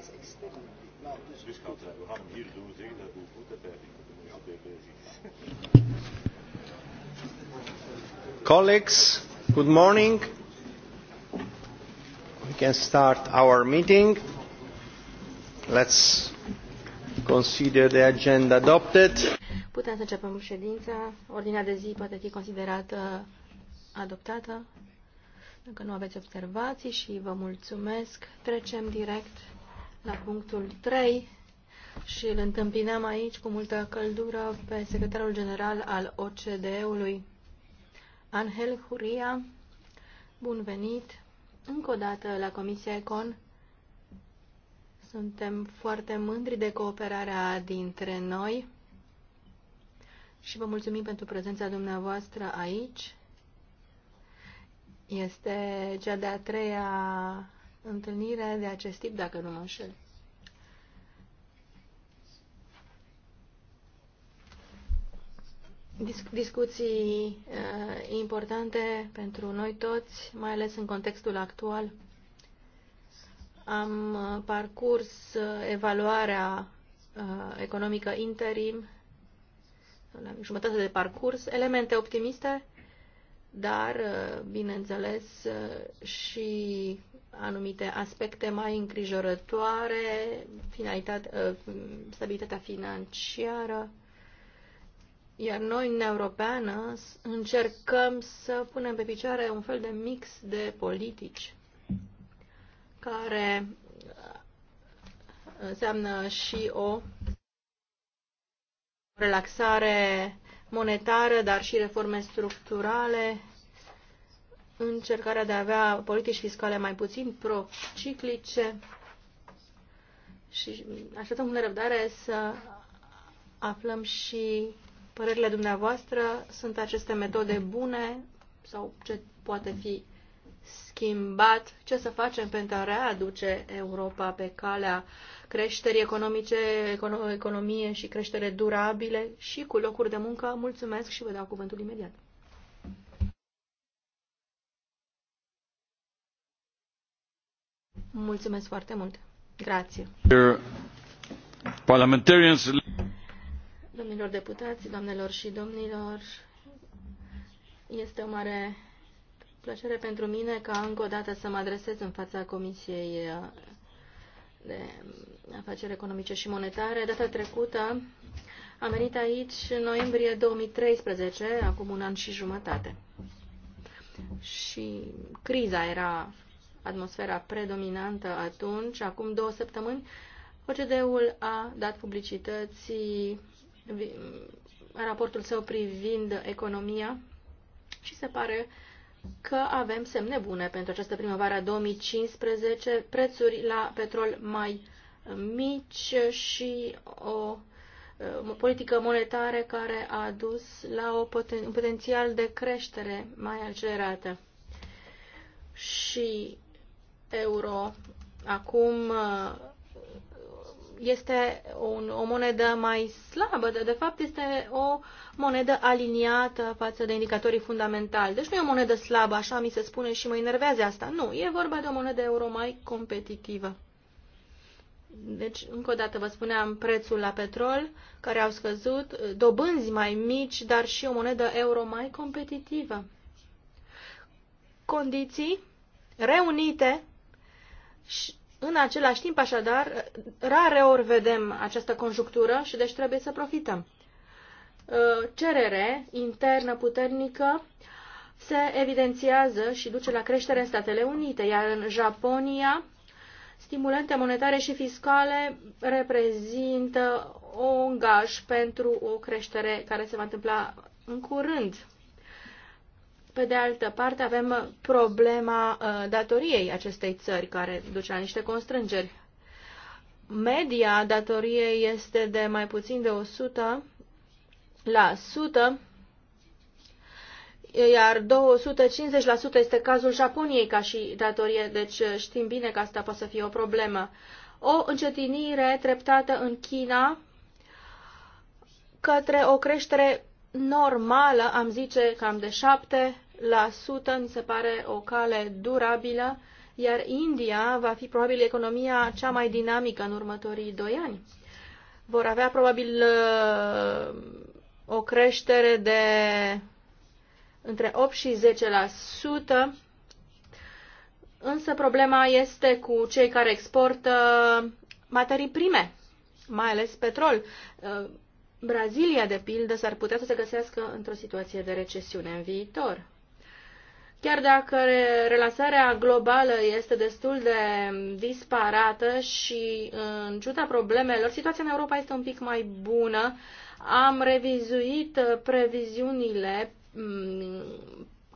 is we Colleagues, good morning. We can start our meeting. Let's consider the agenda adopted. Putem să începem ședința. Ordinea de zi poate fi considerată adoptată. Dacă nu aveți observații și vă mulțumesc, trecem direct la punctul 3 și îl întâmpinăm aici cu multă căldură pe secretarul general al OCDE-ului, Angel Huria. Bun venit încă o dată la Comisia Econ. Suntem foarte mândri de cooperarea dintre noi și vă mulțumim pentru prezența dumneavoastră aici. Este cea de-a treia întâlnire de acest tip, dacă nu mă înșel. discuții uh, importante pentru noi toți, mai ales în contextul actual. Am uh, parcurs uh, evaluarea uh, economică interim, la jumătate de parcurs, elemente optimiste, dar, uh, bineînțeles, uh, și anumite aspecte mai îngrijorătoare, ă, stabilitatea financiară, iar noi, în Europeană, încercăm să punem pe picioare un fel de mix de politici care ă, înseamnă și o relaxare monetară, dar și reforme structurale încercarea de a avea politici fiscale mai puțin prociclice și așteptăm cu nerăbdare să aflăm și părerile dumneavoastră. Sunt aceste metode bune sau ce poate fi schimbat? Ce să facem pentru a readuce Europa pe calea creșterii economice, economie și creștere durabile și cu locuri de muncă? Mulțumesc și vă dau cuvântul imediat. Mulțumesc foarte mult. Grație. Parliamentarians... Domnilor deputați, doamnelor și domnilor, este o mare plăcere pentru mine ca încă o dată să mă adresez în fața Comisiei uh, de Afaceri Economice și Monetare. Data trecută am venit aici în noiembrie 2013, acum un an și jumătate. Și criza era atmosfera predominantă atunci, acum două săptămâni, OCD-ul a dat publicității raportul său privind economia și se pare că avem semne bune pentru această primăvară 2015, prețuri la petrol mai mici și o politică monetară care a dus la o poten un potențial de creștere mai accelerată. Și euro acum uh, este o, o monedă mai slabă, de, de fapt este o monedă aliniată față de indicatorii fundamentali. Deci nu e o monedă slabă, așa mi se spune și mă enervează asta. Nu, e vorba de o monedă euro mai competitivă. Deci, încă o dată vă spuneam, prețul la petrol, care au scăzut, dobânzi mai mici, dar și o monedă euro mai competitivă. Condiții reunite și în același timp, așadar, rare ori vedem această conjunctură și deci trebuie să profităm. Uh, cerere internă puternică se evidențiază și duce la creștere în Statele Unite, iar în Japonia stimulente monetare și fiscale reprezintă un gaj pentru o creștere care se va întâmpla în curând. Pe de altă parte, avem problema uh, datoriei acestei țări, care duce la niște constrângeri. Media datoriei este de mai puțin de 100 la 100, iar 250% este cazul Japoniei ca și datorie, deci uh, știm bine că asta poate să fie o problemă. O încetinire treptată în China către o creștere normală, am zice cam de 7%, mi se pare o cale durabilă, iar India va fi probabil economia cea mai dinamică în următorii doi ani. Vor avea probabil uh, o creștere de între 8 și 10%, însă problema este cu cei care exportă materii prime, mai ales petrol. Uh, Brazilia, de pildă, s-ar putea să se găsească într-o situație de recesiune în viitor. Chiar dacă relansarea globală este destul de disparată și în ciuda problemelor, situația în Europa este un pic mai bună. Am revizuit uh, previziunile mm,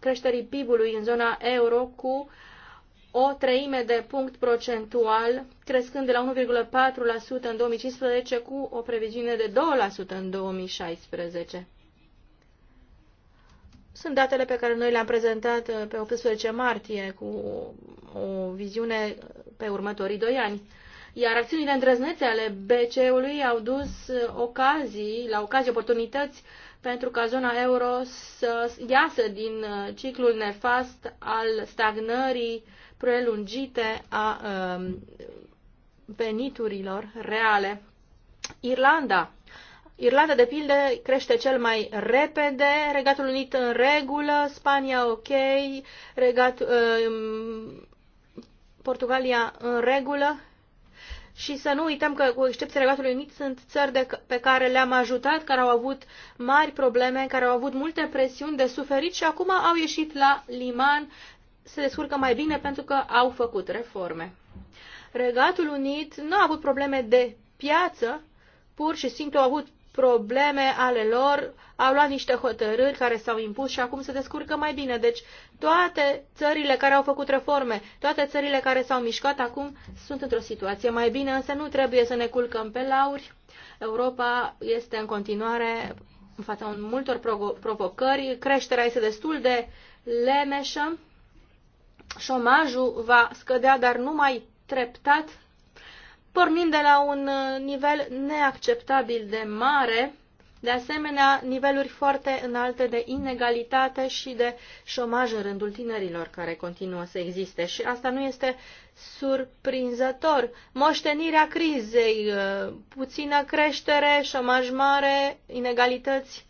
creșterii PIB-ului în zona euro cu uh, o treime de punct procentual, crescând de la 1,4% în 2015 cu o previziune de 2% în 2016. Sunt datele pe care noi le-am prezentat uh, pe 18 martie cu o viziune pe următorii doi ani. Iar acțiunile îndrăznețe ale BCE-ului au dus uh, ocazii, la ocazii oportunități pentru ca zona euro să iasă din uh, ciclul nefast al stagnării prelungite a um, veniturilor reale. Irlanda. Irlanda, de pildă, crește cel mai repede, Regatul Unit în regulă, Spania ok, Regat, um, Portugalia în regulă, și să nu uităm că, cu excepția Regatului Unit, sunt țări de, pe care le-am ajutat, care au avut mari probleme, care au avut multe presiuni de suferit și acum au ieșit la liman se descurcă mai bine pentru că au făcut reforme. Regatul Unit nu a avut probleme de piață, pur și simplu au avut probleme ale lor, au luat niște hotărâri care s-au impus și acum se descurcă mai bine. Deci toate țările care au făcut reforme, toate țările care s-au mișcat acum sunt într-o situație mai bine, însă nu trebuie să ne culcăm pe lauri. Europa este în continuare în fața multor provocări, creșterea este destul de lemeșă șomajul va scădea, dar numai treptat, pornind de la un uh, nivel neacceptabil de mare, de asemenea niveluri foarte înalte de inegalitate și de șomaj în rândul tinerilor care continuă să existe. Și asta nu este surprinzător. Moștenirea crizei, uh, puțină creștere, șomaj mare, inegalități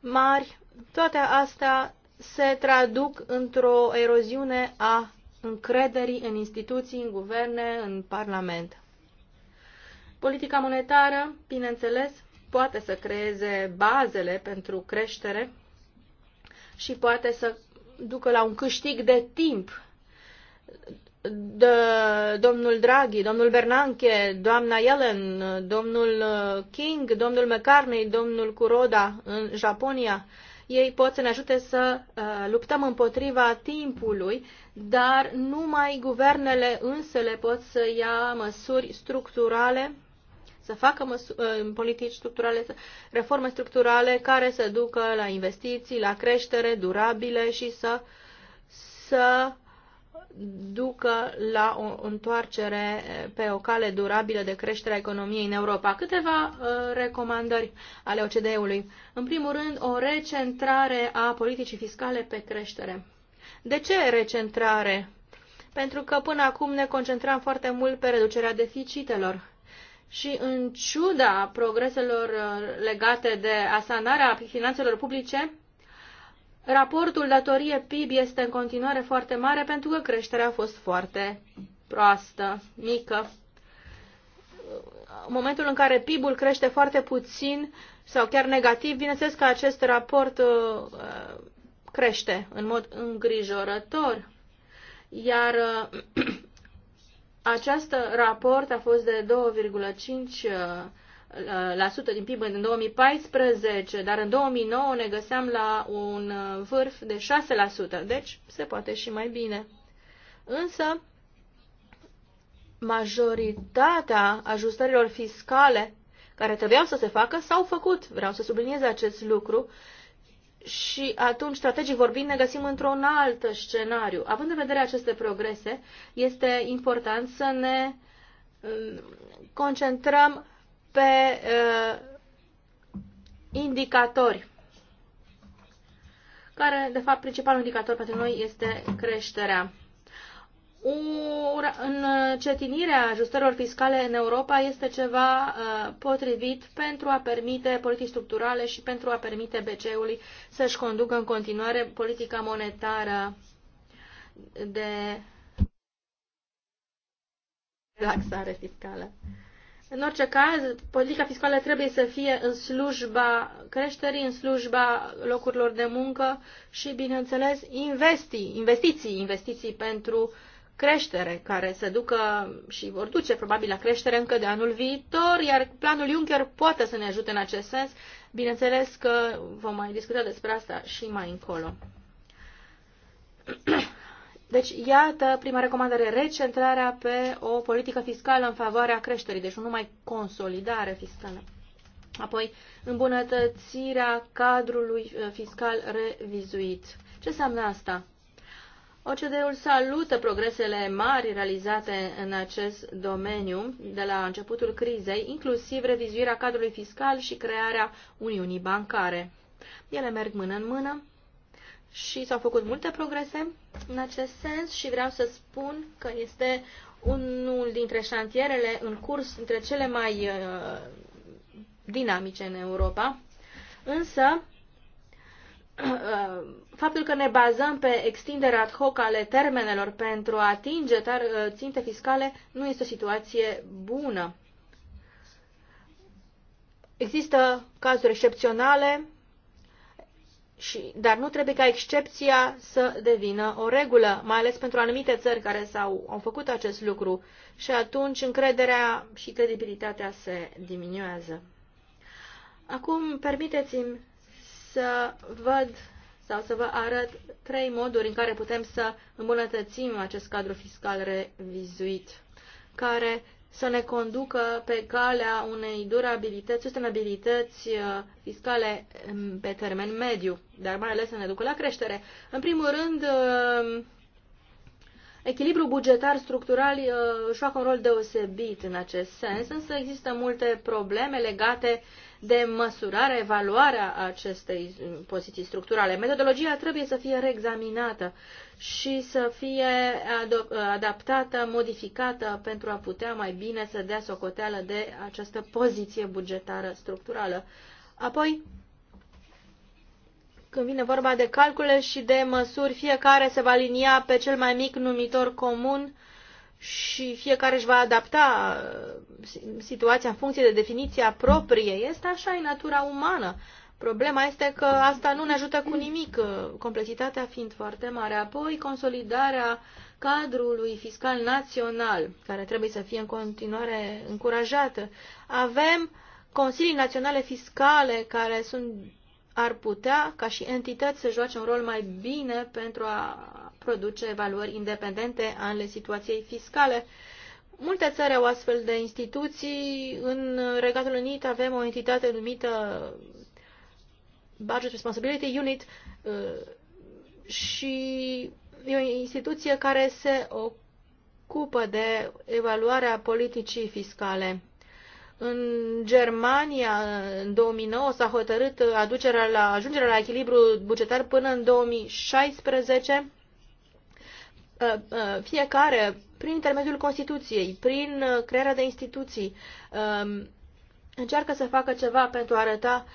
mari, toate astea se traduc într-o eroziune a încrederii în instituții, în guverne, în parlament. Politica monetară, bineînțeles, poate să creeze bazele pentru creștere și poate să ducă la un câștig de timp. De, domnul Draghi, domnul Bernanke, doamna Yellen, domnul uh, King, domnul McCartney, domnul Kuroda în Japonia ei pot să ne ajute să uh, luptăm împotriva timpului, dar numai guvernele însele pot să ia măsuri structurale, să facă măsuri, uh, politici structurale, reforme structurale care să ducă la investiții, la creștere durabile și să, să ducă la o întoarcere pe o cale durabilă de creștere a economiei în Europa. Câteva uh, recomandări ale OCDE-ului. În primul rând, o recentrare a politicii fiscale pe creștere. De ce recentrare? Pentru că până acum ne concentram foarte mult pe reducerea deficitelor. Și în ciuda progreselor uh, legate de asanarea finanțelor publice, Raportul datorie PIB este în continuare foarte mare pentru că creșterea a fost foarte proastă, mică. În momentul în care PIB-ul crește foarte puțin sau chiar negativ, bineînțeles că acest raport uh, crește în mod îngrijorător. Iar uh, acest raport a fost de 2,5 la 100 din PIB în 2014, dar în 2009 ne găseam la un uh, vârf de 6%, deci se poate și mai bine. Însă, majoritatea ajustărilor fiscale care trebuiau să se facă s-au făcut. Vreau să subliniez acest lucru. Și atunci, strategic vorbind, ne găsim într-un alt scenariu. Având în vedere aceste progrese, este important să ne um, concentrăm pe uh, indicatori, care, de fapt, principalul indicator pentru noi este creșterea. cetinirea ajustărilor fiscale în Europa este ceva uh, potrivit pentru a permite politici structurale și pentru a permite BCE-ului să-și conducă în continuare politica monetară de relaxare fiscală. În orice caz, politica fiscală trebuie să fie în slujba creșterii, în slujba locurilor de muncă și, bineînțeles, investi, investiții, investiții pentru creștere, care se ducă și vor duce probabil la creștere încă de anul viitor, iar planul Juncker poate să ne ajute în acest sens. Bineînțeles că vom mai discuta despre asta și mai încolo. Deci, iată, prima recomandare, recentrarea pe o politică fiscală în favoarea creșterii, deci nu numai consolidare fiscală. Apoi, îmbunătățirea cadrului uh, fiscal revizuit. Ce înseamnă asta? OCDE-ul salută progresele mari realizate în acest domeniu de la începutul crizei, inclusiv revizuirea cadrului fiscal și crearea Uniunii Bancare. Ele merg mână în mână și s-au făcut multe progrese în acest sens și vreau să spun că este unul dintre șantierele în curs, dintre cele mai uh, dinamice în Europa. Însă, uh, faptul că ne bazăm pe extinderea ad hoc ale termenelor pentru a atinge uh, ținte fiscale nu este o situație bună. Există cazuri excepționale și, dar nu trebuie ca excepția să devină o regulă, mai ales pentru anumite țări care s-au, au făcut acest lucru și atunci încrederea și credibilitatea se diminuează. Acum permiteți-mi să văd sau să vă arăt trei moduri în care putem să îmbunătățim acest cadru fiscal revizuit, care să ne conducă pe calea unei durabilități, sustenabilități uh, fiscale um, pe termen mediu, dar mai ales să ne ducă la creștere. În primul rând, um, Echilibru bugetar structural uh, joacă un rol deosebit în acest sens, însă există multe probleme legate uh, de măsurare, evaluarea acestei poziții structurale. Metodologia trebuie să fie reexaminată și să fie adaptată, modificată pentru a putea mai bine să dea socoteală de această poziție bugetară structurală. Apoi, când vine vorba de calcule și de măsuri, fiecare se va linia pe cel mai mic numitor comun și fiecare își va adapta uh, situația în funcție de definiția proprie. Este așa în natura umană. Problema este că asta nu ne ajută cu nimic, uh, complexitatea fiind foarte mare. Apoi, consolidarea cadrului fiscal național, care trebuie să fie în continuare încurajată. Avem Consilii Naționale Fiscale care sunt, ar putea, ca și entități, să joace un rol mai bine pentru a produce evaluări independente ale situației fiscale. Multe țări au astfel de instituții. În Regatul Unit avem o entitate numită Budget Responsibility Unit uh, și e o instituție care se ocupă de evaluarea politicii fiscale. În Germania, în 2009, s-a hotărât aducerea la, ajungerea la echilibru bugetar până în 2016 Uh, uh, fiecare, prin intermediul Constituției, prin uh, crearea de instituții, um, încearcă să facă ceva pentru a arăta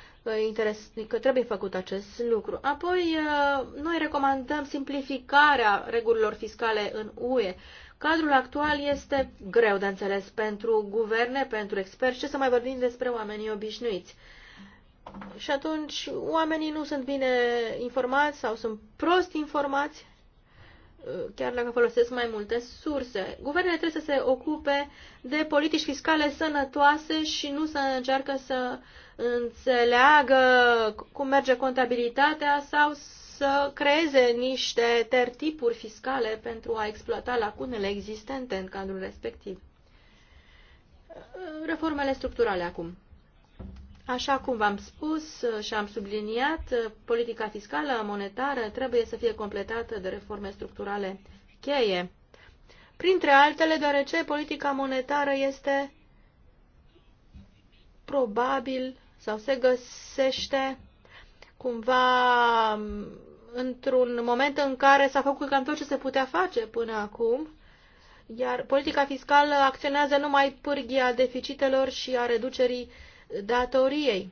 interes, că trebuie făcut acest lucru. Apoi, noi recomandăm simplificarea regulilor fiscale în UE. Cadrul actual este greu de înțeles pentru guverne, pentru experți, ce să mai vorbim despre oamenii obișnuiți. Și atunci oamenii nu sunt bine informați sau sunt prost informați chiar dacă folosesc mai multe surse. Guvernele trebuie să se ocupe de politici fiscale sănătoase și nu să încearcă să înțeleagă cum merge contabilitatea sau să creeze niște tertipuri fiscale pentru a exploata lacunele existente în cadrul respectiv. Reformele structurale acum. Așa cum v-am spus uh, și am subliniat, uh, politica fiscală monetară trebuie să fie completată de reforme structurale cheie. Printre altele, deoarece politica monetară este probabil sau se găsește cumva um, într-un moment în care s-a făcut cam tot ce se putea face până acum, iar politica fiscală acționează numai pârghia deficitelor și a reducerii uh, datoriei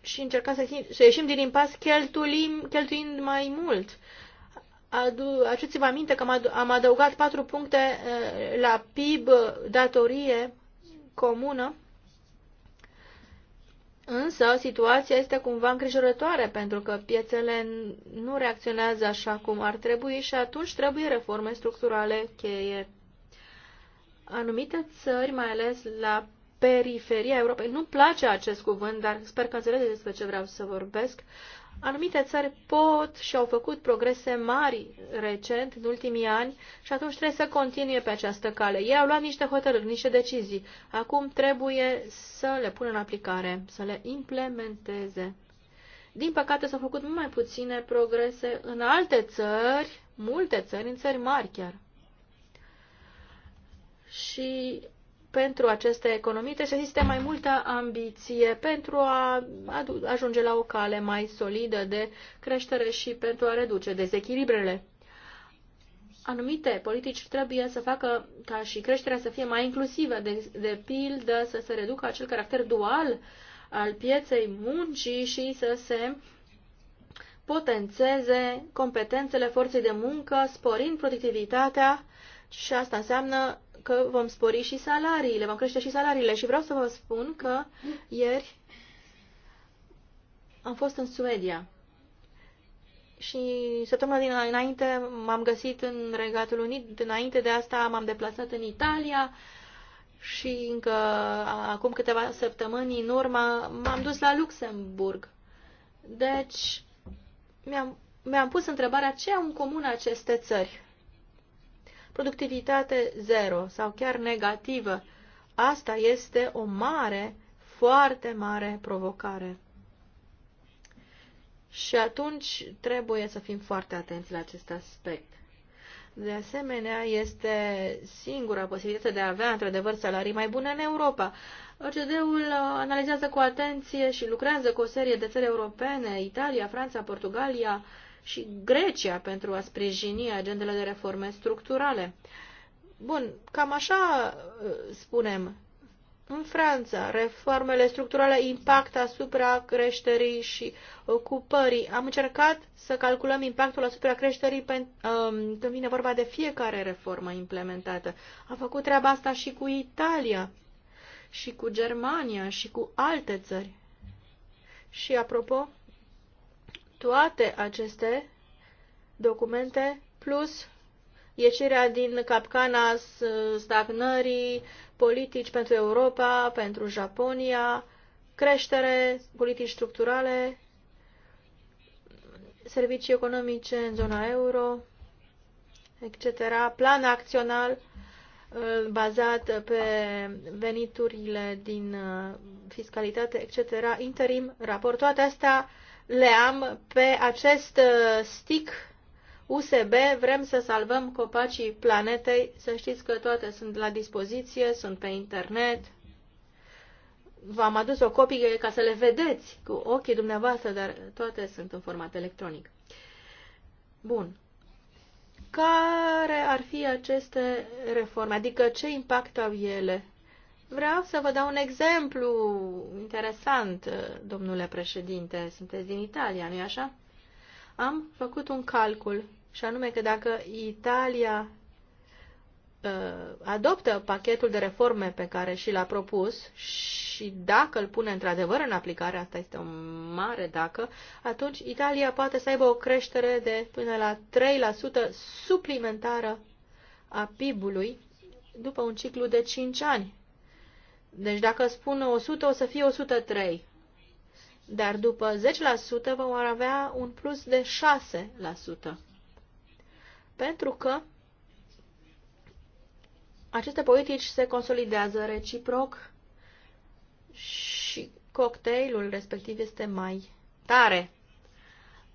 și încerca să, să ieșim din impas cheltuim, cheltuind mai mult. aduceți-vă aminte că am, am adăugat patru puncte eh, la PIB datorie comună, însă situația este cumva îngrijorătoare pentru că piețele nu reacționează așa cum ar trebui și atunci trebuie reforme structurale cheie. Anumite țări, mai ales la periferia Europei. Nu-mi place acest cuvânt, dar sper că înțelegeți despre ce vreau să vorbesc. Anumite țări pot și au făcut progrese mari recent, în ultimii ani, și atunci trebuie să continue pe această cale. Ei au luat niște hotărâri, niște decizii. Acum trebuie să le pună în aplicare, să le implementeze. Din păcate s-au făcut mai puține progrese în alte țări, multe țări, în țări mari chiar. Și pentru aceste economii trebuie să existe mai multă ambiție pentru a ajunge la o cale mai solidă de creștere și pentru a reduce dezechilibrele. Anumite politici trebuie să facă ca și creșterea să fie mai inclusivă, de, de pildă să se reducă acel caracter dual al pieței muncii și să se potențeze competențele forței de muncă, sporind productivitatea și asta înseamnă că vom spori și salariile, vom crește și salariile. Și vreau să vă spun că ieri am fost în Suedia și săptămâna din înainte m-am găsit în Regatul Unit, înainte de asta m-am deplasat în Italia și încă acum câteva săptămâni în urmă m-am dus la Luxemburg. Deci mi-am mi, -am, mi -am pus întrebarea ce au în comun aceste țări productivitate zero sau chiar negativă. Asta este o mare, foarte mare provocare. Și atunci trebuie să fim foarte atenți la acest aspect. De asemenea, este singura posibilitate de a avea, într-adevăr, salarii mai bune în Europa. OCD-ul uh, analizează cu atenție și lucrează cu o serie de țări europene, Italia, Franța, Portugalia, și Grecia pentru a sprijini agendele de reforme structurale. Bun, cam așa uh, spunem. În Franța, reformele structurale impact asupra creșterii și ocupării. Am încercat să calculăm impactul asupra creșterii um, când vine vorba de fiecare reformă implementată. Am făcut treaba asta și cu Italia, și cu Germania, și cu alte țări. Și apropo, toate aceste documente, plus ieșirea din capcana stagnării, politici pentru Europa, pentru Japonia, creștere, politici structurale, servicii economice în zona euro, etc., plan acțional uh, bazat pe veniturile din uh, fiscalitate, etc., interim, raport. Toate astea le am pe acest uh, stick USB. Vrem să salvăm copacii planetei. Să știți că toate sunt la dispoziție, sunt pe internet. V-am adus o copie ca să le vedeți cu ochii dumneavoastră, dar toate sunt în format electronic. Bun. Care ar fi aceste reforme? Adică ce impact au ele Vreau să vă dau un exemplu interesant, domnule președinte. Sunteți din Italia, nu-i așa? Am făcut un calcul și anume că dacă Italia uh, adoptă pachetul de reforme pe care și l-a propus și dacă îl pune într-adevăr în aplicare, asta este un mare dacă, atunci Italia poate să aibă o creștere de până la 3% suplimentară a PIB-ului după un ciclu de 5 ani. Deci dacă spun 100, o să fie 103. Dar după 10% vă vor avea un plus de 6%. Pentru că aceste politici se consolidează reciproc și cocktailul respectiv este mai tare.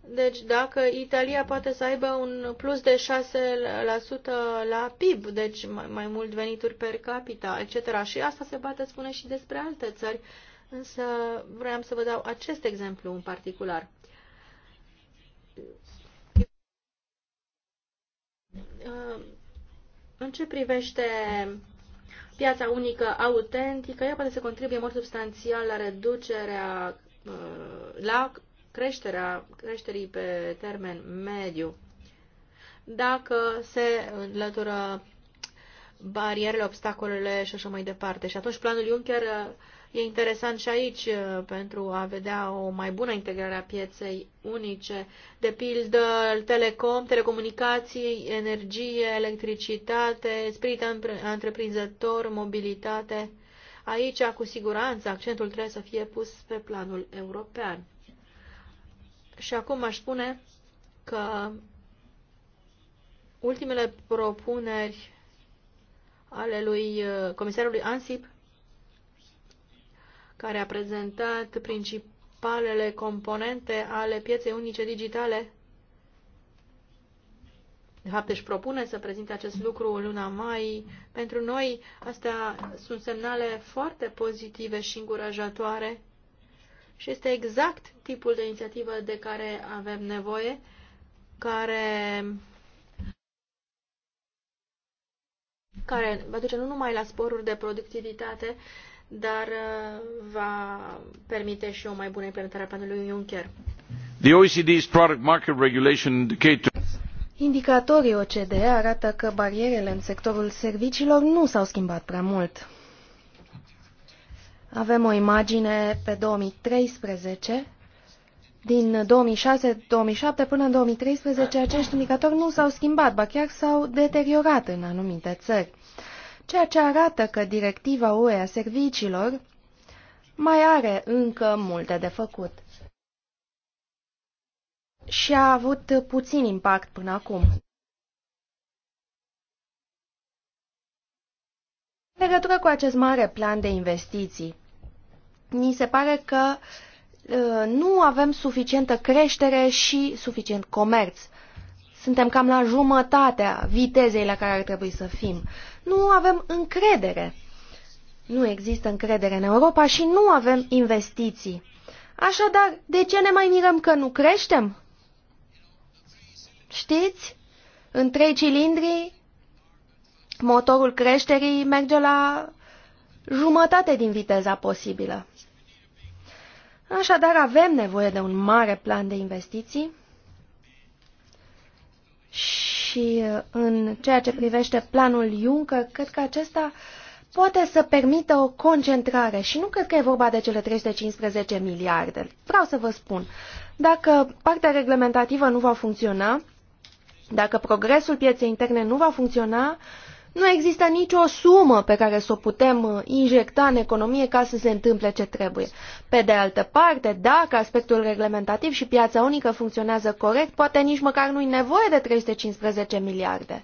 Deci dacă Italia poate să aibă un plus de 6% la PIB, deci mai, mai mult venituri per capita, etc. Și asta se poate spune și despre alte țări, însă vreau să vă dau acest exemplu în particular. Uh, în ce privește piața unică autentică, ea poate să contribuie mult substanțial la reducerea uh, la creșterea, creșterii pe termen mediu. Dacă se înlătură barierele, obstacolele și așa mai departe. Și atunci planul Juncker uh, e interesant și aici uh, pentru a vedea o mai bună integrare a pieței unice. De pildă, telecom, telecomunicații, energie, electricitate, spirit antreprinzător, mobilitate. Aici, cu siguranță, accentul trebuie să fie pus pe planul european. Și acum aș spune că ultimele propuneri ale lui uh, comisarului Ansip, care a prezentat principalele componente ale pieței unice digitale, de fapt, își propune să prezinte acest lucru în luna mai. Pentru noi, astea sunt semnale foarte pozitive și încurajatoare și este exact tipul de inițiativă de care avem nevoie, care, care va duce nu numai la sporuri de productivitate, dar uh, va permite și o mai bună implementare a planului Juncker. The OECD's product market regulation indicators Indicatorii OCDE arată că barierele în sectorul serviciilor nu s-au schimbat prea mult. Avem o imagine pe 2013. Din 2006-2007 până în 2013 acești indicatori nu s-au schimbat, ba chiar s-au deteriorat în anumite țări, ceea ce arată că directiva UE a serviciilor mai are încă multe de făcut și a avut puțin impact până acum. În legătură cu acest mare plan de investiții, ni se pare că uh, nu avem suficientă creștere și suficient comerț. Suntem cam la jumătatea vitezei la care ar trebui să fim. Nu avem încredere. Nu există încredere în Europa și nu avem investiții. Așadar, de ce ne mai mirăm că nu creștem? Știți? În trei cilindri, motorul creșterii merge la jumătate din viteza posibilă. Așadar, avem nevoie de un mare plan de investiții și în ceea ce privește planul Juncker, cred că acesta poate să permită o concentrare și nu cred că e vorba de cele 315 miliarde. Vreau să vă spun, dacă partea reglementativă nu va funcționa, dacă progresul pieței interne nu va funcționa, uh, nu există nicio sumă pe care să o putem uh, injecta în economie ca să se întâmple ce trebuie. Pe de altă parte, dacă aspectul reglementativ și piața unică funcționează corect, poate nici măcar nu-i nevoie de 315 miliarde.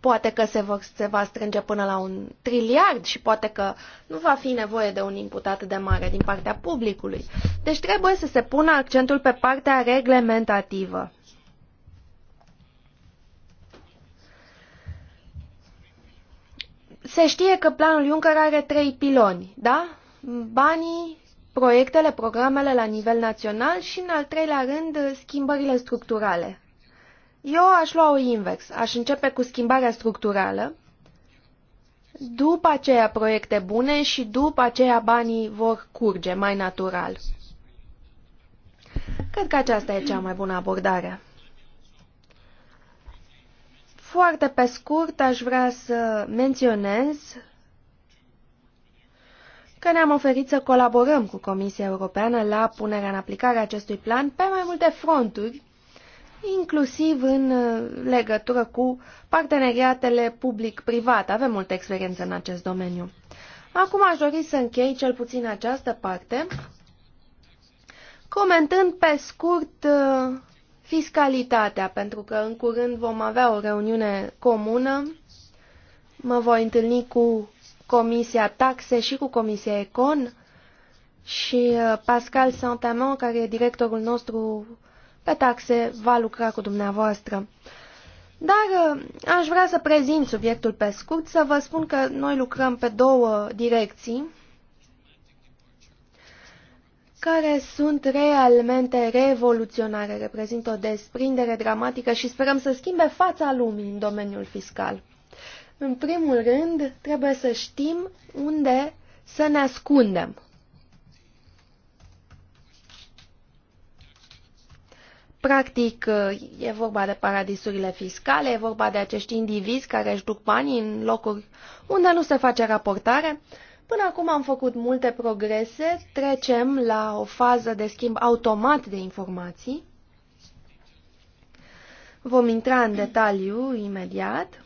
Poate că se, vor, se va strânge până la un triliard și poate că nu va fi nevoie de un input atât de mare din partea publicului. Deci trebuie să se pună accentul pe partea reglementativă. Se știe că planul Juncker are trei piloni, da? Banii, proiectele, programele la nivel național și, în al treilea rând, schimbările structurale. Eu aș lua-o invers. Aș începe cu schimbarea structurală, după aceea proiecte bune și după aceea banii vor curge mai natural. Cred că aceasta e cea mai bună abordare. Foarte pe scurt aș vrea să menționez că ne-am oferit să colaborăm cu Comisia Europeană la punerea în aplicare a acestui plan pe mai multe fronturi, inclusiv în uh, legătură cu parteneriatele public-privat. Avem multă experiență în acest domeniu. Acum aș dori să închei cel puțin această parte, comentând pe scurt uh, fiscalitatea, pentru că în curând vom avea o reuniune comună. Mă voi întâlni cu Comisia Taxe și cu Comisia Econ și uh, Pascal Santamon, care e directorul nostru pe taxe, va lucra cu dumneavoastră. Dar uh, aș vrea să prezint subiectul pe scurt, să vă spun că noi lucrăm pe două direcții care sunt realmente revoluționare, reprezintă o desprindere dramatică și sperăm să schimbe fața lumii în domeniul fiscal. În primul rând, trebuie să știm unde să ne ascundem. Practic, e vorba de paradisurile fiscale, e vorba de acești indivizi care își duc banii în locuri unde nu se face raportare Până acum am făcut multe progrese, trecem la o fază de schimb automat de informații. Vom intra în detaliu imediat.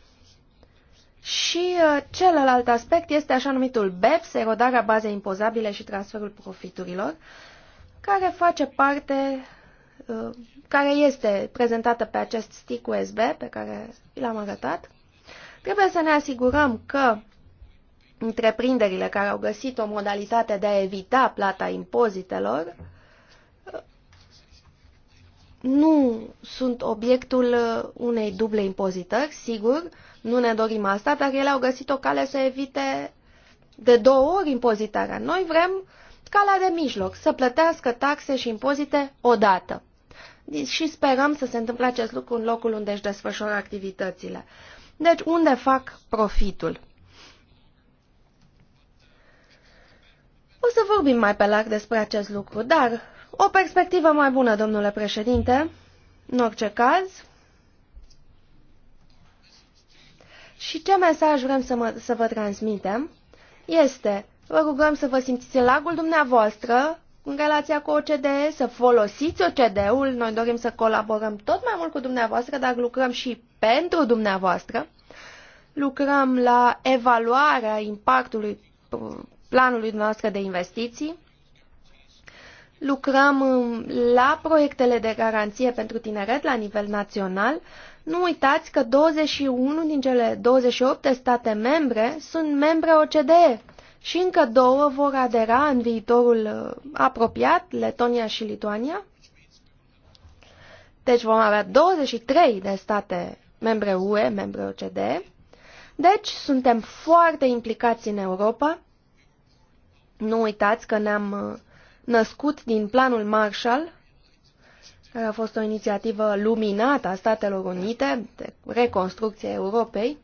Și uh, celălalt aspect este așa numitul BEPS, erodarea bazei impozabile și transferul profiturilor, care face parte, uh, care este prezentată pe acest stick USB pe care l-am arătat. Trebuie să ne asigurăm că întreprinderile care au găsit o modalitate de a evita plata impozitelor nu sunt obiectul unei duble impozitări, sigur, nu ne dorim asta, dar ele au găsit o cale să evite de două ori impozitarea. Noi vrem calea de mijloc, să plătească taxe și impozite odată. Și sperăm să se întâmple acest lucru în locul unde își desfășoară activitățile. Deci, unde fac profitul? O să vorbim mai pe larg despre acest lucru, dar o perspectivă mai bună, domnule președinte, în orice caz. Și ce mesaj vrem să, mă, să vă transmitem este, vă rugăm să vă simțiți în lagul dumneavoastră în relația cu OCDE, să folosiți OCDE-ul, noi dorim să colaborăm tot mai mult cu dumneavoastră, dar lucrăm și pentru dumneavoastră. Lucrăm la evaluarea impactului uh, planului dumneavoastră de investiții. Lucrăm um, la proiectele de garanție pentru tineret la nivel național. Nu uitați că 21 din cele 28 de state membre sunt membre OCDE și încă două vor adera în viitorul uh, apropiat, Letonia și Lituania. Deci vom avea 23 de state membre UE, membre OCDE. Deci suntem foarte implicați în Europa nu uitați că ne-am uh, născut din planul Marshall, care a fost o inițiativă luminată a Statelor Unite de reconstrucție a Europei.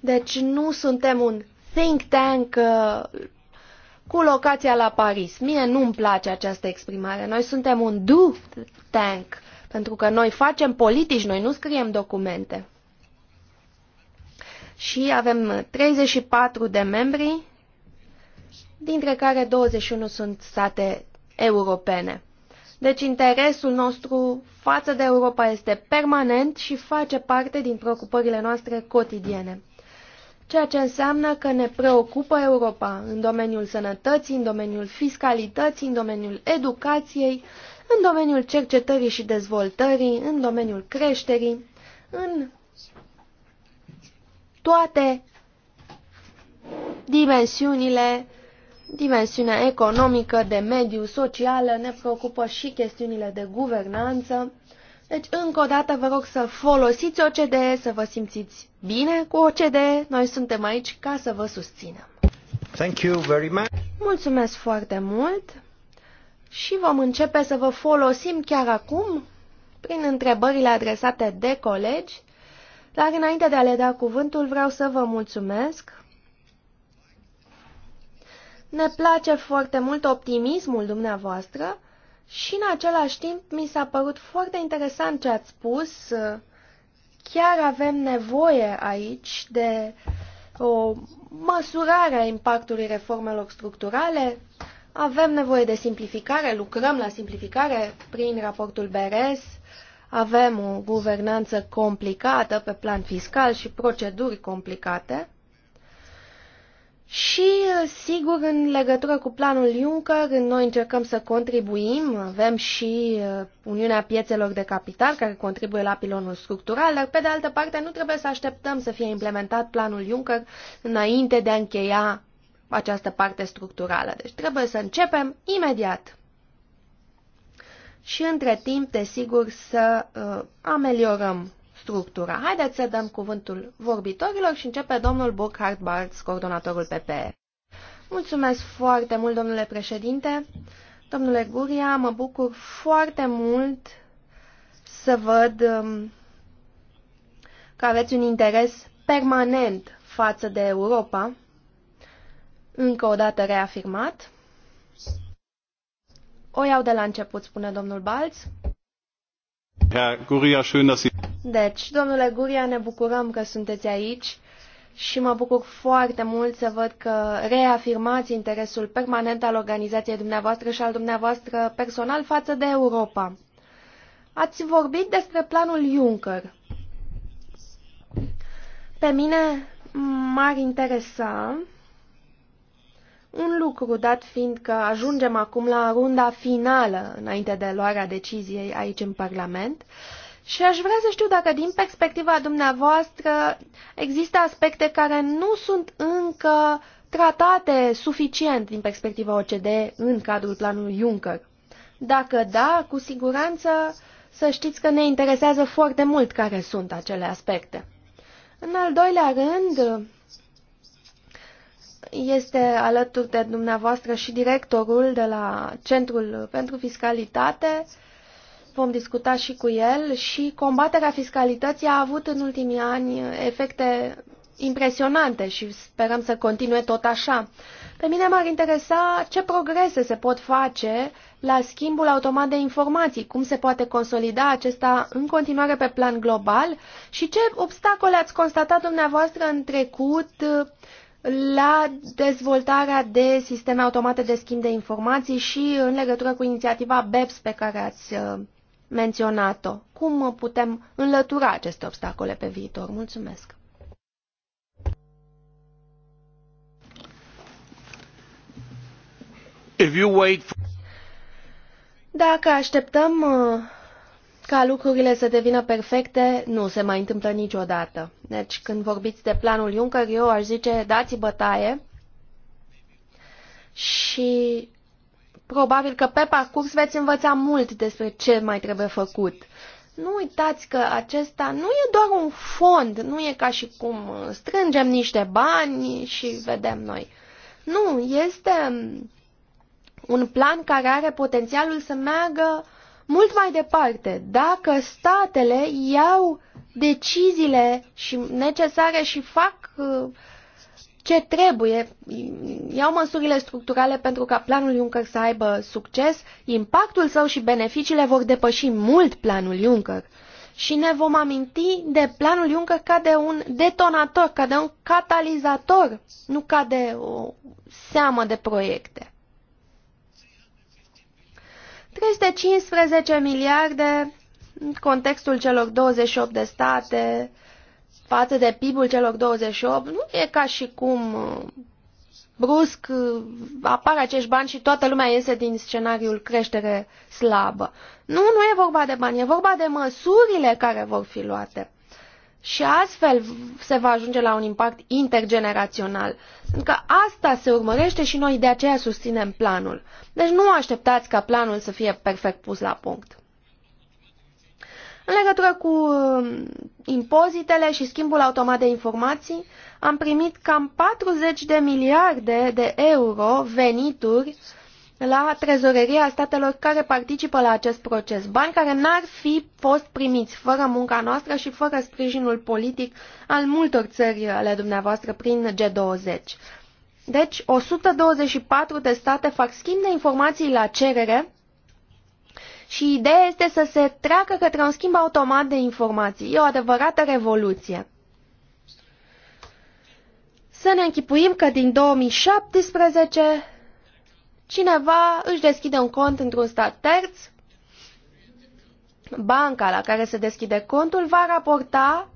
Deci nu suntem un think tank uh, cu locația la Paris. Mie nu-mi place această exprimare. Noi suntem un do tank, pentru că noi facem politici, noi nu scriem documente. Și avem 34 de membri dintre care 21 sunt state europene. Deci interesul nostru față de Europa este permanent și face parte din preocupările noastre cotidiene. Ceea ce înseamnă că ne preocupă Europa în domeniul sănătății, în domeniul fiscalității, în domeniul educației, în domeniul cercetării și dezvoltării, în domeniul creșterii, în toate dimensiunile dimensiunea economică, de mediu, socială, ne preocupă și chestiunile de guvernanță. Deci, încă o dată, vă rog să folosiți OCDE, să vă simțiți bine cu OCDE. Noi suntem aici ca să vă susținem. Thank you very much. Mulțumesc foarte mult și vom începe să vă folosim chiar acum prin întrebările adresate de colegi, dar înainte de a le da cuvântul vreau să vă mulțumesc ne place foarte mult optimismul dumneavoastră și în același timp mi s-a părut foarte interesant ce ați spus. Chiar avem nevoie aici de o măsurare a impactului reformelor structurale. Avem nevoie de simplificare, lucrăm la simplificare prin raportul BRS. Avem o guvernanță complicată pe plan fiscal și proceduri complicate. Și, uh, sigur, în legătură cu planul Juncker, noi încercăm să contribuim, avem și uh, Uniunea Piețelor de Capital, care contribuie la pilonul structural, dar, pe de altă parte, nu trebuie să așteptăm să fie implementat planul Juncker înainte de a încheia această parte structurală. Deci trebuie să începem imediat. Și, între timp, desigur, să uh, ameliorăm structura. Haideți să dăm cuvântul vorbitorilor și începe domnul Burkhard Bartz, coordonatorul PPE. Mulțumesc foarte mult, domnule președinte. Domnule Guria, mă bucur foarte mult să văd um, că aveți un interes permanent față de Europa, încă o dată reafirmat. O iau de la început, spune domnul Balz. Deci, domnule Guria, ne bucurăm că sunteți aici și mă bucur foarte mult să văd că reafirmați interesul permanent al organizației dumneavoastră și al dumneavoastră personal față de Europa. Ați vorbit despre planul Juncker. Pe mine m-ar interesa un lucru, dat fiind că ajungem acum la runda finală înainte de luarea deciziei aici în Parlament. Și aș vrea să știu dacă din perspectiva dumneavoastră există aspecte care nu sunt încă tratate suficient din perspectiva OCDE în cadrul planului Juncker. Dacă da, cu siguranță să știți că ne interesează foarte mult care sunt acele aspecte. În al doilea rând, este alături de dumneavoastră și directorul de la Centrul pentru Fiscalitate. Vom discuta și cu el și combaterea fiscalității a avut în ultimii ani efecte impresionante și sperăm să continue tot așa. Pe mine m-ar interesa ce progrese se pot face la schimbul automat de informații, cum se poate consolida acesta în continuare pe plan global și ce obstacole ați constatat dumneavoastră în trecut la dezvoltarea de sisteme automate de schimb de informații și în legătură cu inițiativa BEPS pe care ați uh, menționat-o. Cum putem înlătura aceste obstacole pe viitor? Mulțumesc! If you wait for... Dacă așteptăm uh, ca lucrurile să devină perfecte nu se mai întâmplă niciodată. Deci când vorbiți de planul Juncker, eu aș zice dați bătaie și probabil că pe parcurs veți învăța mult despre ce mai trebuie făcut. Nu uitați că acesta nu e doar un fond, nu e ca și cum strângem niște bani și vedem noi. Nu, este un plan care are potențialul să meargă uh, mult mai departe, dacă statele iau deciziile și necesare și fac uh, ce trebuie, iau măsurile structurale pentru ca planul Juncker să aibă succes, impactul său și beneficiile vor depăși mult planul Juncker. Și ne vom aminti de planul Juncker ca de un detonator, ca de un catalizator, nu ca de o seamă de proiecte. 15 miliarde în contextul celor 28 de state față de PIB-ul celor 28, nu e ca și cum uh, brusc uh, apar acești bani și toată lumea iese din scenariul creștere slabă. Nu, nu e vorba de bani, e vorba de măsurile care vor fi luate. Și astfel se va ajunge la un impact intergenerațional. Pentru că asta se urmărește și noi de aceea susținem planul. Deci nu așteptați ca planul să fie perfect pus la punct. În legătură cu um, impozitele și schimbul automat de informații, am primit cam 40 de miliarde de euro venituri uh, la trezoreria statelor care participă la acest proces. Bani care n-ar fi fost primiți fără munca noastră și fără sprijinul politic al multor țări ale dumneavoastră prin G20. Deci, 124 de state fac schimb de informații la cerere și ideea este să se treacă către un schimb automat de informații. E o adevărată revoluție. Să ne închipuim că din 2017 Cineva își deschide un cont într-un stat terț, banca la care se deschide contul va raporta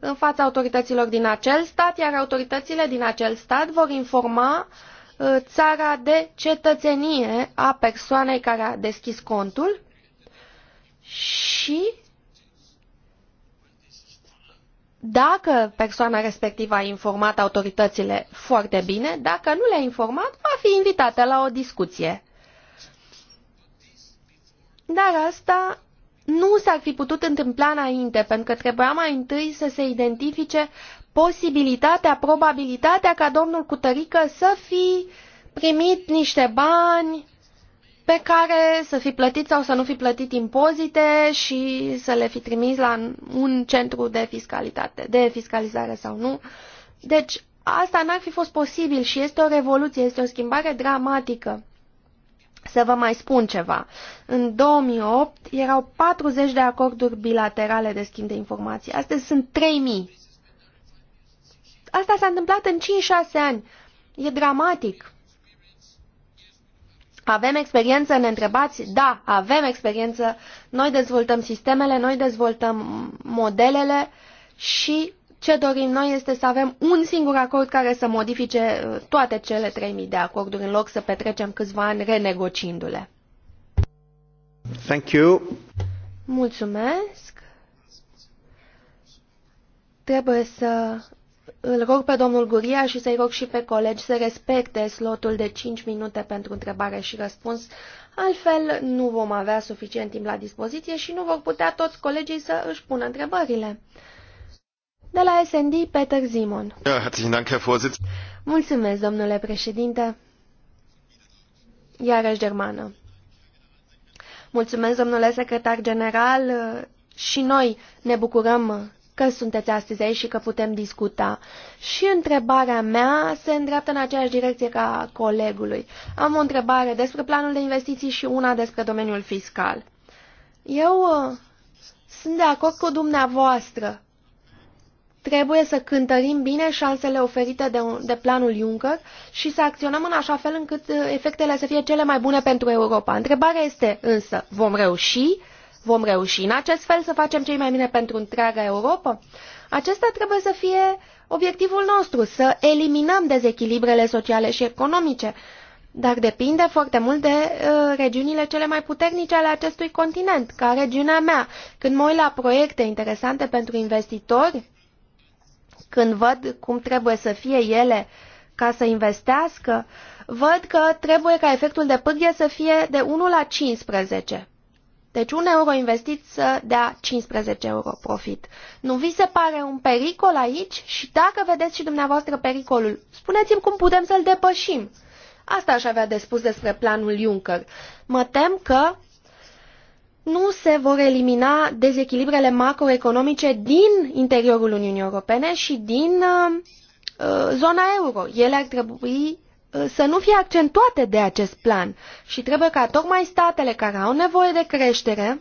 în fața autorităților din acel stat, iar autoritățile din acel stat vor informa uh, țara de cetățenie a persoanei care a deschis contul și dacă persoana respectivă a informat autoritățile foarte bine, dacă nu le-a informat, va fi invitată la o discuție. Dar asta nu s-ar fi putut întâmpla înainte, pentru că trebuia mai întâi să se identifice posibilitatea, probabilitatea ca domnul Cutărică să fi primit niște bani pe care să fi plătit sau să nu fi plătit impozite și să le fi trimis la un centru de fiscalitate, de fiscalizare sau nu. Deci asta n-ar fi fost posibil și este o revoluție, este o schimbare dramatică. Să vă mai spun ceva. În 2008 erau 40 de acorduri bilaterale de schimb de informații. Astăzi sunt 3000. Asta s-a întâmplat în 5-6 ani. E dramatic. Avem experiență, ne întrebați? Da, avem experiență. Noi dezvoltăm sistemele, noi dezvoltăm modelele și ce dorim noi este să avem un singur acord care să modifice uh, toate cele 3000 de acorduri în loc să petrecem câțiva ani renegociindu-le. Thank you. Mulțumesc. Trebuie să îl rog pe domnul Guria și să-i rog și pe colegi să respecte slotul de 5 minute pentru întrebare și răspuns, altfel nu vom avea suficient timp la dispoziție și nu vor putea toți colegii să își pună întrebările. De la SND, Peter Zimon. Mulțumesc, domnule președinte. Iarăși germană. Mulțumesc, domnule secretar general. Și noi ne bucurăm că sunteți astăzi aici și că putem discuta. Și întrebarea mea se îndreaptă în aceeași direcție ca colegului. Am o întrebare despre planul de investiții și una despre domeniul fiscal. Eu uh, sunt de acord cu dumneavoastră. Trebuie să cântărim bine șansele oferite de, de planul Juncker și să acționăm în așa fel încât uh, efectele să fie cele mai bune pentru Europa. Întrebarea este însă, vom reuși vom reuși în acest fel să facem cei mai bine pentru întreaga Europa? Acesta trebuie să fie obiectivul nostru, să eliminăm dezechilibrele sociale și economice, dar depinde foarte mult de uh, regiunile cele mai puternice ale acestui continent, ca regiunea mea. Când mă uit la proiecte interesante pentru investitori, când văd cum trebuie să fie ele ca să investească, văd că trebuie ca efectul de pârghie să fie de 1 la 15. Deci un euro investit să dea 15 euro profit. Nu vi se pare un pericol aici? Și dacă vedeți și dumneavoastră pericolul, spuneți-mi cum putem să-l depășim. Asta aș avea de spus despre planul Juncker. Mă tem că nu se vor elimina dezechilibrele macroeconomice din interiorul Uniunii Europene și din uh, uh zona euro. Ele ar trebui Uh, să nu fie accentuate de acest plan și trebuie ca tocmai statele care au nevoie de creștere,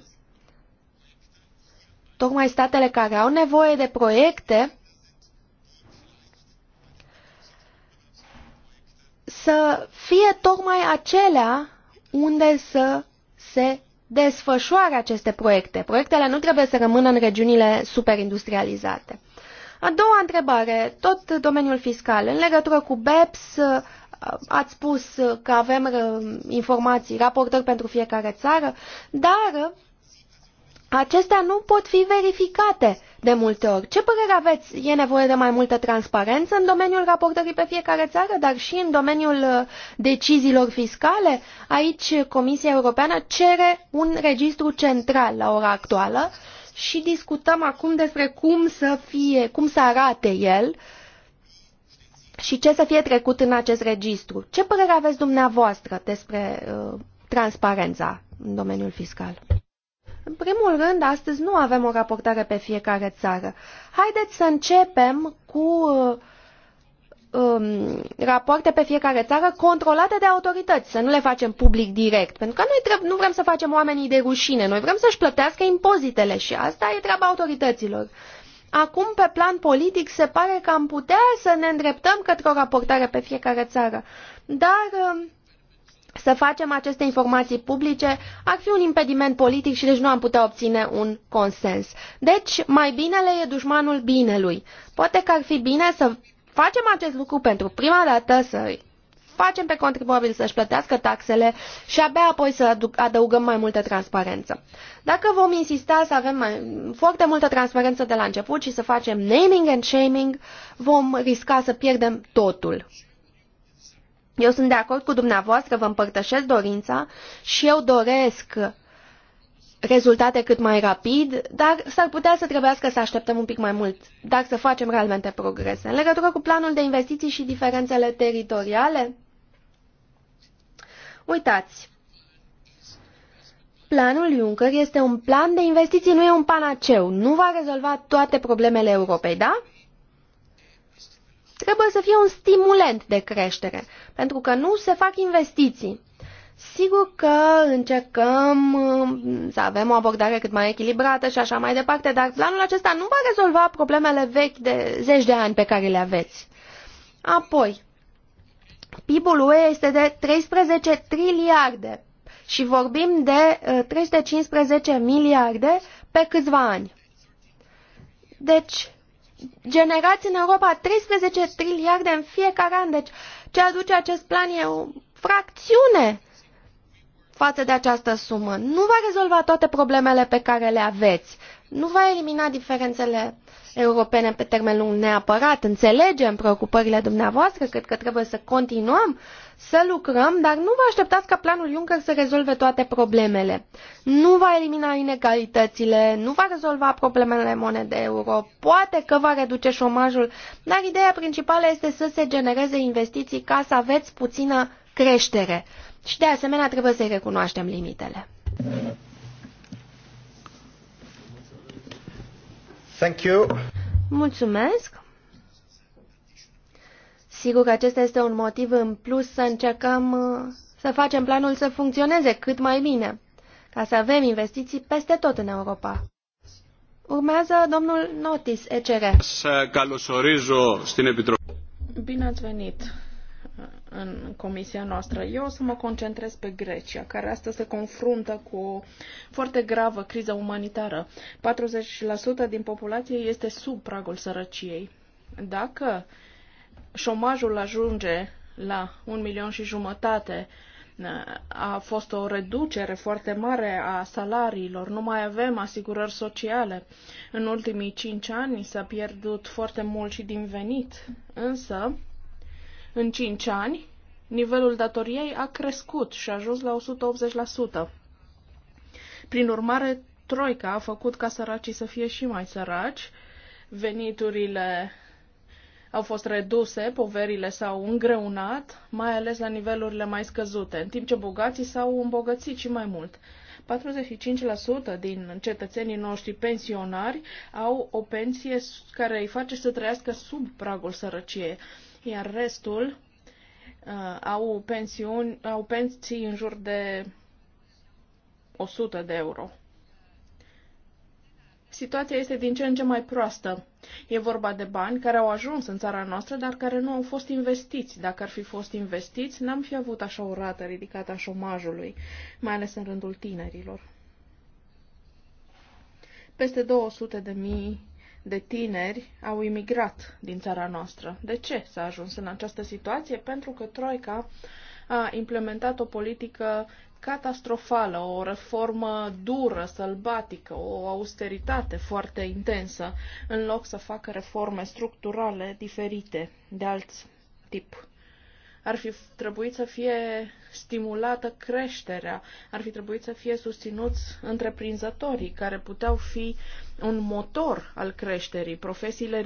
tocmai statele care au nevoie de proiecte, să fie tocmai acelea unde să se desfășoare aceste proiecte. Proiectele nu trebuie să rămână în regiunile superindustrializate. A doua întrebare, tot domeniul fiscal, în legătură cu BEPS, ați spus că avem uh, informații, raportări pentru fiecare țară, dar acestea nu pot fi verificate de multe ori. Ce părere aveți? E nevoie de mai multă transparență în domeniul raportării pe fiecare țară, dar și în domeniul uh, deciziilor fiscale? Aici Comisia Europeană cere un registru central la ora actuală și discutăm acum despre cum să fie, cum să arate el uh, și ce să fie trecut în acest registru. Ce părere aveți dumneavoastră despre uh, transparența în domeniul fiscal? În primul rând, astăzi nu avem o raportare pe fiecare țară. Haideți să începem cu uh, um, rapoarte pe fiecare țară controlate de autorități, să nu le facem public direct, pentru că noi nu vrem să facem oamenii de rușine, noi vrem să-și plătească impozitele și asta e treaba autorităților. Acum, pe plan politic, se pare că am putea să ne îndreptăm către o raportare pe fiecare țară, dar um, să facem aceste informații publice ar fi un impediment politic și deci nu am putea obține un consens. Deci, mai binele e dușmanul binelui. Poate că ar fi bine să facem acest lucru pentru prima dată, să facem pe contribuabil să-și plătească taxele și abia apoi să adăugăm mai multă transparență. Dacă vom insista să avem mai, foarte multă transparență de la început și să facem naming and shaming, vom risca să pierdem totul. Eu sunt de acord cu dumneavoastră, vă împărtășesc dorința și eu doresc rezultate cât mai rapid, dar s-ar putea să trebuiască să așteptăm un pic mai mult, dar să facem realmente progrese. În legătură cu planul de investiții și diferențele teritoriale, Uitați, planul Juncker este un plan de investiții, nu e un panaceu. Nu va rezolva toate problemele Europei, da? Trebuie să fie un stimulent de creștere, pentru că nu se fac investiții. Sigur că încercăm uh, să avem o abordare cât mai echilibrată și așa mai departe, dar planul acesta nu va rezolva problemele vechi de zeci de ani pe care le aveți. Apoi, PIB-ul UE este de 13 triliarde și vorbim de 315 uh, miliarde pe câțiva ani. Deci, generați în Europa 13 triliarde în fiecare an. Deci, ce aduce acest plan e o fracțiune față de această sumă. Nu va rezolva toate problemele pe care le aveți. Nu va elimina diferențele europene pe termen lung neapărat. Înțelegem preocupările dumneavoastră, cred că trebuie să continuăm să lucrăm, dar nu vă așteptați ca planul Juncker să rezolve toate problemele. Nu va elimina inegalitățile, nu va rezolva problemele monede euro, poate că va reduce șomajul, dar ideea principală este să se genereze investiții ca să aveți puțină creștere. Și de asemenea trebuie să-i recunoaștem limitele. Thank you. Mulțumesc. Sigur că acesta este un motiv în plus să încercăm uh, să facem planul să funcționeze cât mai bine, ca să avem investiții peste tot în Europa. Urmează domnul Notis, ECR. Să calosorizo stine Bine ați venit în comisia noastră. Eu o să mă concentrez pe Grecia, care astăzi se confruntă cu o foarte gravă criză umanitară. 40% din populație este sub pragul sărăciei. Dacă șomajul ajunge la un milion și jumătate, a fost o reducere foarte mare a salariilor, nu mai avem asigurări sociale. În ultimii cinci ani s-a pierdut foarte mult și din venit, însă în 5 ani, nivelul datoriei a crescut și a ajuns la 180%. Prin urmare, Troica a făcut ca săracii să fie și mai săraci, veniturile au fost reduse, poverile s-au îngreunat, mai ales la nivelurile mai scăzute, în timp ce bogații s-au îmbogățit și mai mult. 45% din cetățenii noștri pensionari au o pensie care îi face să trăiască sub pragul sărăciei iar restul uh, au, pensiuni, au pensii în jur de 100 de euro. Situația este din ce în ce mai proastă. E vorba de bani care au ajuns în țara noastră, dar care nu au fost investiți. Dacă ar fi fost investiți, n-am fi avut așa o rată ridicată a șomajului, mai ales în rândul tinerilor. Peste 200 de mii de tineri au imigrat din țara noastră. De ce s-a ajuns în această situație? Pentru că Troica a implementat o politică catastrofală, o reformă dură, sălbatică, o austeritate foarte intensă, în loc să facă reforme structurale diferite de alt tip ar fi trebuit să fie stimulată creșterea, ar fi trebuit să fie susținuți întreprinzătorii care puteau fi un motor al creșterii, profesiile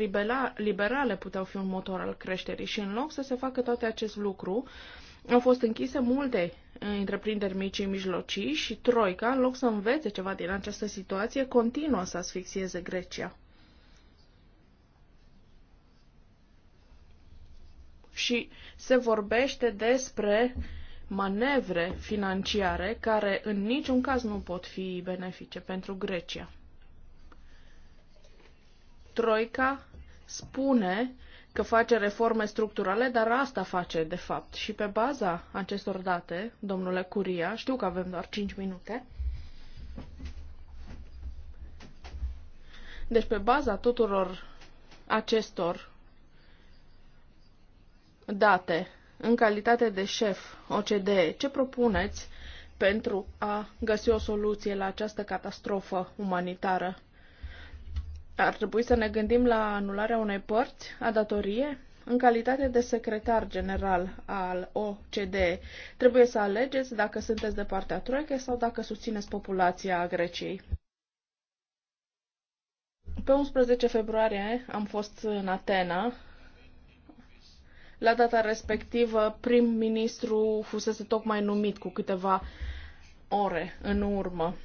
liberale puteau fi un motor al creșterii și în loc să se facă toate acest lucru, au fost închise multe uh, întreprinderi mici și mijlocii și Troica, în loc să învețe ceva din această situație, continuă să asfixieze Grecia. și se vorbește despre manevre financiare care în niciun caz nu pot fi benefice pentru Grecia. Troica spune că face reforme structurale, dar asta face de fapt. Și pe baza acestor date, domnule Curia, știu că avem doar 5 minute, deci pe baza tuturor acestor date în calitate de șef OCDE, ce propuneți pentru a găsi o soluție la această catastrofă umanitară? Ar trebui să ne gândim la anularea unei părți a datorie? În calitate de secretar general al OCDE, trebuie să alegeți dacă sunteți de partea Troică sau dacă susțineți populația Greciei. Pe 11 februarie am fost în Atena la data respectivă, prim-ministru fusese tocmai numit cu câteva ore în urmă.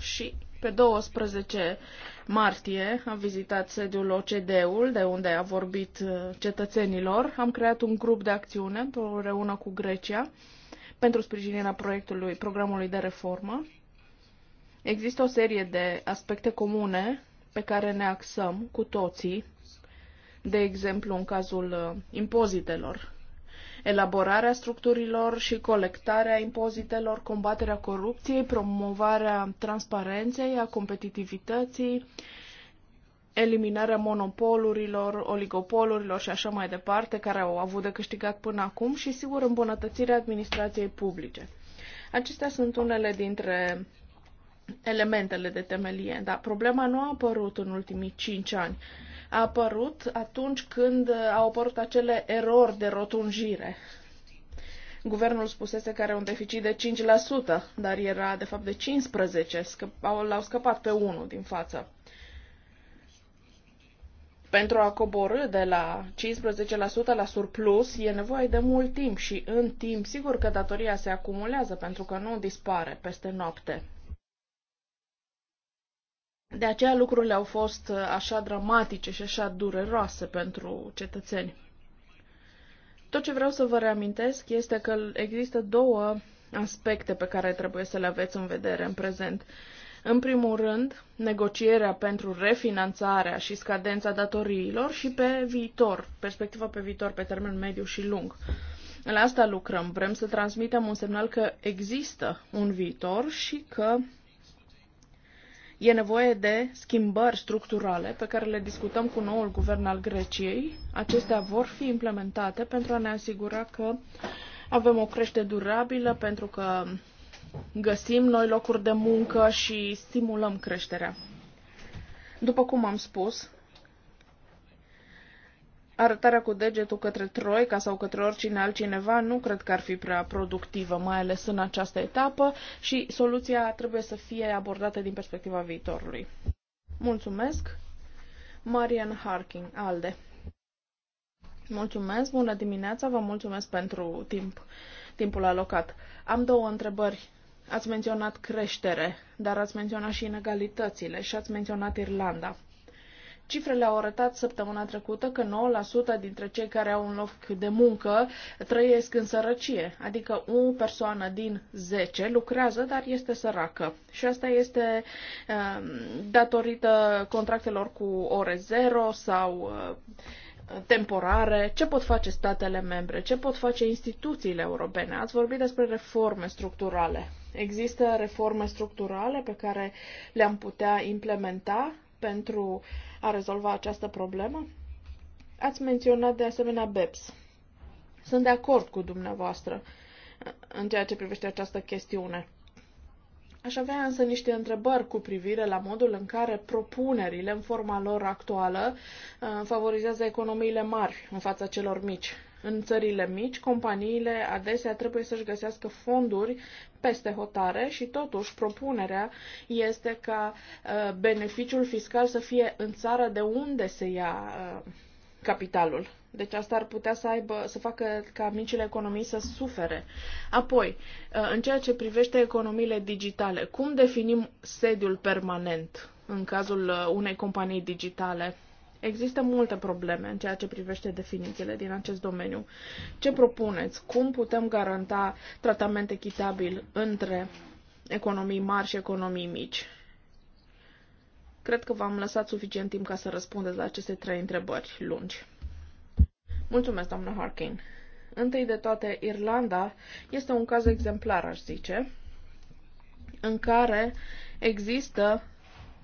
Și pe 12 martie am vizitat sediul OCD-ul, de unde a vorbit uh, cetățenilor. Am creat un grup de acțiune o reună cu Grecia pentru sprijinirea proiectului, programului de reformă. Există o serie de aspecte comune pe care ne axăm cu toții de exemplu în cazul uh, impozitelor. Elaborarea structurilor și colectarea impozitelor, combaterea corupției, promovarea transparenței, a competitivității, eliminarea monopolurilor, oligopolurilor și așa mai departe, care au avut de câștigat până acum și, sigur, îmbunătățirea administrației publice. Acestea sunt unele dintre elementele de temelie, dar problema nu a apărut în ultimii cinci ani a apărut atunci când au apărut acele erori de rotunjire. Guvernul spusese că are un deficit de 5%, dar era de fapt de 15%, l-au scăpat pe unul din față pentru a coborâ de la 15% la surplus e nevoie de mult timp și în timp sigur că datoria se acumulează pentru că nu dispare peste noapte. De aceea lucrurile au fost uh, așa dramatice și așa dureroase pentru cetățeni. Tot ce vreau să vă reamintesc este că există două aspecte pe care trebuie să le aveți în vedere în prezent. În primul rând, negocierea pentru refinanțarea și scadența datoriilor și pe viitor, perspectiva pe viitor, pe termen mediu și lung. La asta lucrăm. Vrem să transmitem un semnal că există un viitor și că E nevoie de schimbări structurale pe care le discutăm cu noul guvern al Greciei. Acestea vor fi implementate pentru a ne asigura că avem o creștere durabilă, pentru că găsim noi locuri de muncă și stimulăm creșterea. După cum am spus, arătarea cu degetul către Troica sau către oricine altcineva nu cred că ar fi prea productivă, mai ales în această etapă și soluția trebuie să fie abordată din perspectiva viitorului. Mulțumesc! Marian Harking, ALDE Mulțumesc, bună dimineața, vă mulțumesc pentru timp, timpul alocat. Am două întrebări. Ați menționat creștere, dar ați menționat și inegalitățile și ați menționat Irlanda. Cifrele au arătat săptămâna trecută că 9% dintre cei care au un loc de muncă trăiesc în sărăcie, adică o persoană din 10 lucrează, dar este săracă. Și asta este uh, datorită contractelor cu ore zero sau uh, temporare, ce pot face statele membre, ce pot face instituțiile europene. Ați vorbit despre reforme structurale. Există reforme structurale pe care le-am putea implementa pentru uh, a rezolva această problemă? Ați menționat de asemenea BEPS. Sunt de acord cu dumneavoastră în ceea ce privește această chestiune. Aș avea însă niște întrebări cu privire la modul în care propunerile în forma lor actuală uh, favorizează economiile mari în fața celor mici. În țările mici, companiile adesea trebuie să-și găsească fonduri peste hotare și totuși propunerea este ca uh, beneficiul fiscal să fie în țara de unde se ia uh, capitalul. Deci asta ar putea să aibă, să facă ca micile economii să sufere. Apoi, uh, în ceea ce privește economiile digitale, cum definim sediul permanent în cazul unei companii digitale? Există multe probleme în ceea ce privește definițiile din acest domeniu. Ce propuneți? Cum putem garanta tratament echitabil între economii mari și economii mici? Cred că v-am lăsat suficient timp ca să răspundeți la aceste trei întrebări lungi. Mulțumesc, doamnă Harkin. Întâi de toate, Irlanda este un caz exemplar, aș zice, în care există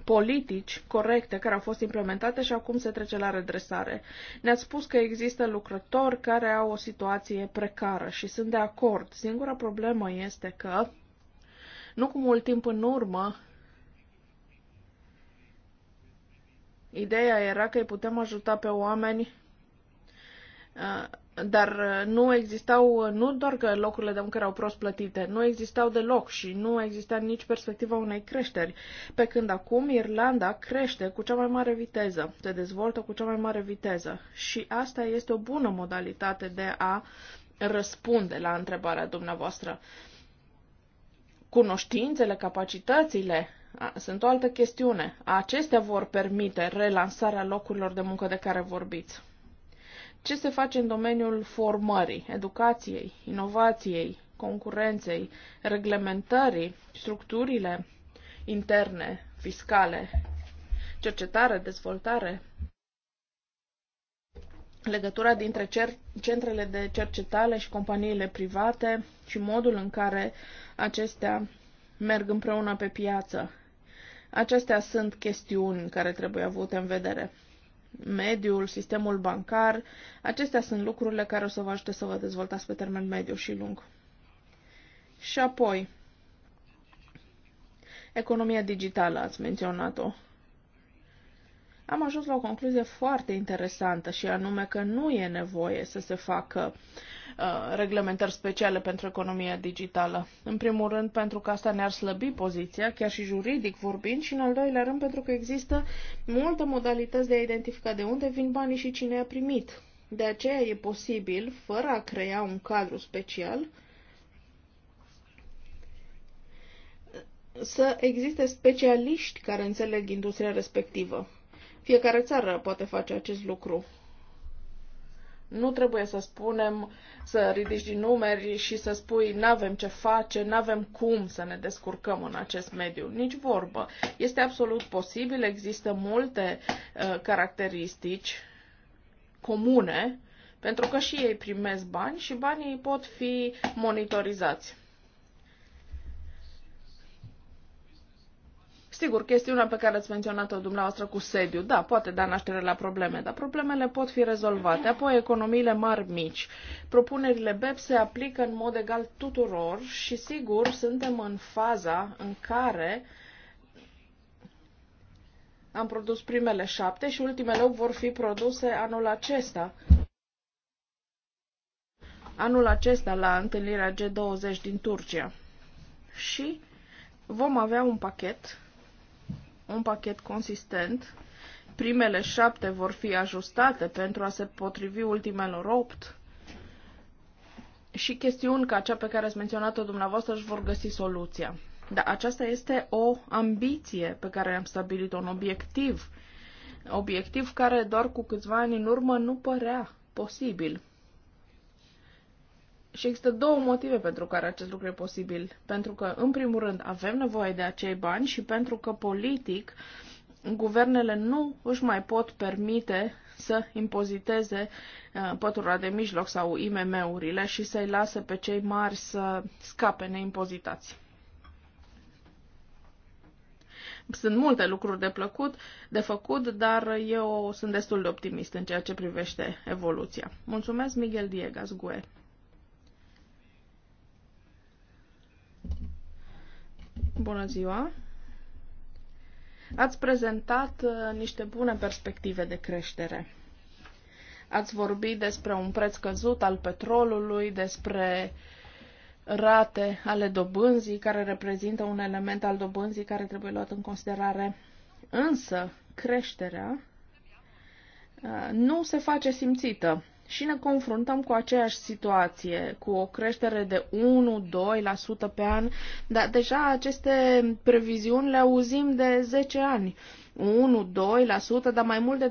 politici corecte care au fost implementate și acum se trece la redresare. Ne-ați spus că există lucrători care au o situație precară și sunt de acord. Singura problemă este că, nu cu mult timp în urmă, ideea era că îi putem ajuta pe oameni uh, dar uh, nu existau, uh, nu doar că locurile de muncă erau prost plătite, nu existau deloc și nu exista nici perspectiva unei creșteri, pe când acum Irlanda crește cu cea mai mare viteză, se dezvoltă cu cea mai mare viteză și asta este o bună modalitate de a răspunde la întrebarea dumneavoastră. Cunoștințele, capacitățile sunt o altă chestiune. Acestea vor permite relansarea locurilor de muncă de care vorbiți ce se face în domeniul formării, educației, inovației, concurenței, reglementării, structurile interne, fiscale, cercetare, dezvoltare, legătura dintre cer- centrele de cercetare și companiile private și modul în care acestea merg împreună pe piață. Acestea sunt chestiuni care trebuie avute în vedere mediul, sistemul bancar. Acestea sunt lucrurile care o să vă ajute să vă dezvoltați pe termen mediu și lung. Și apoi, economia digitală, ați menționat-o. Am ajuns la o concluzie foarte interesantă și anume că nu e nevoie să se facă uh, Uh, reglementări speciale pentru economia digitală. În primul rând, pentru că asta ne-ar slăbi poziția, chiar și juridic vorbind, și în al doilea rând, pentru că există multe modalități de a identifica de unde vin banii și cine a primit. De aceea e posibil, fără a crea un cadru special, să existe specialiști care înțeleg industria respectivă. Fiecare țară poate face acest lucru. Nu trebuie să spunem, să ridici din numeri și să spui nu avem ce face, nu avem cum să ne descurcăm în acest mediu. Nici vorbă. Este absolut posibil, există multe uh, caracteristici comune, pentru că și ei primesc bani și banii pot fi monitorizați. Sigur, chestiunea pe care ați menționat-o dumneavoastră cu sediu, da, poate da naștere la probleme, dar problemele pot fi rezolvate. Apoi, economiile mari, mici. Propunerile BEP se aplică în mod egal tuturor și, sigur, suntem în faza în care am produs primele șapte și ultimele vor fi produse anul acesta. Anul acesta, la întâlnirea G20 din Turcia. Și vom avea un pachet un pachet consistent. Primele șapte vor fi ajustate pentru a se potrivi ultimelor opt. Și chestiuni ca cea pe care ați menționat-o dumneavoastră își vor găsi soluția. Dar aceasta este o ambiție pe care am stabilit-o, un obiectiv. Obiectiv care doar cu câțiva ani în urmă nu părea posibil. Și există două motive pentru care acest lucru e posibil. Pentru că, în primul rând, avem nevoie de acei bani și pentru că, politic, guvernele nu își mai pot permite să impoziteze uh, pătura de mijloc sau IMM-urile și să-i lasă pe cei mari să scape neimpozitați. Sunt multe lucruri de plăcut, de făcut, dar eu sunt destul de optimist în ceea ce privește evoluția. Mulțumesc, Miguel Diegas Gue. Bună ziua! Ați prezentat uh, niște bune perspective de creștere. Ați vorbit despre un preț căzut al petrolului, despre rate ale dobânzii, care reprezintă un element al dobânzii care trebuie luat în considerare. Însă, creșterea uh, nu se face simțită și ne confruntăm cu aceeași situație, cu o creștere de 1-2% pe an, dar deja aceste previziuni le auzim de 10 ani. 1-2%, dar mai mult de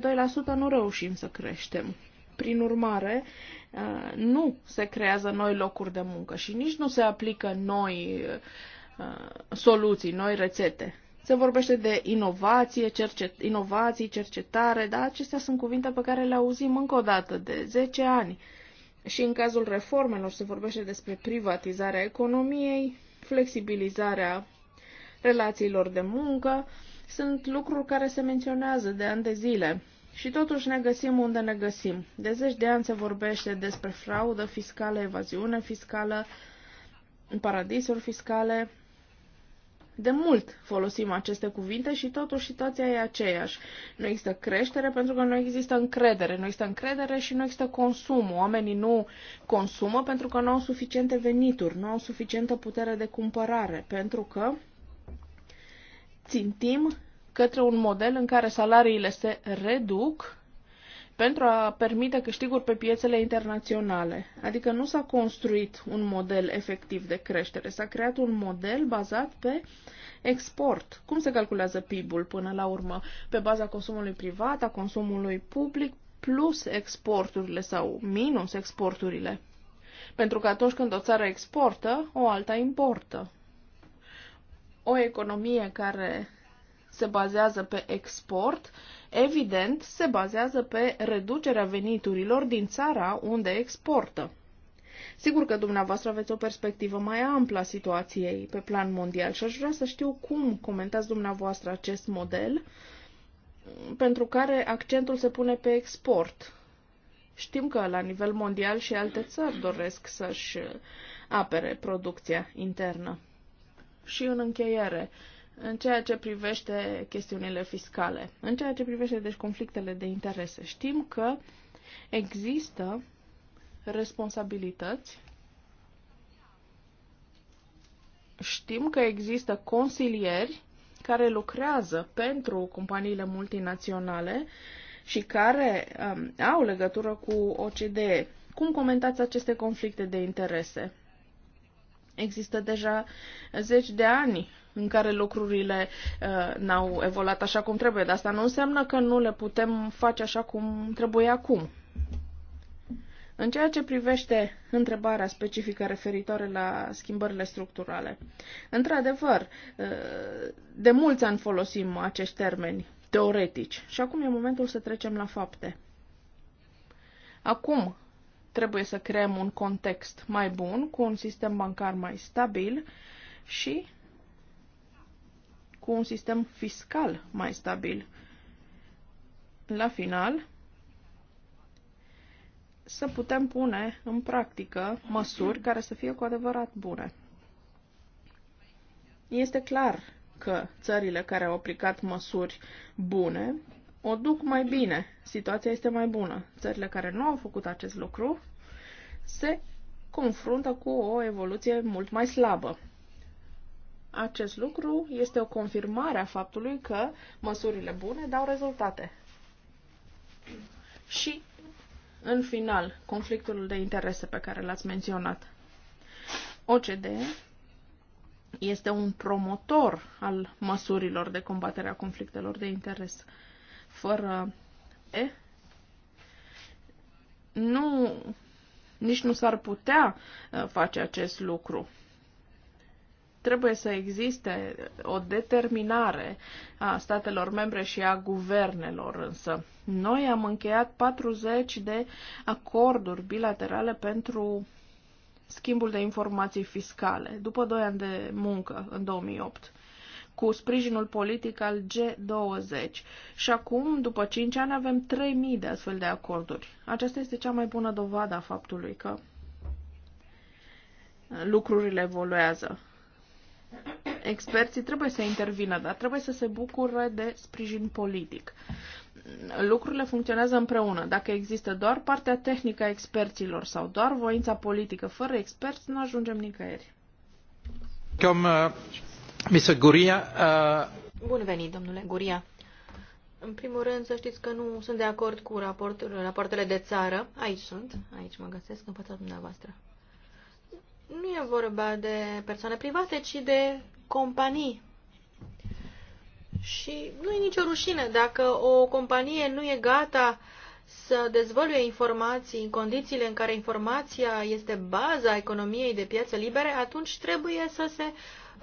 2% nu reușim să creștem. Prin urmare, uh, nu se creează noi locuri de muncă și nici nu se aplică noi uh, soluții, noi rețete. Se vorbește de inovație, cercet, inovații, cercetare, dar acestea sunt cuvinte pe care le auzim încă o dată de 10 ani. Și în cazul reformelor se vorbește despre privatizarea economiei, flexibilizarea relațiilor de muncă, sunt lucruri care se menționează de ani de zile. Și totuși ne găsim unde ne găsim. De zeci de ani se vorbește despre fraudă fiscală, evaziune fiscală, paradisuri fiscale, de mult folosim aceste cuvinte și totuși situația e aceeași. Nu există creștere pentru că nu există încredere. Nu există încredere și nu există consum. Oamenii nu consumă pentru că nu au suficiente venituri, nu au suficientă putere de cumpărare, pentru că țintim către un model în care salariile se reduc pentru a permite câștiguri pe piețele internaționale. Adică nu s-a construit un model efectiv de creștere, s-a creat un model bazat pe export. Cum se calculează PIB-ul până la urmă? Pe baza consumului privat, a consumului public, plus exporturile sau minus exporturile. Pentru că atunci când o țară exportă, o alta importă. O economie care se bazează pe export evident, se bazează pe reducerea veniturilor din țara unde exportă. Sigur că dumneavoastră aveți o perspectivă mai amplă a situației pe plan mondial și aș vrea să știu cum comentați dumneavoastră acest model pentru care accentul se pune pe export. Știm că la nivel mondial și alte țări doresc să-și apere producția internă. Și în încheiere, în ceea ce privește chestiunile fiscale, în ceea ce privește deci conflictele de interese. Știm că există responsabilități, știm că există consilieri care lucrează pentru companiile multinaționale și care um, au legătură cu OCDE. Cum comentați aceste conflicte de interese? Există deja zeci de ani în care lucrurile uh, n-au evoluat așa cum trebuie, dar asta nu înseamnă că nu le putem face așa cum trebuie acum. În ceea ce privește întrebarea specifică referitoare la schimbările structurale, într-adevăr, uh, de mulți ani folosim acești termeni teoretici și acum e momentul să trecem la fapte. Acum trebuie să creăm un context mai bun, cu un sistem bancar mai stabil și cu un sistem fiscal mai stabil. La final, să putem pune în practică măsuri care să fie cu adevărat bune. Este clar că țările care au aplicat măsuri bune o duc mai bine, situația este mai bună. Țările care nu au făcut acest lucru se confruntă cu o evoluție mult mai slabă. Acest lucru este o confirmare a faptului că măsurile bune dau rezultate. Și, în final, conflictul de interese pe care l-ați menționat. OCDE este un promotor al măsurilor de combatere a conflictelor de interes fără E, nu, nici nu s-ar putea uh, face acest lucru. Trebuie să existe uh, o determinare a statelor membre și a guvernelor însă. Noi am încheiat 40 de acorduri bilaterale pentru schimbul de informații fiscale, după 2 ani de muncă, în 2008 cu sprijinul politic al G20. Și acum, după 5 ani, avem 3.000 de astfel de acorduri. Aceasta este cea mai bună dovadă a faptului că lucrurile evoluează. Experții trebuie să intervină, dar trebuie să se bucure de sprijin politic. Lucrurile funcționează împreună. Dacă există doar partea tehnică a experților sau doar voința politică fără experți, nu ajungem nicăieri. Comme, uh, Uh, Bun venit, domnule Guria. În primul rând, să știți că nu sunt de acord cu raport, rapoartele de țară. Aici sunt, aici mă găsesc, în fața dumneavoastră. Nu e vorba de persoane private, ci de companii. Și nu e nicio rușine dacă o companie nu e gata să dezvăluie informații în condițiile în care informația este baza economiei de piață libere, atunci trebuie să se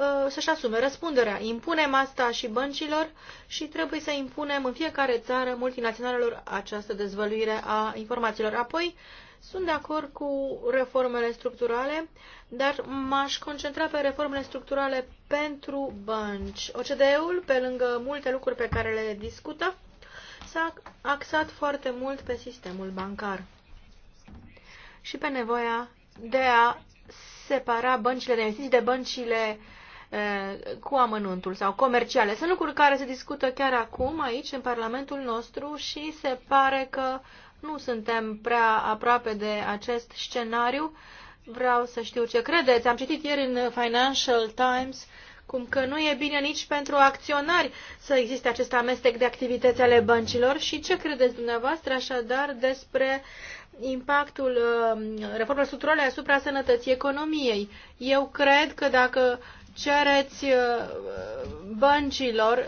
Uh, să-și asume răspunderea. Impunem asta și băncilor și trebuie să impunem în fiecare țară multinaționalelor această dezvăluire a informațiilor. Apoi, sunt de acord cu reformele structurale, dar m-aș concentra pe reformele structurale pentru bănci. OCDE-ul, pe lângă multe lucruri pe care le discută, s-a axat foarte mult pe sistemul bancar și pe nevoia de a separa băncile de investiții de băncile uh, cu amănuntul sau comerciale. Sunt lucruri care se discută chiar acum aici în Parlamentul nostru și se pare că nu suntem prea aproape de acest scenariu. Vreau să știu ce credeți. Am citit ieri în Financial Times cum că nu e bine nici pentru acționari să existe acest amestec de activități ale băncilor și ce credeți dumneavoastră așadar despre impactul um, reformelor structurale asupra sănătății economiei. Eu cred că dacă cereți uh, băncilor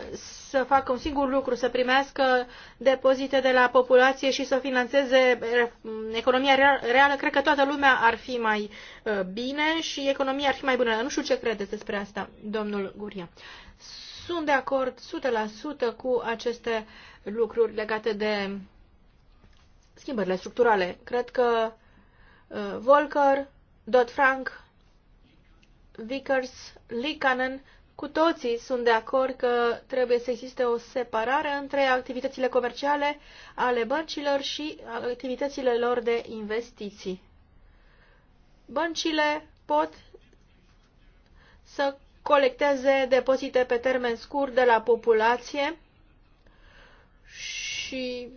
să facă un singur lucru, să primească depozite de la populație și să financeze economia reală, cred că toată lumea ar fi mai uh, bine și economia ar fi mai bună. Nu știu ce credeți despre asta, domnul Guria. Sunt de acord 100% cu aceste lucruri legate de schimbările structurale. Cred că uh, Volcker, Dodd-Frank, Vickers, Likanen, cu toții sunt de acord că trebuie să existe o separare între activitățile comerciale ale băncilor și activitățile lor de investiții. Băncile pot să colecteze depozite pe termen scurt de la populație și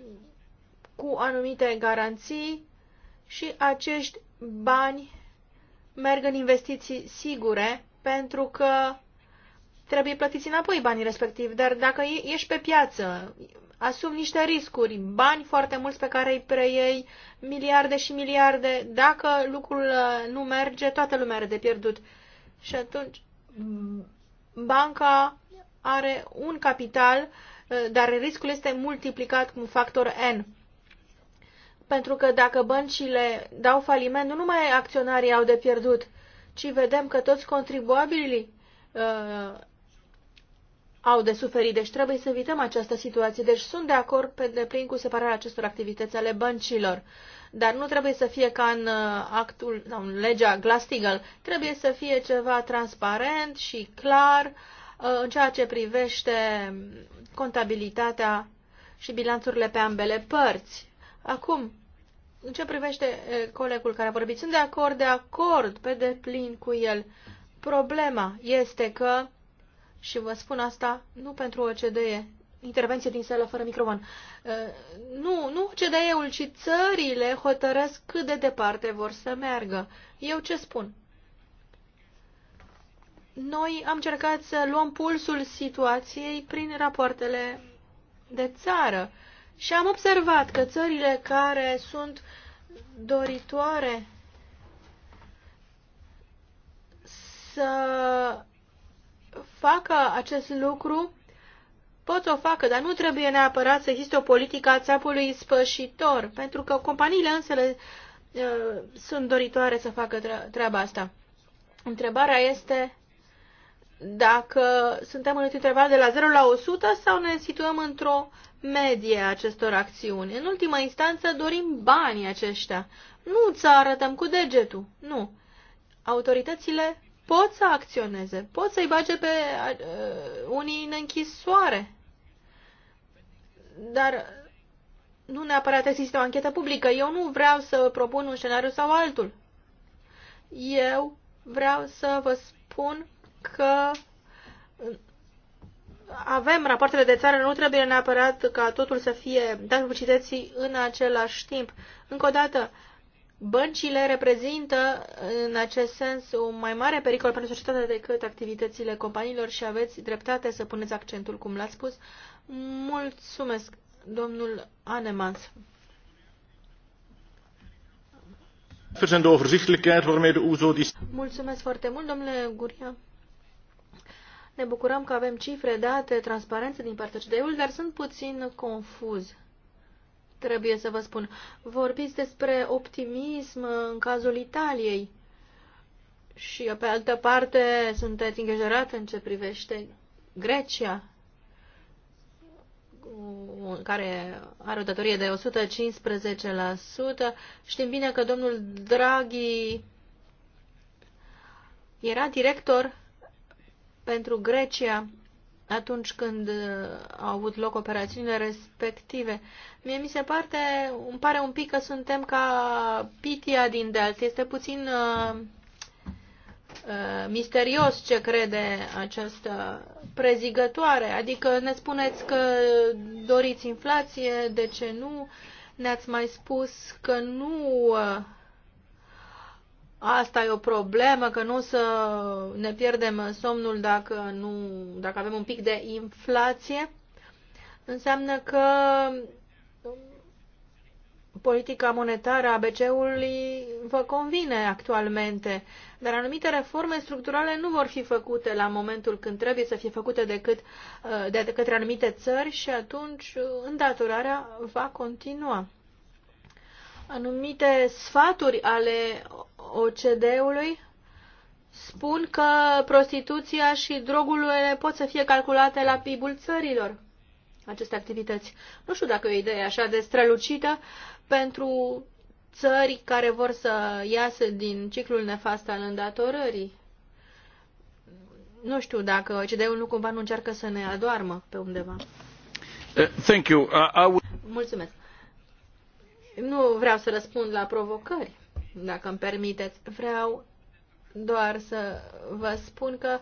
cu anumite garanții și acești bani merg în investiții sigure pentru că trebuie plătiți înapoi banii respectivi, dar dacă ești pe piață, asumi niște riscuri, bani foarte mulți pe care îi preiei, miliarde și miliarde, dacă lucrul uh, nu merge, toată lumea are de pierdut. Și atunci banca are un capital, uh, dar riscul este multiplicat cu un factor N. Pentru că dacă băncile dau faliment, nu numai acționarii au de pierdut, ci vedem că toți contribuabilii uh, au de suferit. Deci trebuie să evităm această situație. Deci sunt de acord pe deplin cu separarea acestor activități ale băncilor. Dar nu trebuie să fie ca în uh, actul, sau în legea Glass-Steagall. Trebuie să fie ceva transparent și clar uh, în ceea ce privește contabilitatea și bilanțurile pe ambele părți. Acum, în ce privește colegul care a vorbit, sunt de acord, de acord pe deplin cu el. Problema este că, și vă spun asta nu pentru OCDE, intervenție din sală fără microfon, nu, nu OCDE-ul, ci țările hotărăsc cât de departe vor să meargă. Eu ce spun? Noi am încercat să luăm pulsul situației prin rapoartele de țară și am observat că țările care sunt doritoare să facă acest lucru, pot să o facă, dar nu trebuie neapărat să existe o politică a țapului spășitor, pentru că companiile însele uh, sunt doritoare să facă treaba asta. Întrebarea este dacă suntem în interval de la 0 la 100 sau ne situăm într-o medie a acestor acțiuni. În ultima instanță dorim banii aceștia. Nu ți arătăm cu degetul, nu. Autoritățile pot să acționeze, pot să-i bage pe uh, unii în închisoare. Dar nu neapărat există o anchetă publică. Eu nu vreau să propun un scenariu sau altul. Eu vreau să vă spun că avem rapoartele de țară, nu trebuie neapărat ca totul să fie dat publicității în același timp. Încă o dată, băncile reprezintă în acest sens un mai mare pericol pentru societate decât activitățile companiilor și aveți dreptate să puneți accentul, cum l-ați spus. Mulțumesc, domnul Anemans. Mulțumesc foarte mult, domnule Guria. Ne bucurăm că avem cifre, date, transparență din partea cdu dar sunt puțin confuz. Trebuie să vă spun. Vorbiți despre optimism în cazul Italiei și, pe altă parte, sunteți îngrijorat în ce privește Grecia, care are o datorie de 115%. Știm bine că domnul Draghi era director pentru Grecia atunci când uh, au avut loc operațiunile respective. Mie mi se parte, îmi pare un pic că suntem ca Pitia din Delft. Este puțin uh, uh, misterios ce crede această prezigătoare. Adică ne spuneți că doriți inflație, de ce nu? Ne-ați mai spus că nu uh, asta e o problemă, că nu să ne pierdem somnul dacă, nu, dacă avem un pic de inflație, înseamnă că politica monetară a BCE-ului vă convine actualmente, dar anumite reforme structurale nu vor fi făcute la momentul când trebuie să fie făcute decât de către anumite țări și atunci îndatorarea va continua. Anumite sfaturi ale OCD-ului spun că prostituția și drogurile pot să fie calculate la PIB-ul țărilor, aceste activități. Nu știu dacă e o idee așa de strălucită pentru țări care vor să iasă din ciclul nefast al îndatorării. Nu știu dacă OCD-ul nu cumva nu încearcă să ne adoarmă pe undeva. Uh, thank you. Uh, I would... Mulțumesc. Nu vreau să răspund la provocări, dacă îmi permiteți. Vreau doar să vă spun că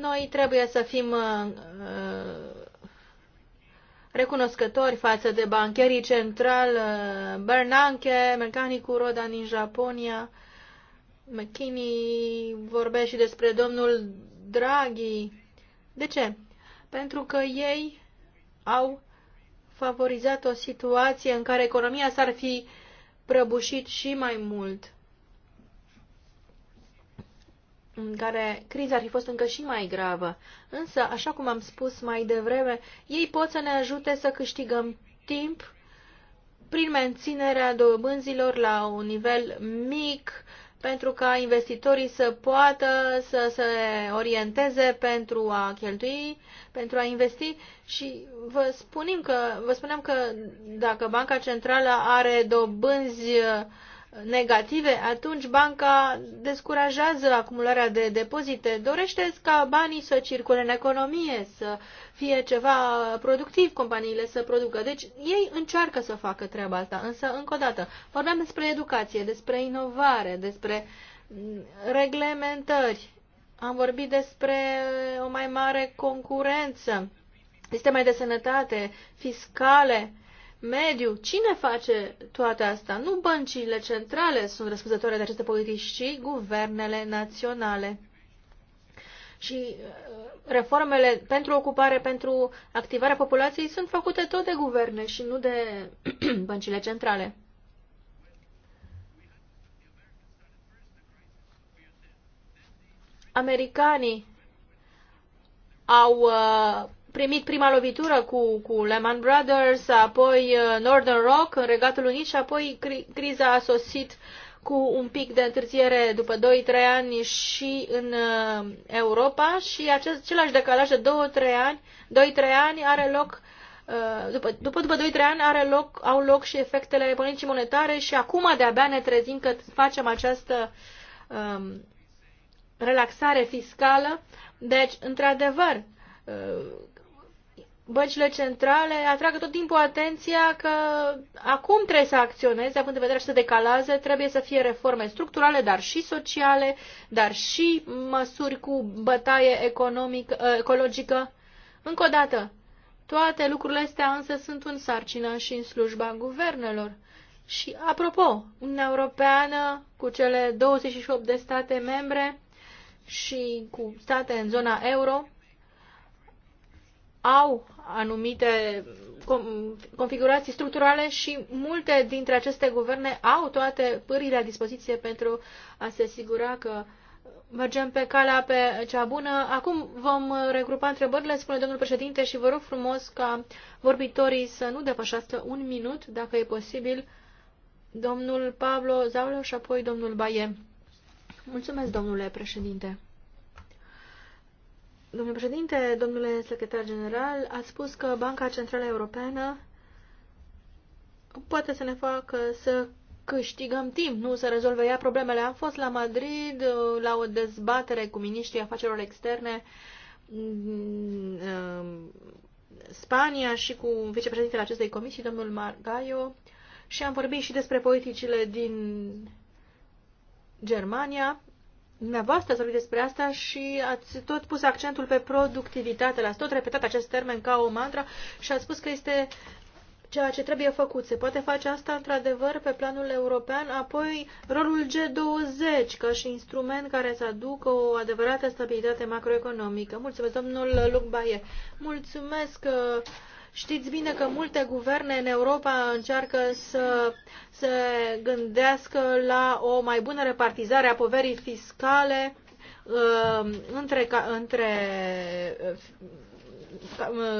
noi trebuie să fim uh, uh, recunoscători față de bancherii central uh, Bernanke, mecanicul Rodan din Japonia. McKinney vorbește și despre domnul Draghi. De ce? Pentru că ei au favorizat o situație în care economia s-ar fi prăbușit și mai mult, în care criza ar fi fost încă și mai gravă. Însă, așa cum am spus mai devreme, ei pot să ne ajute să câștigăm timp prin menținerea dobânzilor la un nivel mic, pentru ca investitorii să poată să se orienteze pentru a cheltui, pentru a investi și vă, spunem că, vă spuneam că dacă Banca Centrală are dobânzi negative, atunci banca descurajează acumularea de depozite, dorește ca banii să circule în economie, să uh, fie ceva productiv companiile să producă. Deci ei încearcă să facă treaba asta, însă încă o dată vorbeam despre educație, despre inovare, despre mm, reglementări, am vorbit despre o mai mare concurență, sisteme de sănătate, fiscale, mediu. Cine face toate astea? Nu băncile centrale sunt răspunzătoare de aceste politici, ci guvernele naționale și uh, reformele pentru ocupare, pentru activarea populației sunt făcute tot de guverne și nu de băncile centrale. Americanii au uh, primit prima lovitură cu, cu Lehman Brothers, apoi uh, Northern Rock în Regatul Unit și apoi cri, criza a sosit uh, cu un pic de întârziere după 2-3 ani și în uh, Europa și acest același decalaj de 2-3 ani, 2-3 ani are loc uh, după, după, după 2-3 ani are loc, au loc și efectele politicii monetare și acum de-abia ne trezim că facem această um, relaxare fiscală. Deci, într-adevăr, uh, băncile centrale atragă tot timpul atenția că acum trebuie să acționeze, având în vedere aceste decalaze, trebuie să fie reforme structurale, dar și sociale, dar și măsuri cu bătaie economic, ă, ecologică. Încă o dată, toate lucrurile astea însă sunt în sarcină și în slujba guvernelor. Și apropo, Uniunea Europeană cu cele 28 de state membre și cu state în zona euro au anumite configurații structurale și multe dintre aceste guverne au toate pârile la dispoziție pentru a se asigura că mergem pe calea pe cea bună. Acum vom regrupa întrebările, spune domnul președinte, și vă rog frumos ca vorbitorii să nu depășească un minut, dacă e posibil, domnul Pablo Zaulă și apoi domnul Baie. Mulțumesc, domnule președinte. Domnule președinte, domnule secretar general, a spus că Banca Centrală Europeană poate să ne facă să câștigăm timp, nu să rezolve ea problemele. Am fost la Madrid la o dezbatere cu miniștrii afacerilor externe Spania și cu vicepreședintele acestei comisii, domnul Margaio, și am vorbit și despre politicile din Germania. Dumneavoastră ați vorbit despre asta și ați tot pus accentul pe productivitate, l-ați tot repetat acest termen ca o mantra și ați spus că este ceea ce trebuie făcut. Se poate face asta într-adevăr pe planul european, apoi rolul G20 ca și instrument care să aducă o adevărată stabilitate macroeconomică. Mulțumesc, domnul Luc Baie. Mulțumesc, uh, Știți bine că multe guverne în Europa încearcă să se gândească la o mai bună repartizare a poverii fiscale uh, între, între uh,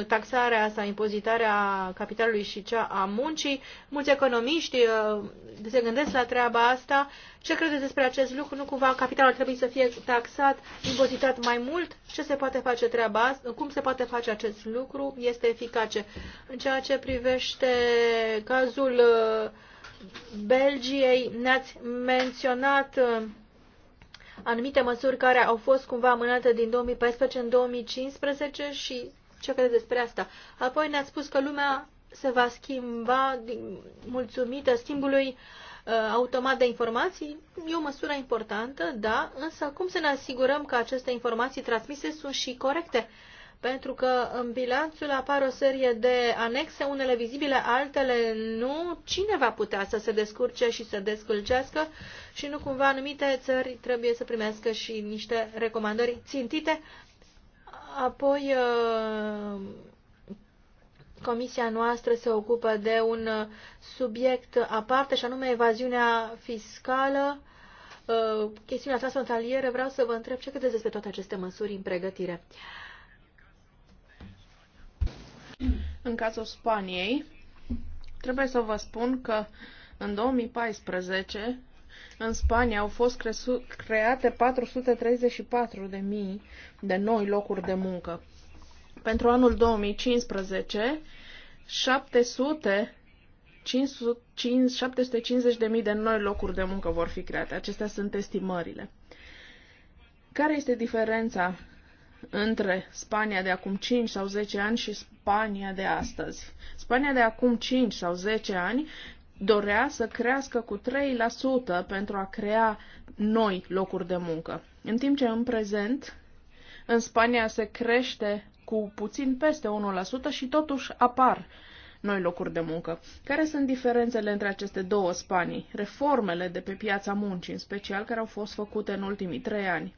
taxarea sau impozitarea capitalului și cea a muncii. Mulți economiști uh, se gândesc la treaba asta. Ce credeți despre acest lucru? Nu cumva capitalul trebuie să fie taxat, impozitat mai mult? Ce se poate face treaba asta? Cum se poate face acest lucru? Este eficace. În ceea ce privește cazul uh, Belgiei, ne-ați menționat uh, anumite măsuri care au fost cumva amânate din 2014 în 2015 și ce credeți despre asta. Apoi ne-ați spus că lumea se va schimba din, mulțumită schimbului uh, automat de informații. E o măsură importantă, da, însă cum să ne asigurăm că aceste informații transmise sunt și corecte? Pentru că în bilanțul apar o serie de anexe, unele vizibile, altele nu. Cine va putea să se descurce și să descălcească și nu cumva anumite țări trebuie să primească și niște recomandări țintite Apoi, uh, comisia noastră se ocupă de un uh, subiect aparte, și anume evaziunea fiscală. Uh, chestiunea transfrontalieră, vreau să vă întreb ce credeți despre toate aceste măsuri în pregătire. În cazul Spaniei, trebuie să vă spun că în 2014 în Spania au fost create 434 de mii de noi locuri de muncă. Pentru anul 2015, 700 750.000 de noi locuri de muncă vor fi create. Acestea sunt estimările. Care este diferența între Spania de acum 5 sau 10 ani și Spania de astăzi? Spania de acum 5 sau 10 ani dorea să crească cu 3% pentru a crea noi locuri de muncă. În timp ce în prezent, în Spania se crește cu puțin peste 1% și totuși apar noi locuri de muncă. Care sunt diferențele între aceste două Spanii? Reformele de pe piața muncii, în special, care au fost făcute în ultimii trei ani.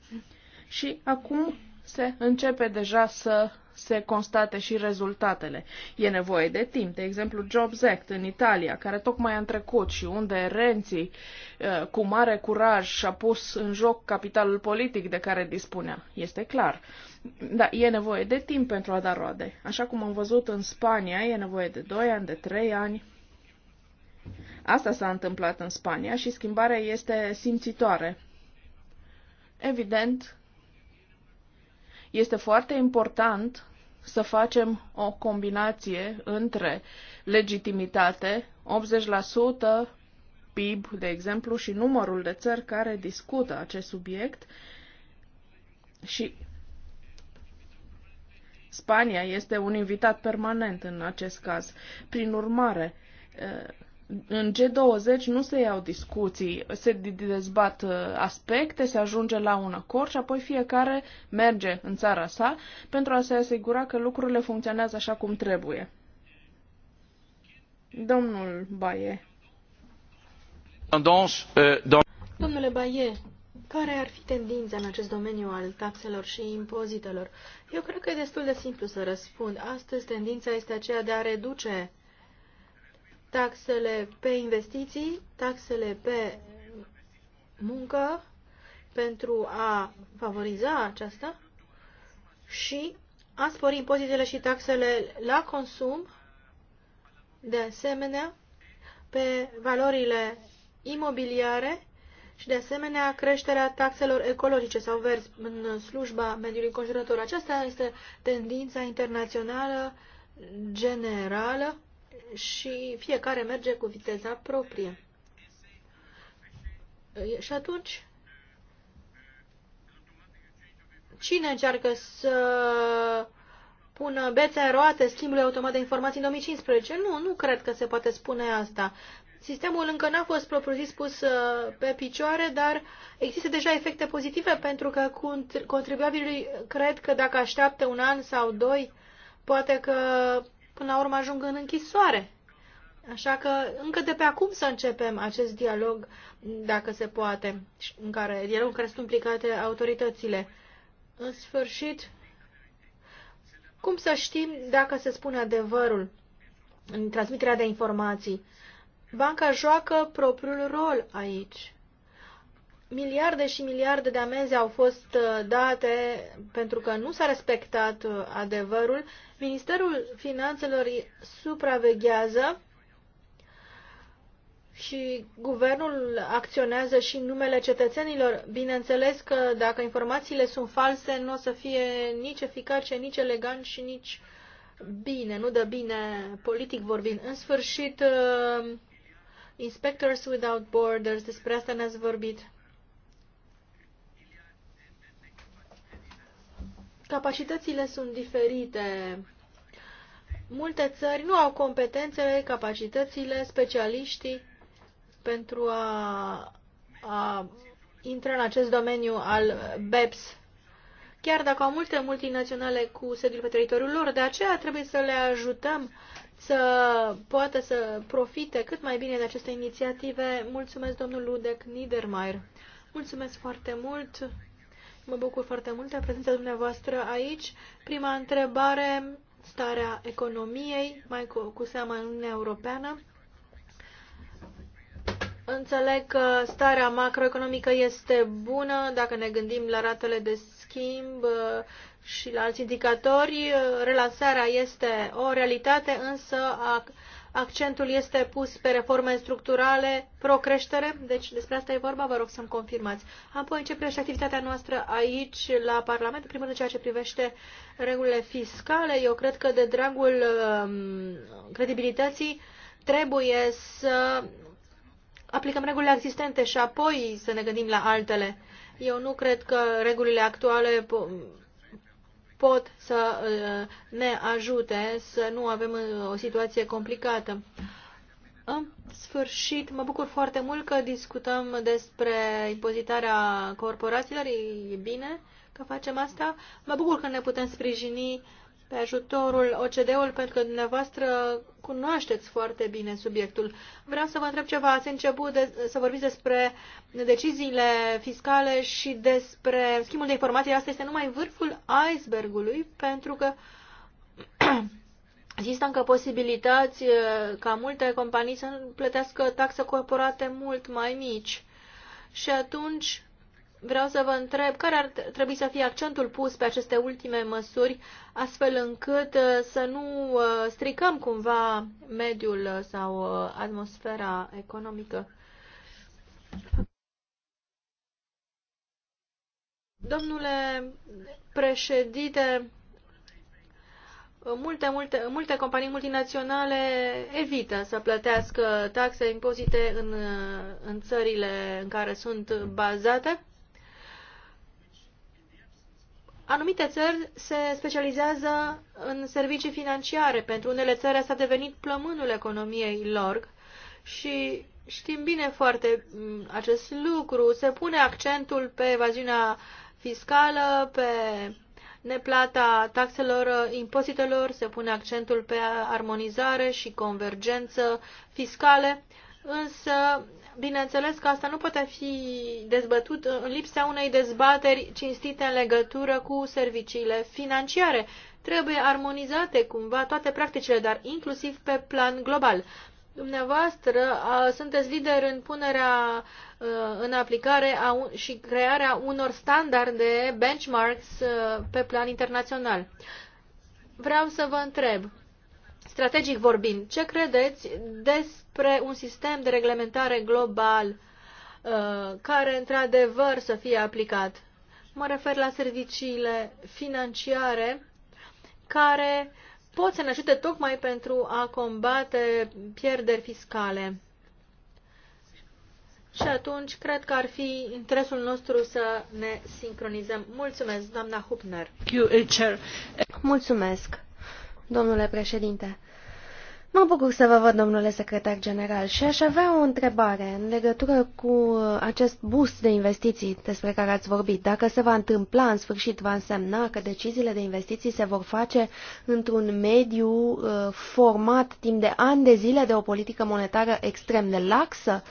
Și acum se începe deja să se constate și rezultatele. E nevoie de timp, de exemplu Jobs Act în Italia, care tocmai a trecut și unde Renzi uh, cu mare curaj și-a pus în joc capitalul politic de care dispunea. Este clar. Da, e nevoie de timp pentru a da roade. Așa cum am văzut în Spania, e nevoie de 2 ani, de 3 ani. Asta s-a întâmplat în Spania și schimbarea este simțitoare. Evident, este foarte important să facem o combinație între legitimitate, 80% PIB, de exemplu, și numărul de țări care discută acest subiect și Spania este un invitat permanent în acest caz. Prin urmare, în G20 nu se iau discuții, se dezbat uh, aspecte, se ajunge la un acord și apoi fiecare merge în țara sa pentru a se asigura că lucrurile funcționează așa cum trebuie. Domnul Baie. Euh, Domnule Baie, care ar fi tendința în acest domeniu al taxelor și impozitelor? Eu cred că e destul de simplu să răspund. Astăzi tendința este aceea de a reduce taxele pe investiții, taxele pe muncă pentru a favoriza aceasta și a spori impozitele și taxele la consum, de asemenea pe valorile imobiliare și de asemenea creșterea taxelor ecologice sau verzi în slujba mediului înconjurător. Aceasta este tendința internațională generală și fiecare merge cu viteza proprie. Și atunci, cine încearcă să pună bețe roate schimbului automat de informații în 2015? Nu, nu cred că se poate spune asta. Sistemul încă n-a fost propriu-zis pus uh, pe picioare, dar există deja efecte pozitive pentru că contribuabilii cred că dacă așteaptă un an sau doi, poate că până la urmă ajung în închisoare. Așa că încă de pe acum să începem acest dialog, dacă se poate, în care, dialog în care sunt implicate autoritățile. În sfârșit, cum să știm dacă se spune adevărul în transmiterea de informații? Banca joacă propriul rol aici. Miliarde și miliarde de amenzi au fost uh, date pentru că nu s-a respectat uh, adevărul. Ministerul Finanțelor supraveghează și guvernul acționează și în numele cetățenilor. Bineînțeles că dacă informațiile sunt false, nu o să fie nici eficace, nici elegant și nici bine, nu dă bine politic vorbind. În sfârșit, uh, Inspectors Without Borders, despre asta ne-ați vorbit. Capacitățile sunt diferite. Multe țări nu au competențele, capacitățile, specialiștii pentru a, a intra în acest domeniu al BEPS. Chiar dacă au multe multinaționale cu sediul pe teritoriul lor, de aceea trebuie să le ajutăm să poată să profite cât mai bine de aceste inițiative. Mulțumesc, domnul Ludec Niedermayer. Mulțumesc foarte mult. Mă bucur foarte mult de prezența dumneavoastră aici. Prima întrebare, starea economiei, mai cu, cu seama în Uniunea Europeană. Înțeleg că starea macroeconomică este bună dacă ne gândim la ratele de schimb uh, și la alți indicatori. Relansarea este o realitate, însă Accentul este pus pe reforme structurale pro-creștere, deci despre asta e vorba, vă rog să-mi confirmați. Apoi, în ce privește activitatea noastră aici, la Parlament, primul rând ceea ce privește regulile fiscale, eu cred că de dragul um, credibilității trebuie să aplicăm regulile existente și apoi să ne gândim la altele. Eu nu cred că regulile actuale pot să uh, ne ajute să nu avem uh, o situație complicată. În sfârșit, mă bucur foarte mult că discutăm despre impozitarea corporațiilor. E bine că facem asta. Mă bucur că ne putem sprijini uh, pe ajutorul OCD-ul, pentru că dumneavoastră cunoașteți foarte bine subiectul. Vreau să vă întreb ceva. Ați început de, să vorbiți despre deciziile fiscale și despre schimbul de informații. Asta este numai vârful icebergului, pentru că există încă posibilități eh, ca multe companii să plătească taxe corporate mult mai mici. Și atunci vreau să vă întreb care ar trebui să fie accentul pus pe aceste ultime măsuri, astfel încât uh, să nu uh, stricăm cumva mediul sau uh, atmosfera economică. Domnule președinte, multe, multe, multe companii multinaționale evită să plătească taxe, impozite în, în țările în care sunt bazate Anumite țări se specializează în servicii financiare. Pentru unele țări asta a devenit plămânul economiei lor și știm bine foarte mm, acest lucru. Se pune accentul pe evaziunea fiscală, pe neplata taxelor, impozitelor, se pune accentul pe armonizare și convergență fiscale, însă Bineînțeles că asta nu poate fi dezbătut în lipsa unei dezbateri cinstite în legătură cu serviciile financiare. Trebuie armonizate cumva toate practicile, dar inclusiv pe plan global. Dumneavoastră a, sunteți lider în punerea în aplicare a un, și crearea unor standarde, benchmarks a, pe plan internațional. Vreau să vă întreb, strategic vorbind, ce credeți despre un sistem de reglementare global uh, care într-adevăr să fie aplicat? Mă refer la serviciile financiare care pot să ne ajute tocmai pentru a combate pierderi fiscale. Și atunci, cred că ar fi interesul nostru să ne sincronizăm. Mulțumesc, doamna Hupner. Mulțumesc. Domnule președinte, mă bucur să vă văd, domnule secretar general, și aș avea o întrebare în legătură cu uh, acest boost de investiții despre care ați vorbit. Dacă se va întâmpla, în sfârșit va însemna că deciziile de investiții se vor face într-un mediu uh, format timp de ani de zile de o politică monetară extrem de laxă? Uh,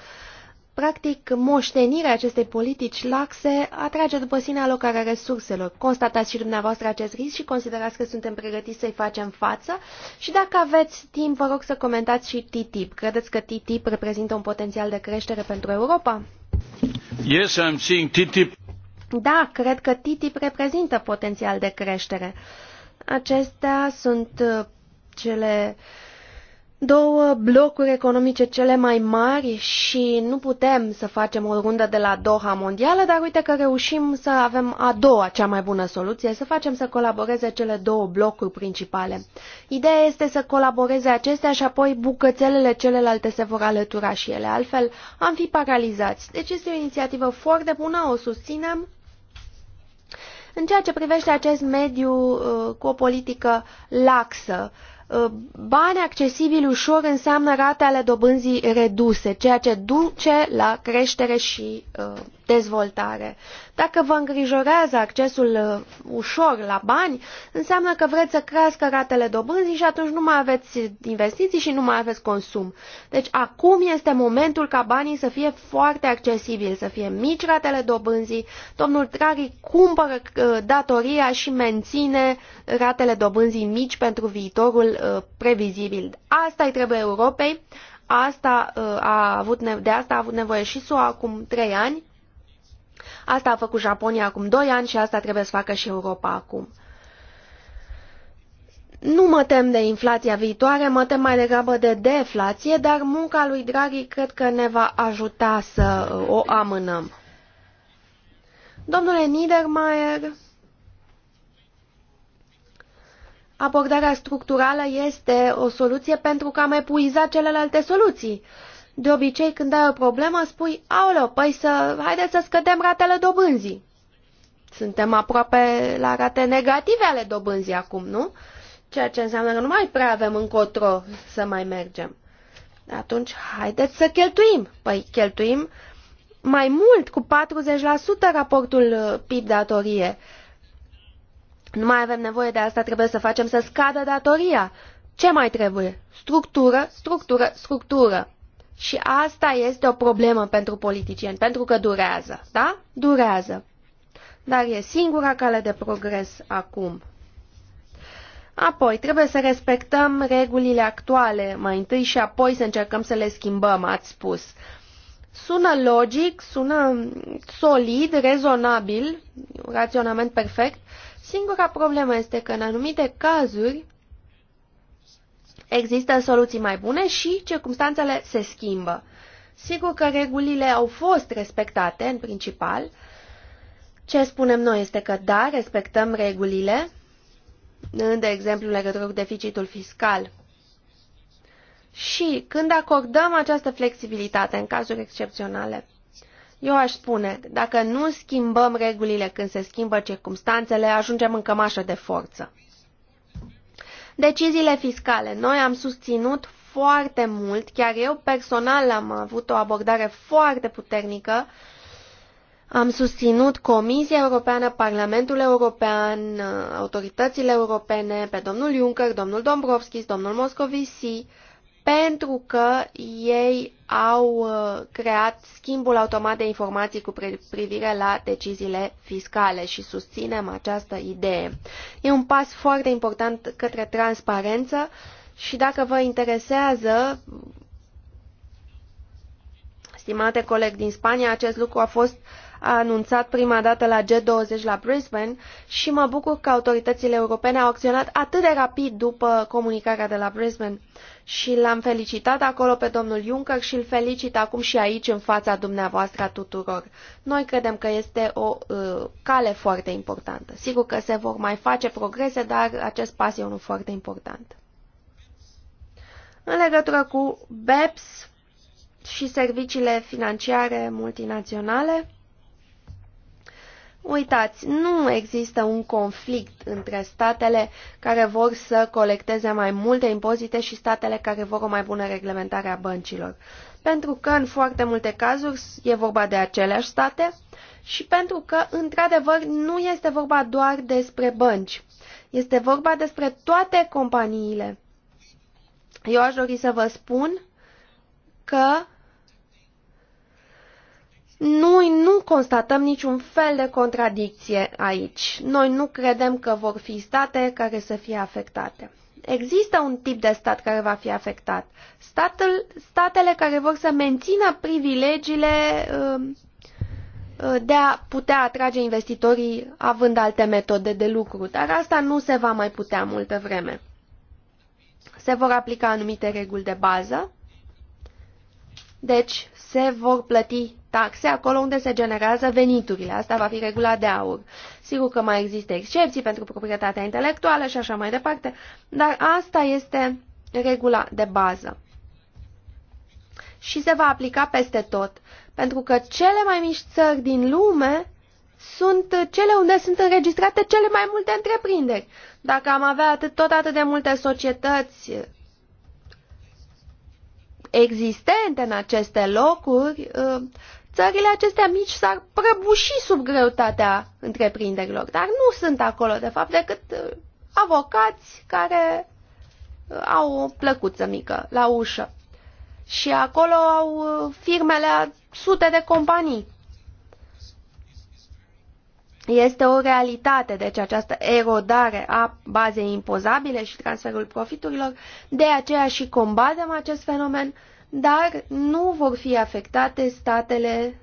Practic, moștenirea acestei politici laxe atrage după sine alocarea resurselor. Constatați și dumneavoastră acest risc și considerați că suntem pregătiți să-i facem față și dacă aveți timp, vă rog să comentați și TTIP. Credeți că TTIP reprezintă un potențial de creștere pentru Europa? Yes, I'm seeing TTIP. Da, cred că TTIP reprezintă potențial de creștere. Acestea sunt uh, cele uh, două blocuri economice cele mai mari și nu putem să facem o rundă de la Doha mondială, dar uite că reușim să avem a doua cea mai bună soluție, să facem să colaboreze cele două blocuri principale. Ideea este să colaboreze acestea și apoi bucățelele celelalte se vor alătura și ele, altfel am fi paralizați. Deci este o inițiativă foarte bună, o susținem. În ceea ce privește acest mediu uh, cu o politică laxă, uh, Uh, bani accesibili ușor înseamnă rate ale dobânzii reduse, ceea ce duce la creștere și uh, dezvoltare. Dacă vă îngrijorează accesul uh, ușor la bani, înseamnă că vreți să crească ratele dobânzii și atunci nu mai aveți investiții și nu mai aveți consum. Deci acum este momentul ca banii să fie foarte accesibili, să fie mici ratele dobânzii. Domnul Trari cumpără uh, datoria și menține ratele dobânzii mici pentru viitorul uh, previzibil. Asta îi trebuie Europei. Asta a avut de asta a avut nevoie și SUA acum trei ani Asta a făcut Japonia acum doi ani și asta trebuie să facă și Europa acum. Nu mă tem de inflația viitoare, mă tem mai degrabă de deflație, dar munca lui Draghi cred că ne va ajuta să uh, o amânăm. Domnule Niedermayer, abordarea structurală este o soluție pentru că am epuizat celelalte soluții. Uh, de obicei, când ai o problemă, spui, aoleo, păi să, haideți să scădem ratele dobânzii. Suntem aproape la rate negative ale dobânzii acum, nu? Ceea ce înseamnă că nu mai prea avem încotro să mai mergem. Atunci, haideți să cheltuim. Păi cheltuim mai mult, cu 40% raportul uh, PIB datorie. Nu mai avem nevoie de asta, trebuie să facem să scadă datoria. Ce mai trebuie? Structură, structură, structură. Și asta este o problemă pentru politicieni, pentru că durează, da? Durează. Dar e singura cale de progres acum. Apoi, trebuie să respectăm regulile actuale mai întâi și apoi să încercăm să le schimbăm, ați spus. Sună logic, sună solid, rezonabil, raționament perfect. Singura problemă este că în anumite cazuri există soluții mai bune și circumstanțele se schimbă. Sigur că regulile au fost respectate în principal. Ce spunem noi este că da, respectăm regulile, de exemplu legătură cu deficitul fiscal. Și când acordăm această flexibilitate în cazuri excepționale, eu aș spune, dacă nu schimbăm regulile când se schimbă circumstanțele, ajungem în cămașă de forță. Deciziile fiscale. Noi am susținut foarte mult, chiar eu personal am avut o abordare foarte puternică. Am susținut Comisia Europeană, Parlamentul European, autoritățile europene, pe domnul Juncker, domnul Dombrovskis, domnul Moscovici pentru că ei au uh, creat schimbul automat de informații cu privire la deciziile fiscale și susținem această idee. E un pas foarte important către transparență și dacă vă interesează, stimate coleg din Spania, acest lucru a fost uh, a anunțat prima dată la G20 la Brisbane și mă bucur că autoritățile europene au acționat atât de rapid după comunicarea de la Brisbane și l-am felicitat acolo pe domnul Juncker și îl felicit acum și aici în fața dumneavoastră a tuturor. Noi credem că este o uh, cale foarte importantă. Sigur că se vor mai face progrese, dar acest pas e unul foarte important. În legătură cu BEPS și serviciile financiare multinaționale, Uitați, nu există un conflict între statele care vor să colecteze mai multe impozite și statele care vor o mai bună reglementare a băncilor. Pentru că în foarte multe cazuri e vorba de aceleași state și pentru că, într-adevăr, nu este vorba doar despre bănci. Este vorba despre toate companiile. Eu aș dori să vă spun că noi nu constatăm niciun fel de contradicție aici. Noi nu credem că vor fi state care să fie afectate. Există un tip de stat care va fi afectat. Statul, statele care vor să mențină privilegiile um, uh, de a putea atrage investitorii având alte metode de lucru, dar asta nu se va mai putea multă vreme. Se vor aplica anumite reguli de bază, deci se vor plăti taxe acolo unde se generează veniturile. Asta va fi regula de aur. Sigur că mai există excepții pentru proprietatea intelectuală și așa mai departe, dar asta este regula de bază. Și se va aplica peste tot, pentru că cele mai mici țări din lume sunt cele unde sunt înregistrate cele mai multe întreprinderi. Dacă am avea atât, tot atât de multe societăți existente în aceste locuri, uh, țările acestea mici s-ar prăbuși sub greutatea întreprinderilor, dar nu sunt acolo, de fapt, decât uh, avocați care uh, au o plăcuță mică la ușă. Și acolo au uh, firmele a sute de companii. Este o realitate, deci această erodare a bazei impozabile și transferul profiturilor, de aceea și combatem acest fenomen dar nu vor fi afectate statele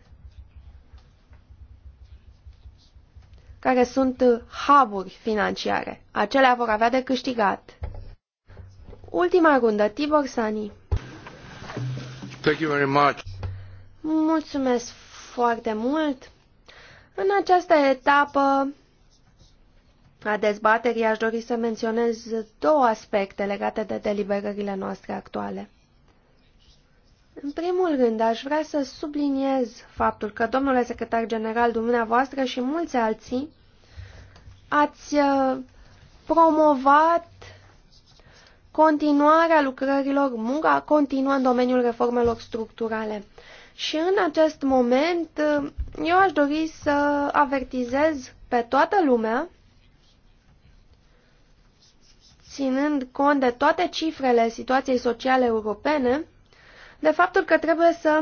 care sunt hub financiare. Acelea vor avea de câștigat. Ultima rundă, Tibor Sani. Thank you very much. Mulțumesc foarte mult. În această etapă a dezbaterii aș dori să menționez două aspecte legate de deliberările noastre actuale. În primul rând, aș vrea să subliniez faptul că, domnule secretar general, dumneavoastră și mulți alții ați uh, promovat continuarea lucrărilor, munca continuă în domeniul reformelor structurale. Și în acest moment, uh, eu aș dori să avertizez pe toată lumea, ținând cont de toate cifrele situației sociale europene, de faptul că trebuie să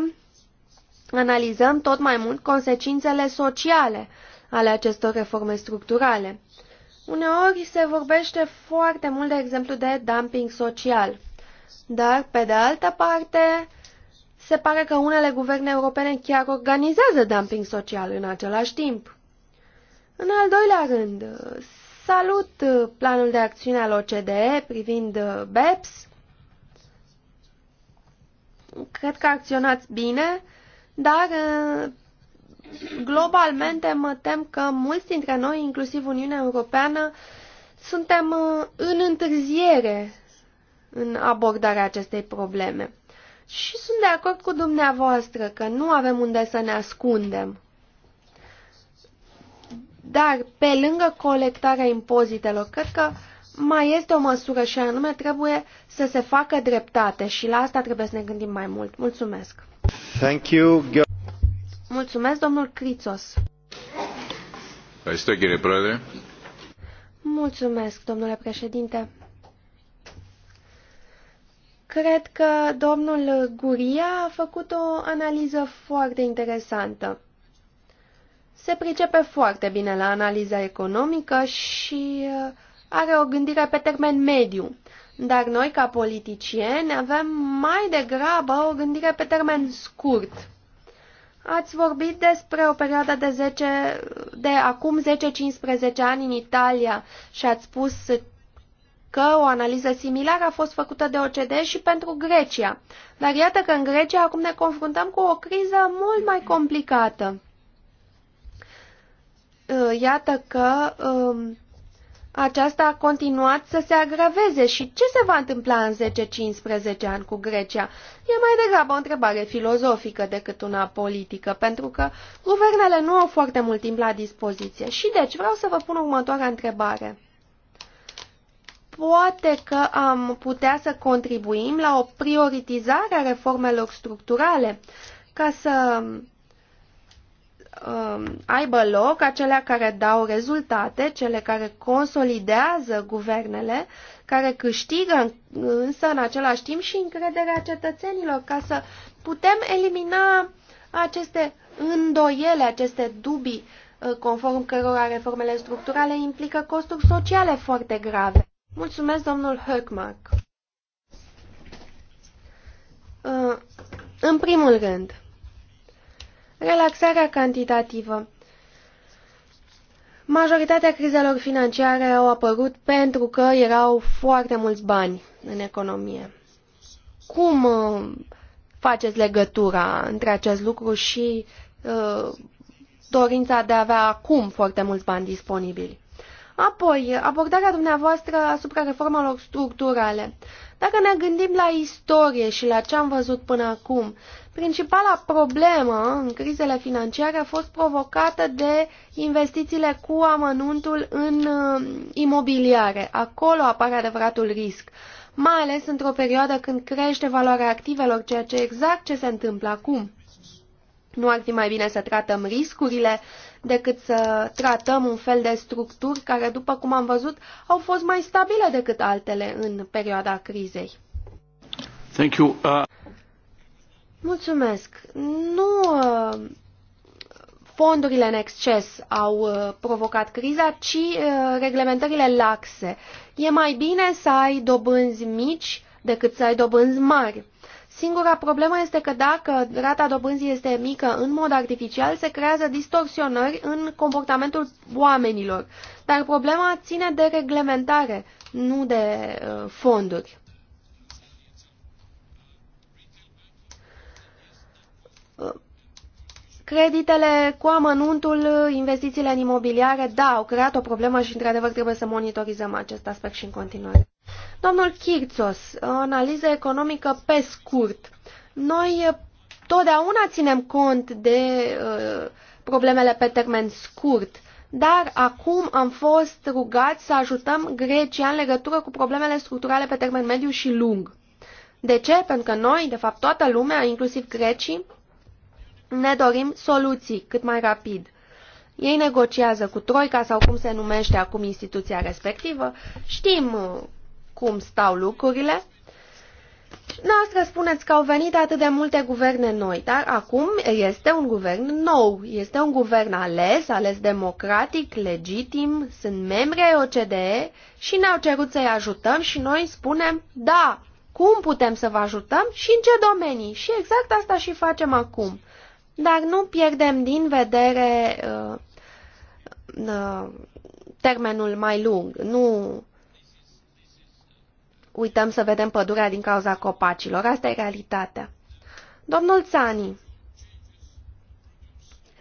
analizăm tot mai mult consecințele sociale ale acestor reforme structurale. Uneori se vorbește foarte mult, de exemplu, de dumping social, dar, pe de altă parte, se pare că unele guverne europene chiar organizează dumping social în același timp. În al doilea rând, salut planul de acțiune al OCDE privind uh, BEPS, cred că acționați bine, dar uh, globalmente mă tem că mulți dintre noi, inclusiv Uniunea Europeană, suntem uh, în întârziere în abordarea acestei probleme. Și sunt de acord cu dumneavoastră că nu avem unde să ne ascundem. Dar, pe lângă colectarea impozitelor, cred că uh, mai este o măsură și anume trebuie să se facă dreptate și la asta trebuie să ne gândim mai mult. Mulțumesc! Thank you. Mulțumesc, domnul Crițos! Mulțumesc, domnule președinte! Cred că domnul Guria a făcut o analiză foarte interesantă se pricepe foarte bine la analiza economică și uh, are o gândire pe termen mediu, dar noi, ca politicieni, avem mai degrabă o gândire pe termen scurt. Ați vorbit despre o perioadă de, 10, de acum 10-15 ani în Italia și ați spus că o analiză similară a fost făcută de OCDE și pentru Grecia. Dar iată că în Grecia acum ne confruntăm cu o criză mult mai complicată. Iată că um, aceasta a continuat să se agraveze și ce se va întâmpla în 10-15 ani cu Grecia? E mai degrabă o întrebare filozofică decât una politică, pentru că guvernele nu au foarte mult timp la dispoziție. Și deci vreau să vă pun următoarea întrebare. Poate că am putea să contribuim la o prioritizare a reformelor structurale ca să Um, aibă loc, acelea care dau rezultate, cele care consolidează guvernele, care câștigă însă în același timp și încrederea cetățenilor ca să putem elimina aceste îndoiele, aceste dubii uh, conform cărora reformele structurale implică costuri sociale foarte grave. Mulțumesc, domnul Höckmark. Uh, în primul rând, Relaxarea cantitativă. Majoritatea crizelor financiare au apărut pentru că erau foarte mulți bani în economie. Cum uh, faceți legătura între acest lucru și uh, dorința de a avea acum foarte mulți bani disponibili? Apoi, abordarea dumneavoastră asupra reformelor structurale. Dacă ne gândim la istorie și la ce am văzut până acum, Principala problemă în crizele financiare a fost provocată de investițiile cu amănuntul în uh, imobiliare. Acolo apare adevăratul risc, mai ales într-o perioadă când crește valoarea activelor, ceea ce exact ce se întâmplă acum. Nu ar fi mai bine să tratăm riscurile decât să tratăm un fel de structuri care, după cum am văzut, au fost mai stabile decât altele în perioada crizei. Thank you. Uh... Mulțumesc. Nu uh, fondurile în exces au uh, provocat criza, ci uh, reglementările laxe. E mai bine să ai dobânzi mici decât să ai dobânzi mari. Singura problemă este că dacă rata dobânzii este mică în mod artificial, se creează distorsionări în comportamentul oamenilor. Dar problema ține de reglementare, nu de fonduri. Creditele cu amănuntul, investițiile în imobiliare, da, au creat o problemă și, într-adevăr, trebuie să monitorizăm acest aspect și în continuare. Domnul Chirțos, analiză economică pe scurt. Noi totdeauna ținem cont de uh, problemele pe termen scurt, dar acum am fost rugați să ajutăm Grecia în legătură cu problemele structurale pe termen mediu și lung. De ce? Pentru că noi, de fapt toată lumea, inclusiv grecii, ne dorim soluții cât mai rapid. Ei negociază cu Troica sau cum se numește acum instituția respectivă. Știm uh, cum stau lucrurile. Noastră spuneți că au venit atât de multe guverne noi, dar acum este un guvern nou, este un guvern ales, ales democratic, legitim, sunt membri ai OCDE și ne-au cerut să-i ajutăm și noi spunem da, cum putem să vă ajutăm și în ce domenii. Și exact asta și facem acum dar nu pierdem din vedere uh, uh, termenul mai lung. Nu uităm să vedem pădurea din cauza copacilor. Asta e realitatea. Domnul Țani,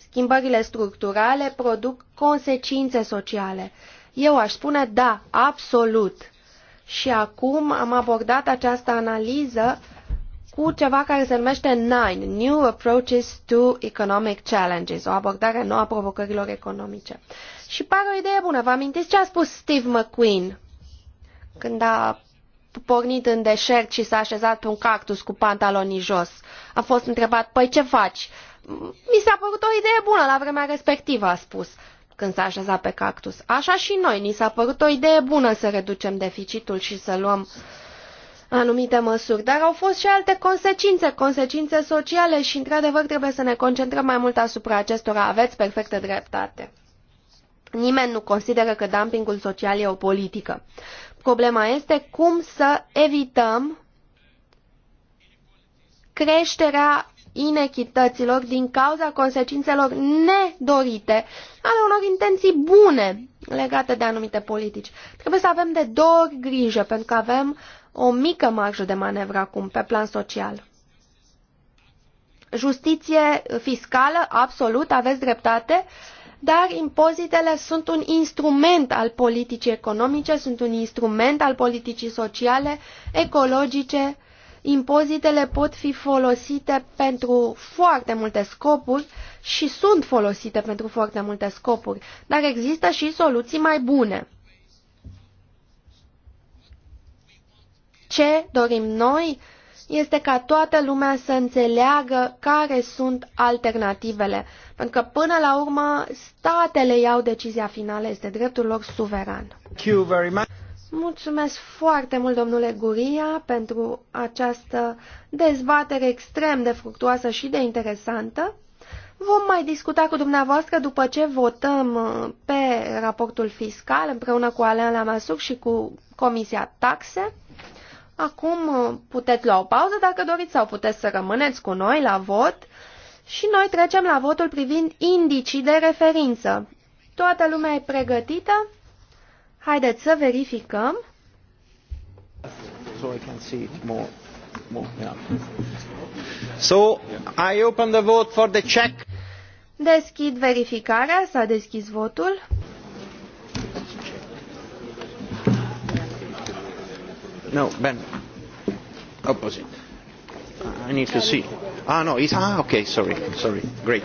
schimbările structurale produc consecințe sociale. Eu aș spune da, absolut. Și acum am abordat această analiză cu ceva care se numește NINE, New Approaches to Economic Challenges, o abordare nouă a provocărilor economice. Și pare o idee bună. Vă amintiți ce a spus Steve McQueen când a pornit în deșert și s-a așezat pe un cactus cu pantalonii jos? A fost întrebat, păi ce faci? Mi s-a părut o idee bună la vremea respectivă, a spus când s-a așezat pe cactus. Așa și noi, ni s-a părut o idee bună să reducem deficitul și să luăm uh, anumite măsuri, dar au fost și alte consecințe, consecințe sociale și, într-adevăr, trebuie să ne concentrăm mai mult asupra acestora. Aveți perfectă dreptate. Nimeni nu consideră că dumpingul social e o politică. Problema este cum să evităm creșterea inechităților din cauza consecințelor nedorite ale unor intenții bune legate de anumite politici. Trebuie să avem de două ori grijă, pentru că avem o mică marjă de manevră acum pe plan social. Justiție fiscală, absolut, aveți dreptate, dar impozitele sunt un instrument al politicii economice, sunt un instrument al politicii sociale, ecologice. Impozitele pot fi folosite pentru foarte multe scopuri și sunt folosite pentru foarte multe scopuri, dar există și soluții mai bune. Ce dorim noi este ca toată lumea să înțeleagă care sunt alternativele, pentru că până la urmă statele iau decizia finală, este dreptul lor suveran. Mulțumesc foarte mult, domnule Guria, pentru această dezbatere extrem de fructuoasă și de interesantă. Vom mai discuta cu dumneavoastră după ce votăm uh, pe raportul fiscal împreună cu Alain Lamassoure și cu Comisia Taxe. Acum uh, puteți lua o pauză dacă doriți sau puteți să rămâneți cu noi la vot și noi trecem la votul privind indicii de referință. Toată lumea e pregătită? Haideți să verificăm. So I can see it more. more yeah. So I open the vote for the check. Deschid verificarea, s-a deschis votul. No, Ben. Opposite. I need to see. Ah, no, it's, ah, okay, sorry, sorry, great.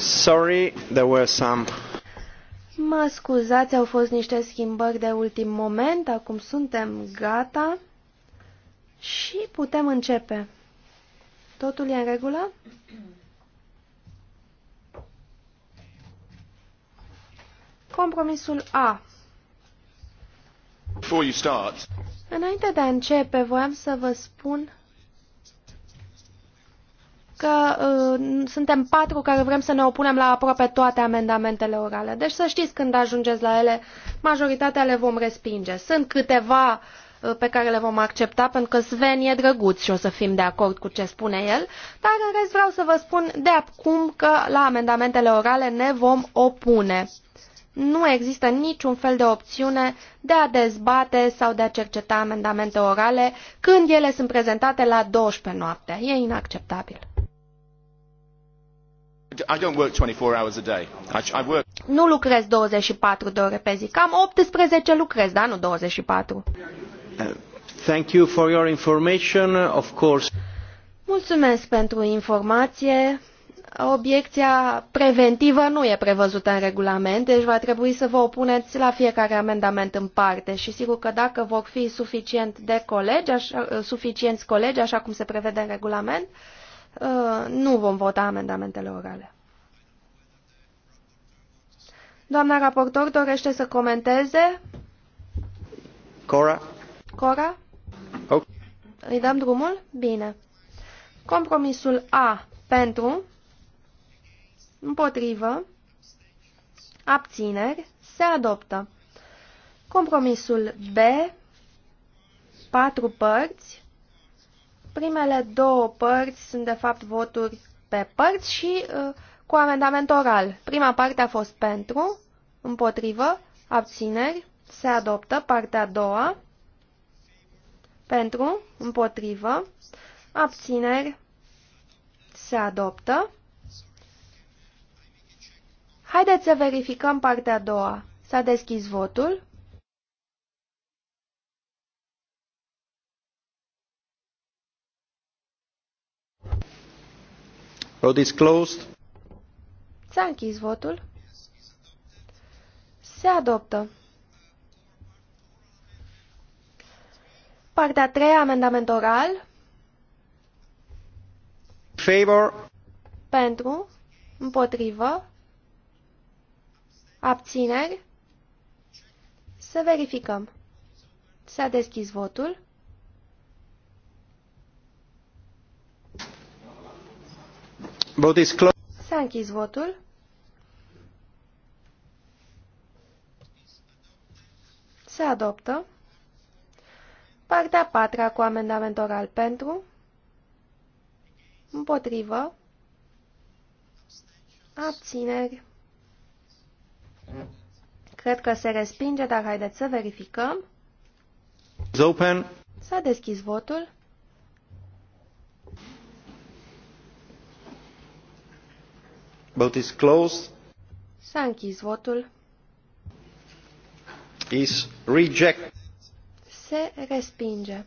Sorry, there were some... Mă scuzați, au fost niște schimbări de ultim moment, acum suntem gata și putem începe. Totul e în regulă? Compromisul A. Before you start. Înainte de a începe, voiam să vă spun că uh, suntem patru care vrem să ne opunem la aproape toate amendamentele orale. Deci să știți când ajungeți la ele, majoritatea le vom respinge. Sunt câteva uh, pe care le vom accepta, pentru că Sven e drăguț și o să fim de acord cu ce spune el, dar în rest vreau să vă spun de acum că la amendamentele orale ne vom opune. Nu există niciun fel de opțiune de a dezbate sau de a cerceta amendamente orale când ele sunt prezentate la 12 noaptea. E inacceptabil. Nu lucrez 24 de ore pe zi. Cam 18 lucrez, da? Nu 24. Uh, thank you for your information, of course. Mulțumesc pentru informație. Obiecția preventivă nu e prevăzută în regulament, deci va trebui să vă opuneți la fiecare amendament în parte și sigur că dacă vor fi suficient de colegi, așa, suficienți colegi, așa cum se prevede în regulament, uh, Uh, nu vom vota amendamentele orale. Doamna raportor dorește să comenteze? Cora? Cora? Ok. Îi dăm drumul? Bine. Compromisul A pentru, împotrivă, abțineri, se adoptă. Compromisul B, patru părți, Primele două părți sunt de fapt voturi pe părți și uh, cu amendament oral. Prima parte a fost pentru, împotrivă, abțineri, se adoptă. Partea a doua, pentru, împotrivă, abțineri, se adoptă. Haideți să verificăm partea a doua. S-a deschis votul. Vote is closed. S-a închis votul. Se adoptă. Partea 3, amendament oral. Favor. Pentru. Împotrivă. Abțineri. Să verificăm. S-a deschis votul. Vote is closed. S-a închis votul. Se adoptă. Partea a patra cu amendament oral pentru. Împotrivă. Abțineri. Cred că se respinge, dar haideți să verificăm. S-a deschis votul. Vote is closed. S-a închis votul. Is reject. Se respinge.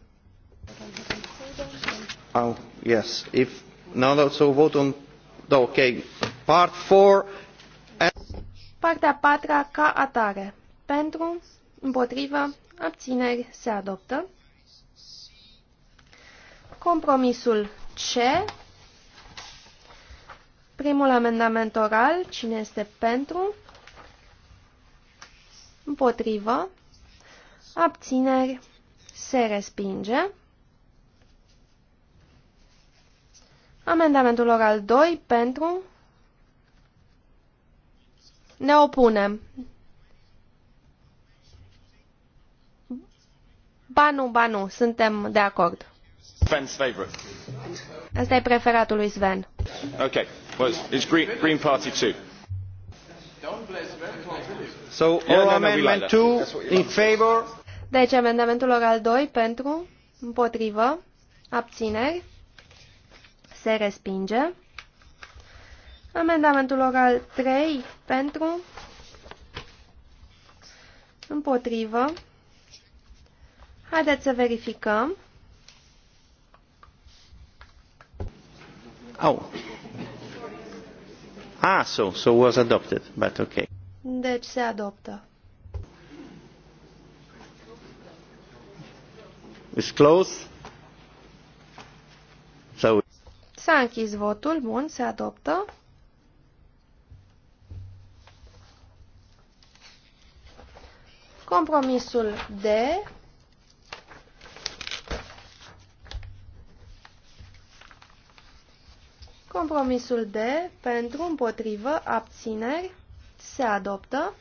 Oh, yes. If now also vote on okay. Part 4 Partea patra ca atare. Pentru, împotrivă, abțineri se adoptă. Compromisul C Primul amendament oral, cine este pentru? Împotrivă. Abțineri. Se respinge. Amendamentul oral 2 pentru. Ne opunem. Ba nu, ba nu, suntem de acord. favorite. Asta e preferatul lui Sven. Ok. Well, it's Green, Green Party 2. So, oral yeah, amendment like two in favor. Deci, amendamentul oral 2 pentru, împotrivă, abțineri, se respinge. Amendamentul oral 3 pentru, împotrivă. Haideți să verificăm. Oh. Ah, so, so was adopted, but okay. Deci se adoptă. It's close. So... S-a închis votul. Bun, se adoptă. Compromisul D Compromisul D pentru împotrivă abțineri se adoptă.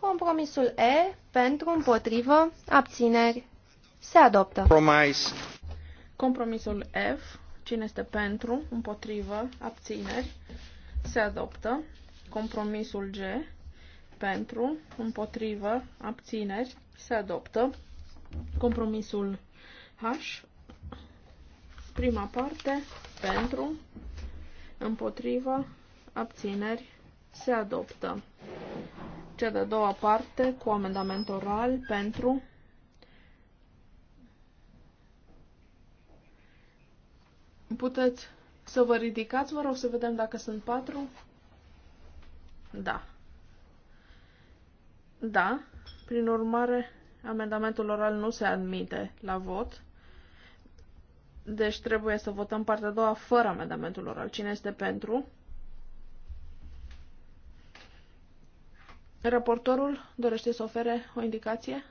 Compromisul E pentru împotrivă abțineri se adoptă. Promise. Compromisul F, cine este pentru, împotrivă, abțineri, se adoptă. Compromisul G, pentru, împotrivă, abțineri, se adoptă. Compromisul H, Prima parte, pentru, împotriva, abțineri, se adoptă. Cea de-a doua parte, cu amendament oral, pentru, Puteți să vă ridicați, vă rog să vedem dacă sunt patru. Da. Da. Prin urmare, amendamentul oral nu se admite la vot. Deci trebuie să votăm partea a doua fără amendamentul oral. Cine este pentru? Raportorul dorește să ofere o indicație?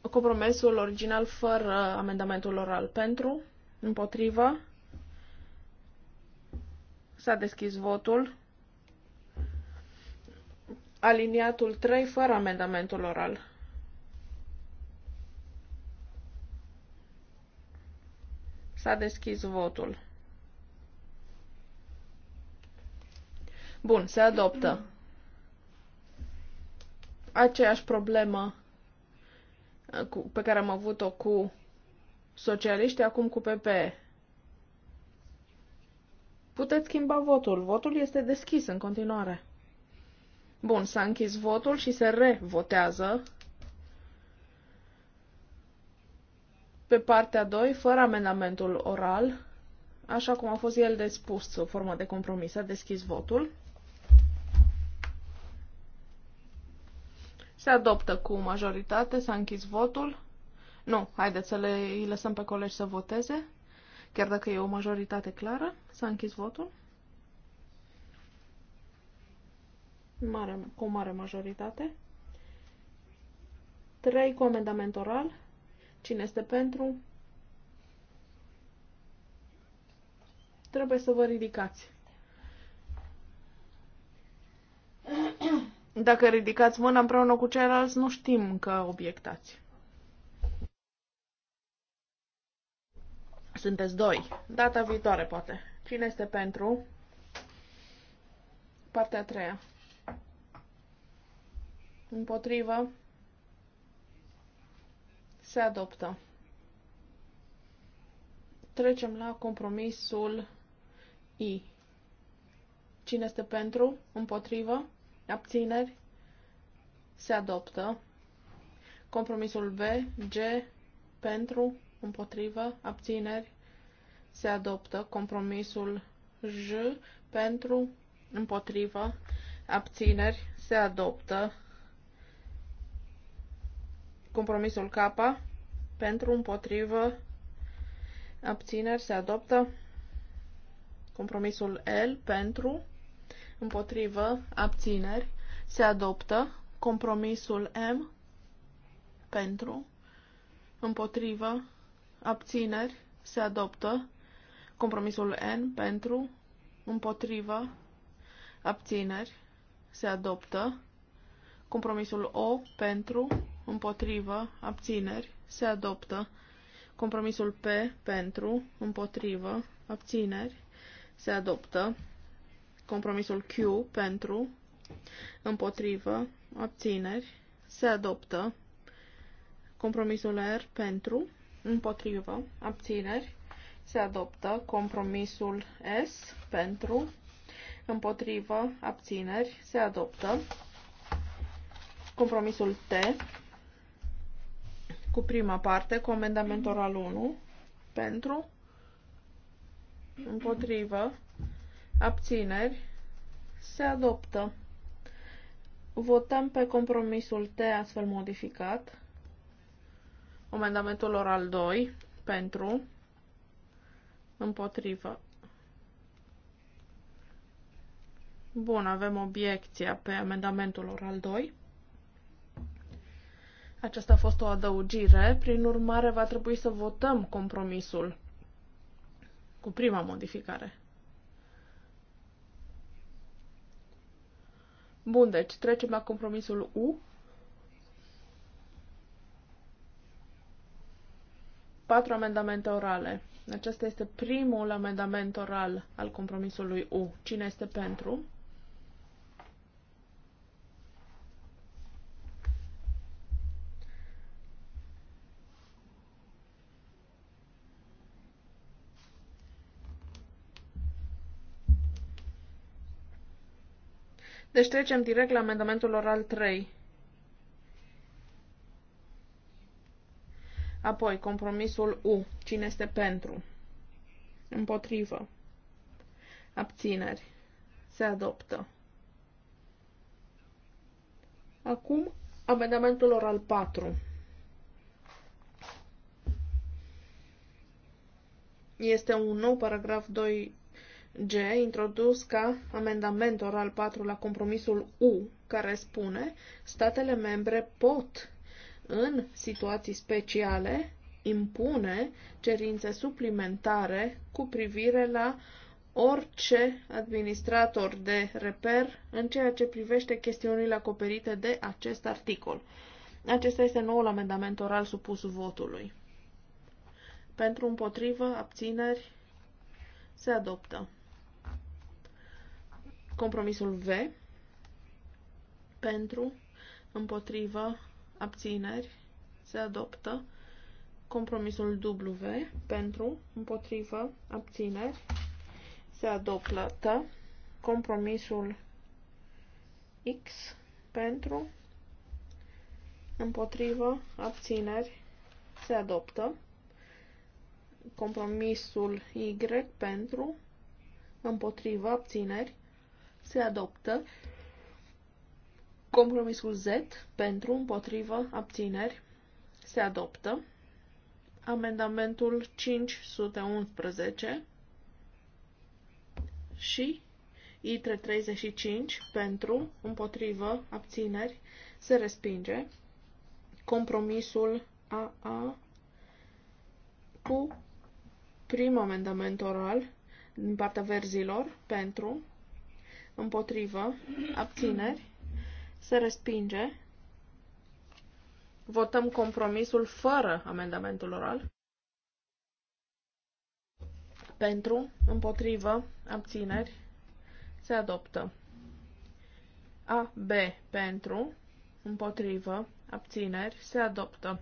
Compromisul original fără amendamentul oral pentru, împotrivă. S-a deschis votul. Aliniatul 3 fără amendamentul oral. S-a deschis votul. Bun, se adoptă. Aceeași problemă uh, pe care am avut-o cu socialiștii, acum cu PP. Puteți schimba votul. Votul este deschis în continuare. Bun, s-a închis votul și se revotează pe partea 2, fără amendamentul oral, așa cum a fost el de spus, o formă de compromis. A deschis votul. Se adoptă cu majoritate, s-a închis votul. Nu, haideți să le îi lăsăm pe colegi să voteze, chiar dacă e o majoritate clară. S-a închis votul. Mare, cu mare majoritate. 3 cu amendament oral. Cine este pentru? Trebuie să vă ridicați. Dacă ridicați mâna împreună cu ceilalți, nu știm că obiectați. Sunteți doi. Data viitoare, poate. Cine este pentru? Partea a treia. Împotrivă. Se adoptă. Trecem la compromisul I. Cine este pentru? Împotrivă? Abțineri? Se adoptă. Compromisul B, G, pentru, împotrivă, abțineri. Se adoptă. Compromisul J, pentru, împotrivă, abțineri. Se adoptă. Compromisul K pentru, împotrivă, abțineri se adoptă. Compromisul L pentru, împotrivă, abțineri se adoptă. Compromisul M pentru, împotrivă, abțineri se adoptă. Compromisul N pentru, împotrivă, abțineri se adoptă. Compromisul O pentru, împotrivă, abțineri, se adoptă. Compromisul P, pentru, împotrivă, abțineri, se adoptă. Compromisul Q, pentru, împotrivă, abțineri, se adoptă. Compromisul R, pentru, împotrivă, abțineri, se adoptă. Compromisul S, pentru, împotrivă, abțineri, se adoptă. Compromisul T, cu prima parte, cu amendamentul al 1, pentru, împotrivă, abțineri, se adoptă. Votăm pe compromisul T astfel modificat. Amendamentul oral 2 pentru împotrivă. Bun, avem obiecția pe amendamentul oral 2. Aceasta a fost o adăugire, prin urmare va trebui să votăm compromisul cu prima modificare. Bun, deci trecem la compromisul U. Patru amendamente orale. Acesta este primul amendament oral al compromisului U. Cine este pentru? Deci trecem direct la amendamentul oral 3. Apoi, compromisul U. Cine este pentru? Împotrivă. Abțineri. Se adoptă. Acum, amendamentul oral 4. Este un nou paragraf 2 G, introdus ca amendament oral 4 la compromisul U, care spune statele membre pot, în situații speciale, impune cerințe suplimentare cu privire la orice administrator de reper în ceea ce privește chestiunile acoperite de acest articol. Acesta este noul amendament oral supus votului. Pentru împotrivă, abțineri, se adoptă. Compromisul V pentru, împotrivă, abțineri se adoptă. Compromisul W pentru, împotrivă, abțineri se adoptă. Compromisul X pentru, împotrivă, abțineri se adoptă. Compromisul Y pentru, împotrivă, abțineri se adoptă. Compromisul Z pentru, împotrivă, abțineri se adoptă. Amendamentul 511 și I335 pentru, împotrivă, abțineri se respinge. Compromisul AA cu prim amendament oral din partea verzilor pentru, împotrivă, abțineri, se respinge. Votăm compromisul fără amendamentul oral. Pentru, împotrivă, abțineri, se adoptă. A, B, pentru, împotrivă, abțineri, se adoptă.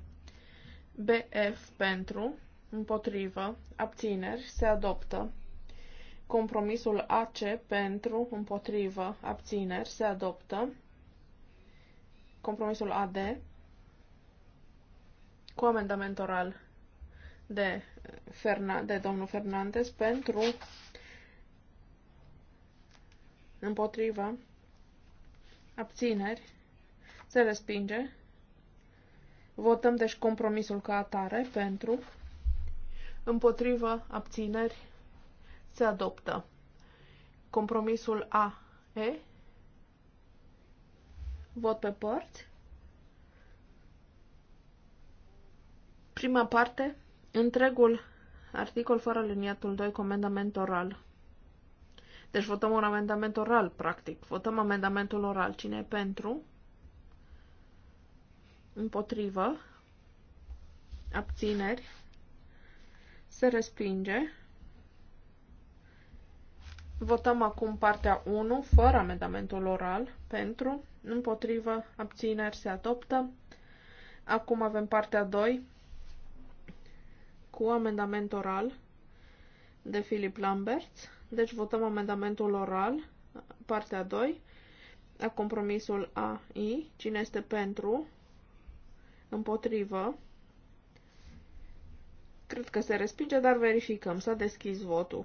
B, F, pentru, împotrivă, abțineri, se adoptă. Compromisul AC pentru, împotrivă, abțineri se adoptă. Compromisul AD cu amendament oral de, Ferna, de domnul Fernandez pentru împotrivă abțineri se respinge. Votăm deci compromisul ca atare pentru împotrivă abțineri se adoptă. Compromisul A, E, vot pe părți. Prima parte, întregul articol fără liniatul 2 cu amendament oral. Deci votăm un amendament oral, practic. Votăm amendamentul oral. Cine e pentru? Împotrivă? Abțineri? Se respinge. Votăm acum partea 1, fără amendamentul oral, pentru, împotrivă, abțineri, se adoptă. Acum avem partea 2, cu amendament oral, de Philip Lambert. Deci votăm amendamentul oral, partea 2, a compromisul AI. Cine este pentru? Împotrivă? Cred că se respinge, dar verificăm. S-a deschis votul.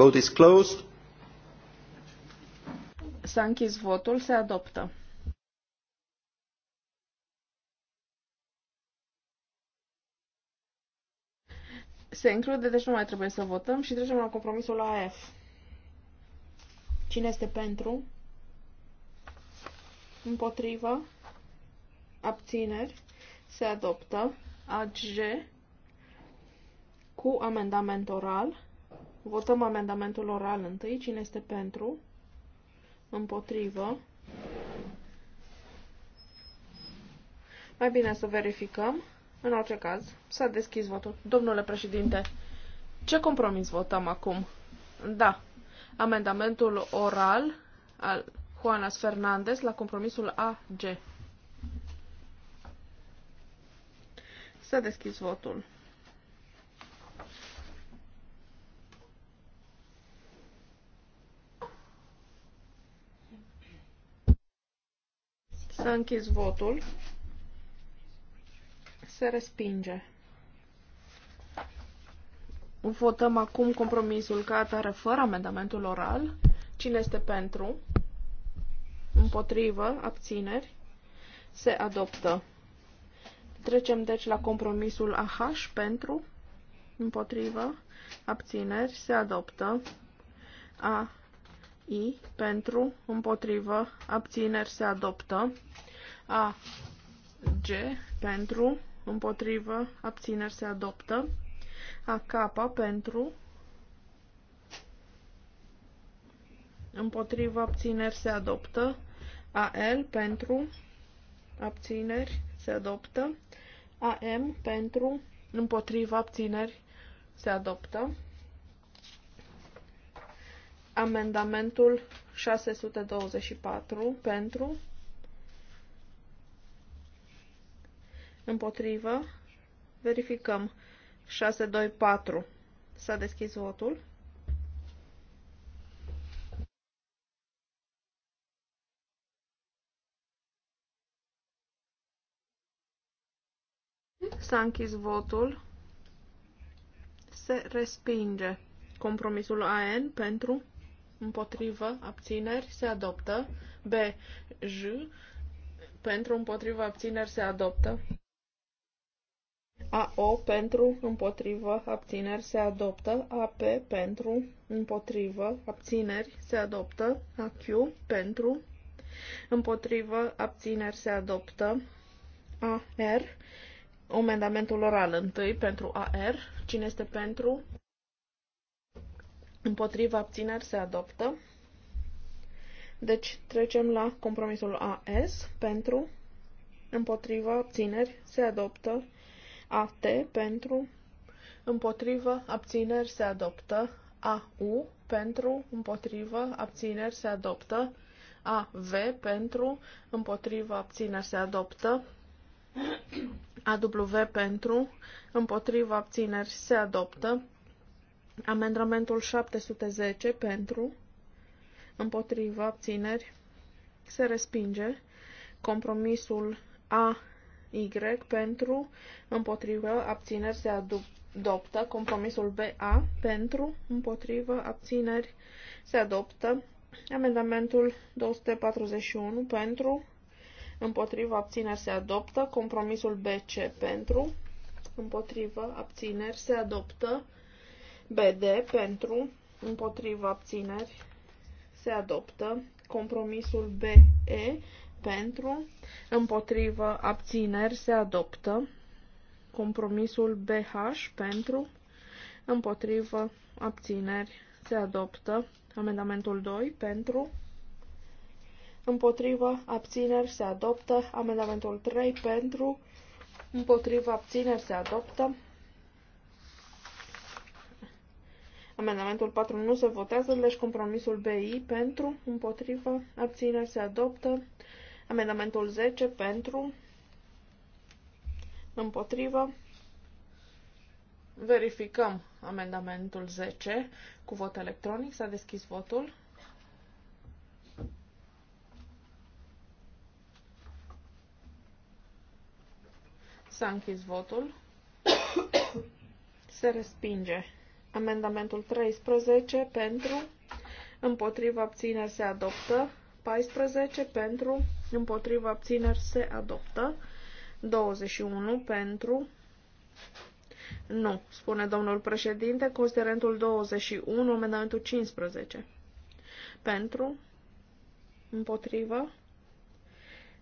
Vote is closed. S-a închis votul, se adoptă. Se include, deci nu mai trebuie să votăm și trecem la compromisul AF. Cine este pentru? Împotrivă? Abțineri? Se adoptă. AG cu amendament oral. Votăm amendamentul oral întâi. Cine este pentru? Împotrivă. Mai bine să verificăm. În orice caz, s-a deschis votul. Domnule președinte, ce compromis votăm acum? Da. Amendamentul oral al Juanas Fernandez la compromisul AG. S-a deschis votul. S-a închis votul. Se respinge. Votăm acum compromisul ca atare fără amendamentul oral. Cine este pentru? Împotrivă? Abțineri? Se adoptă. Trecem deci la compromisul AH pentru, împotrivă, abțineri, se adoptă. A I pentru, împotrivă, abțineri se adoptă. A, G pentru, împotrivă, abțineri se adoptă. A, K pentru, împotrivă, abțineri se adoptă. A, L pentru, abțineri se adoptă. A, M pentru, împotrivă, abțineri se adoptă. Amendamentul 624 pentru, împotrivă, verificăm 624. S-a deschis votul. S-a închis votul. Se respinge. Compromisul AN pentru împotrivă, abțineri, se adoptă. B, J, pentru, împotrivă, abțineri, se adoptă. a o pentru, împotrivă, abțineri se adoptă. a p pentru, împotrivă, abțineri se adoptă. a q pentru, împotrivă, abțineri se adoptă. a R. Omendamentul oral întâi pentru AR. Cine este pentru? Împotriva abțineri se adoptă. Deci trecem la compromisul AS pentru împotriva abțineri se adoptă. AT pentru împotriva abțineri se adoptă. AU pentru împotriva abțineri se adoptă. AV pentru împotriva abțineri se adoptă. AW pentru împotriva abțineri se adoptă. Amendamentul 710 pentru, împotriva, abțineri, se respinge. Compromisul AY pentru, împotriva, abțineri, se adoptă. Compromisul BA pentru, împotriva, abțineri, se adoptă. Amendamentul 241 pentru, împotriva, abțineri, se adoptă. Compromisul BC pentru, împotriva, abțineri, se adoptă. BD pentru, împotriva abțineri, se adoptă. Compromisul BE pentru, împotriva abțineri, se adoptă. Compromisul BH pentru, împotriva abțineri, se adoptă. Amendamentul 2 pentru, împotriva abțineri, se adoptă. Amendamentul 3 pentru. împotriva abțineri, se adoptă. Amendamentul 4 nu se votează, deci compromisul BI pentru, împotrivă, abțineri se adoptă. Amendamentul 10 pentru, împotrivă. Verificăm amendamentul 10 cu vot electronic. S-a deschis votul. S-a închis votul. Se respinge. Amendamentul 13 pentru, împotriva abțineri se adoptă. 14 pentru, împotriva abțineri se adoptă. 21 pentru, nu, spune domnul președinte, considerentul 21, amendamentul 15. Pentru, împotrivă,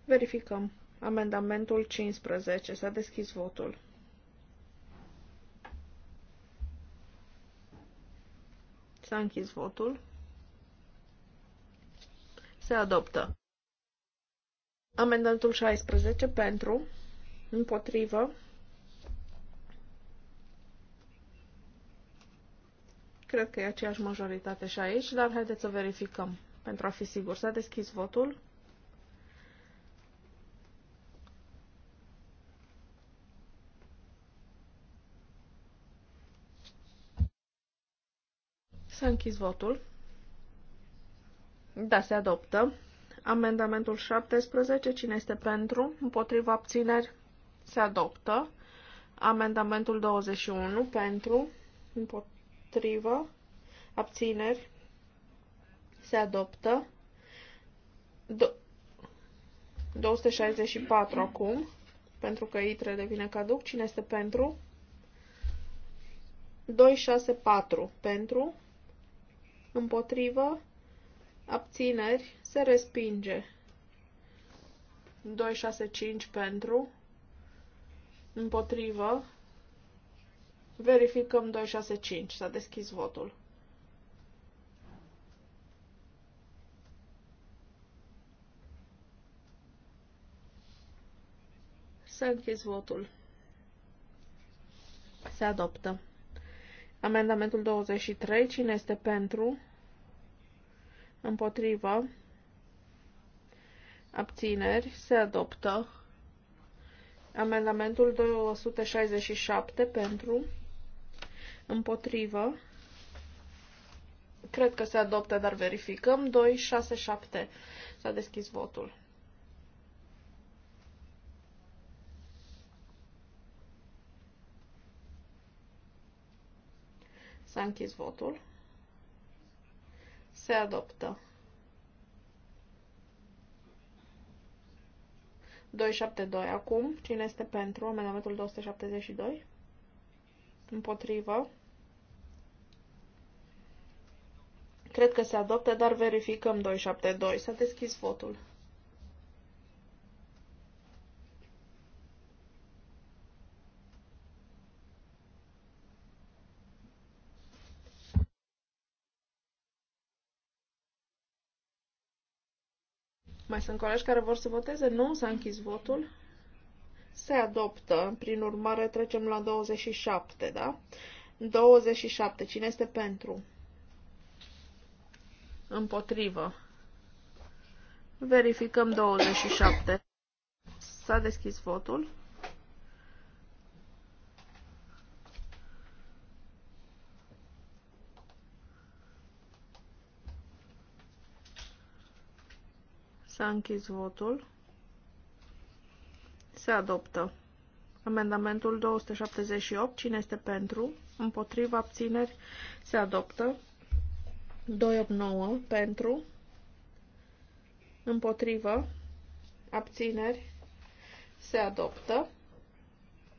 verificăm. Amendamentul 15. S-a deschis votul. S-a închis votul. Se adoptă. Amendamentul 16 pentru, împotrivă, Cred că e aceeași majoritate și aici, dar haideți să verificăm. Pentru a fi sigur, s-a deschis votul. S-a închis votul. Da, se adoptă. Amendamentul 17. Cine este pentru? Împotriva abțineri? Se adoptă. Amendamentul 21. Pentru? Împotriva? Abțineri? Se adoptă. Do 264 acum. Pentru că ITRE devine caduc. Cine este pentru? 264. Pentru? împotrivă, abțineri, se respinge. 265 pentru, împotrivă, verificăm 265, s-a deschis votul. S-a închis votul. Se adoptă. Amendamentul 23. Cine este pentru? Împotrivă. Abțineri. Se adoptă. Amendamentul 267 pentru. Împotrivă. Cred că se adoptă, dar verificăm. 267. S-a deschis votul. S-a închis votul. Se adoptă. 272 acum. Cine este pentru amendamentul 272? Împotrivă. Cred că se adoptă, dar verificăm 272. S-a deschis votul. Mai sunt colegi care vor să voteze? Nu, s-a închis votul. Se adoptă. Prin urmare, trecem la 27, da? 27. Cine este pentru? Împotrivă. Verificăm 27. S-a deschis votul. S-a închis votul. Se adoptă. Amendamentul 278. Cine este pentru? Împotriva abțineri. Se adoptă. 289. Pentru. Împotrivă. Abțineri. Se adoptă.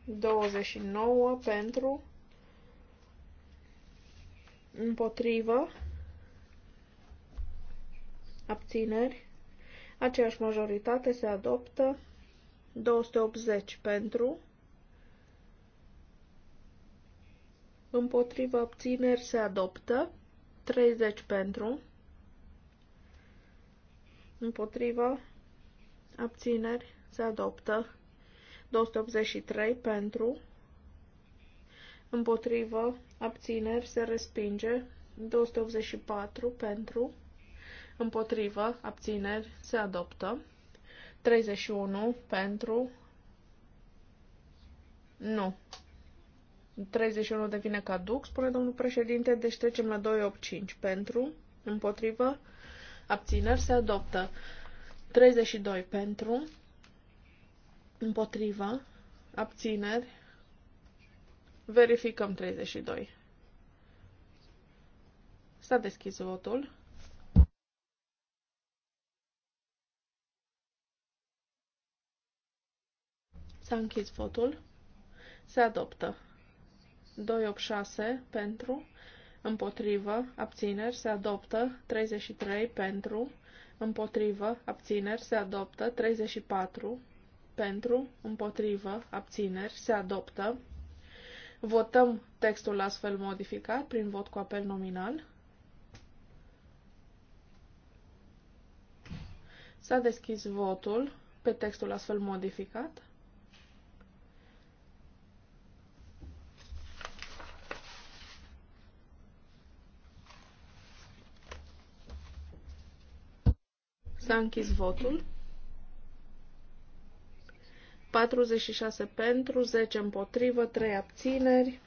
29 pentru. Împotrivă. Abțineri. Aceeași majoritate se adoptă 280 pentru, împotriva obțineri se adoptă 30 pentru, împotriva abțineri se adoptă 283 pentru, împotrivă, abțineri, se respinge, 284 pentru, împotrivă, abțineri, se adoptă. 31 pentru, nu. 31 devine caduc, spune domnul președinte, deci trecem la 285 pentru, împotrivă, abțineri, se adoptă. 32 pentru, împotrivă, abțineri, verificăm 32. S-a deschis votul. S-a închis votul. Se adoptă. 286 pentru, împotrivă, abțineri, se adoptă. 33 pentru, împotrivă, abțineri, se adoptă. 34 pentru, împotrivă, abțineri, se adoptă. Votăm textul astfel modificat prin vot cu apel nominal. S-a deschis votul pe textul astfel modificat. S-a închis votul. 46 pentru, 10 împotrivă, 3 abțineri.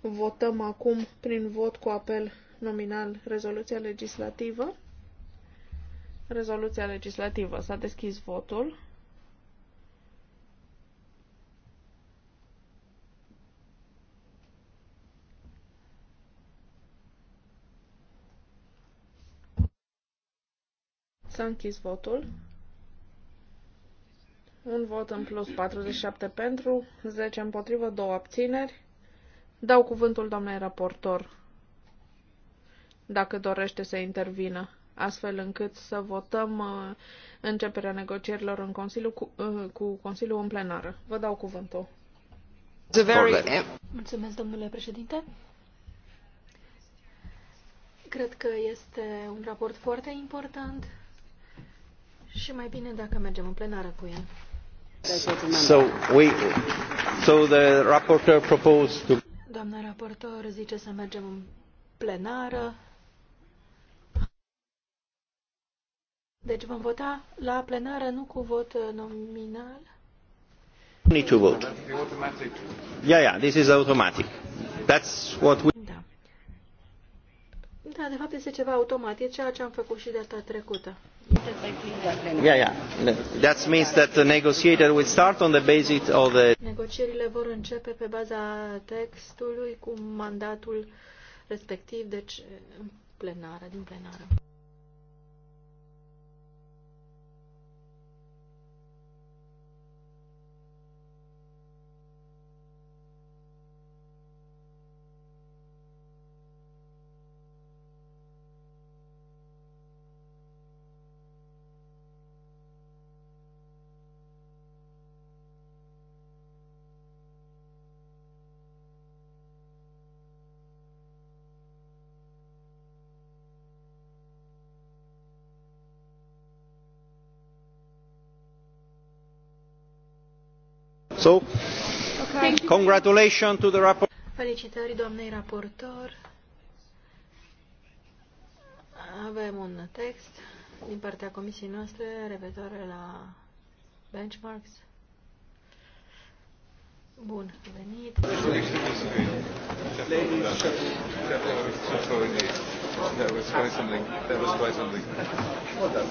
Votăm acum prin vot cu apel nominal rezoluția legislativă. Rezoluția legislativă. S-a deschis votul. S-a închis votul. Un vot în plus, 47 pentru, 10 împotrivă, 2 abțineri. Dau cuvântul doamnei raportor dacă dorește să intervină, astfel încât să votăm uh, începerea negocierilor în Consiliu cu, uh, cu Consiliul în plenară. Vă dau cuvântul. Mulțumesc, domnule președinte. Cred că este un raport foarte important și mai bine dacă mergem în plenară cu el. So, we, so the rapporteur proposed to... Doamna raportor zice să mergem în plenară. Deci vom vota la plenară, nu cu vot uh, nominal. need to vote. Yeah, yeah, this is automatic. That's what we... Da. Da, de fapt este ceva automat, e ceea ce am făcut și data trecută. Yeah, yeah. That means that the negotiator will start on the basis of the... Negocierile vor începe pe baza textului cu mandatul respectiv, deci plenară, din plenară. So, congratulations to the Felicitări doamnei raportor. Avem un text din partea comisiei noastre referitor la benchmarks. Bun venit! There was quite something. There was quite something. Well done.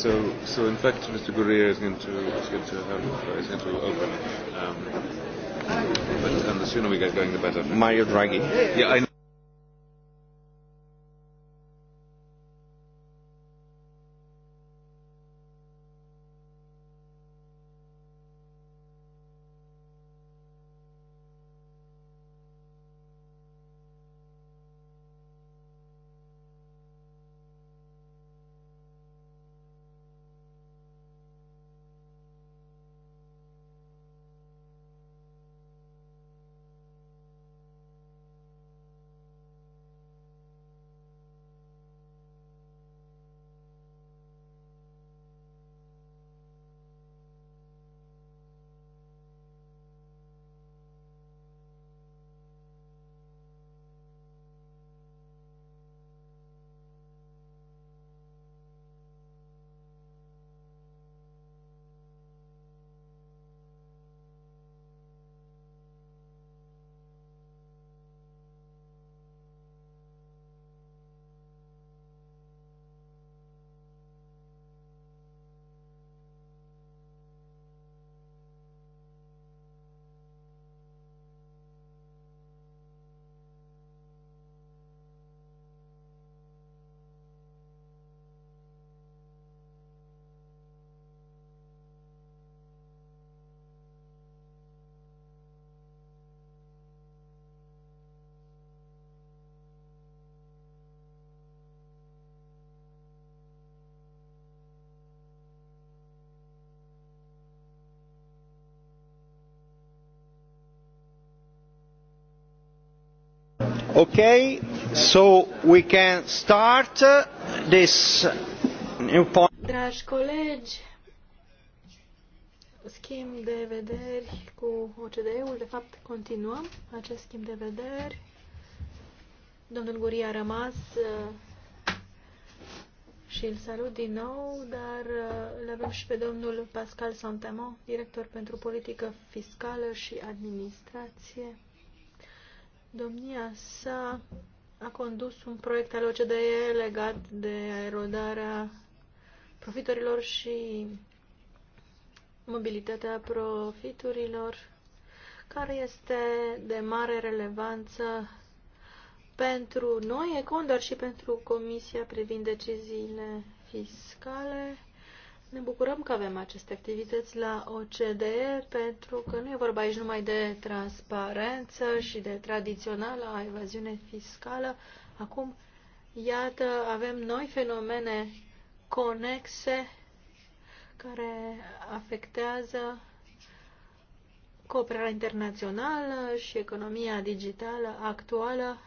So, so in fact, Mr. Gurria is going to is going to have is going to open. Um, but, and um, the sooner we get going, the better. Mario Draghi. Yeah, I know. Okay, so we can start uh, this new point. Dragi colegi, schimb de vederi cu OCDE-ul, de fapt continuăm acest schimb de vederi. Domnul Guria a rămas uh, și îl salut din nou, dar uh, îl avem și pe domnul Pascal Santamon, director pentru politică fiscală și administrație. Domnia sa a condus un proiect al OCDE legat de erodarea profitorilor și mobilitatea profiturilor, care este de mare relevanță pentru noi, Econ, dar și pentru Comisia privind deciziile fiscale. Ne bucurăm că avem aceste activități la OCDE pentru că nu e vorba aici numai de transparență și de tradiționala evaziune fiscală. Acum, iată, avem noi fenomene conexe care afectează cooperarea internațională și economia digitală actuală.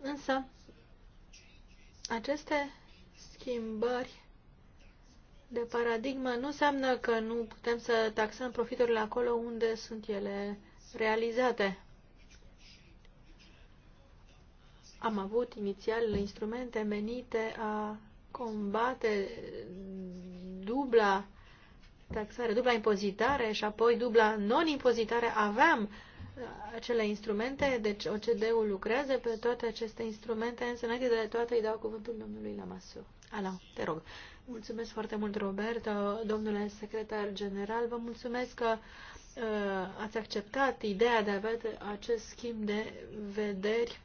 Însă, aceste schimbări de paradigmă nu înseamnă că nu putem să taxăm profiturile acolo unde sunt ele realizate. Am avut inițial instrumente menite a combate dubla taxare, dubla impozitare și apoi dubla non-impozitare. Aveam uh, acele instrumente, deci OCD-ul lucrează pe toate aceste instrumente, însă înainte de toate îi dau cuvântul domnului Lamasu. Ala, te rog. Mulțumesc foarte mult, Robert, uh, domnule secretar general. Vă mulțumesc că uh, ați acceptat ideea de a avea acest schimb de vederi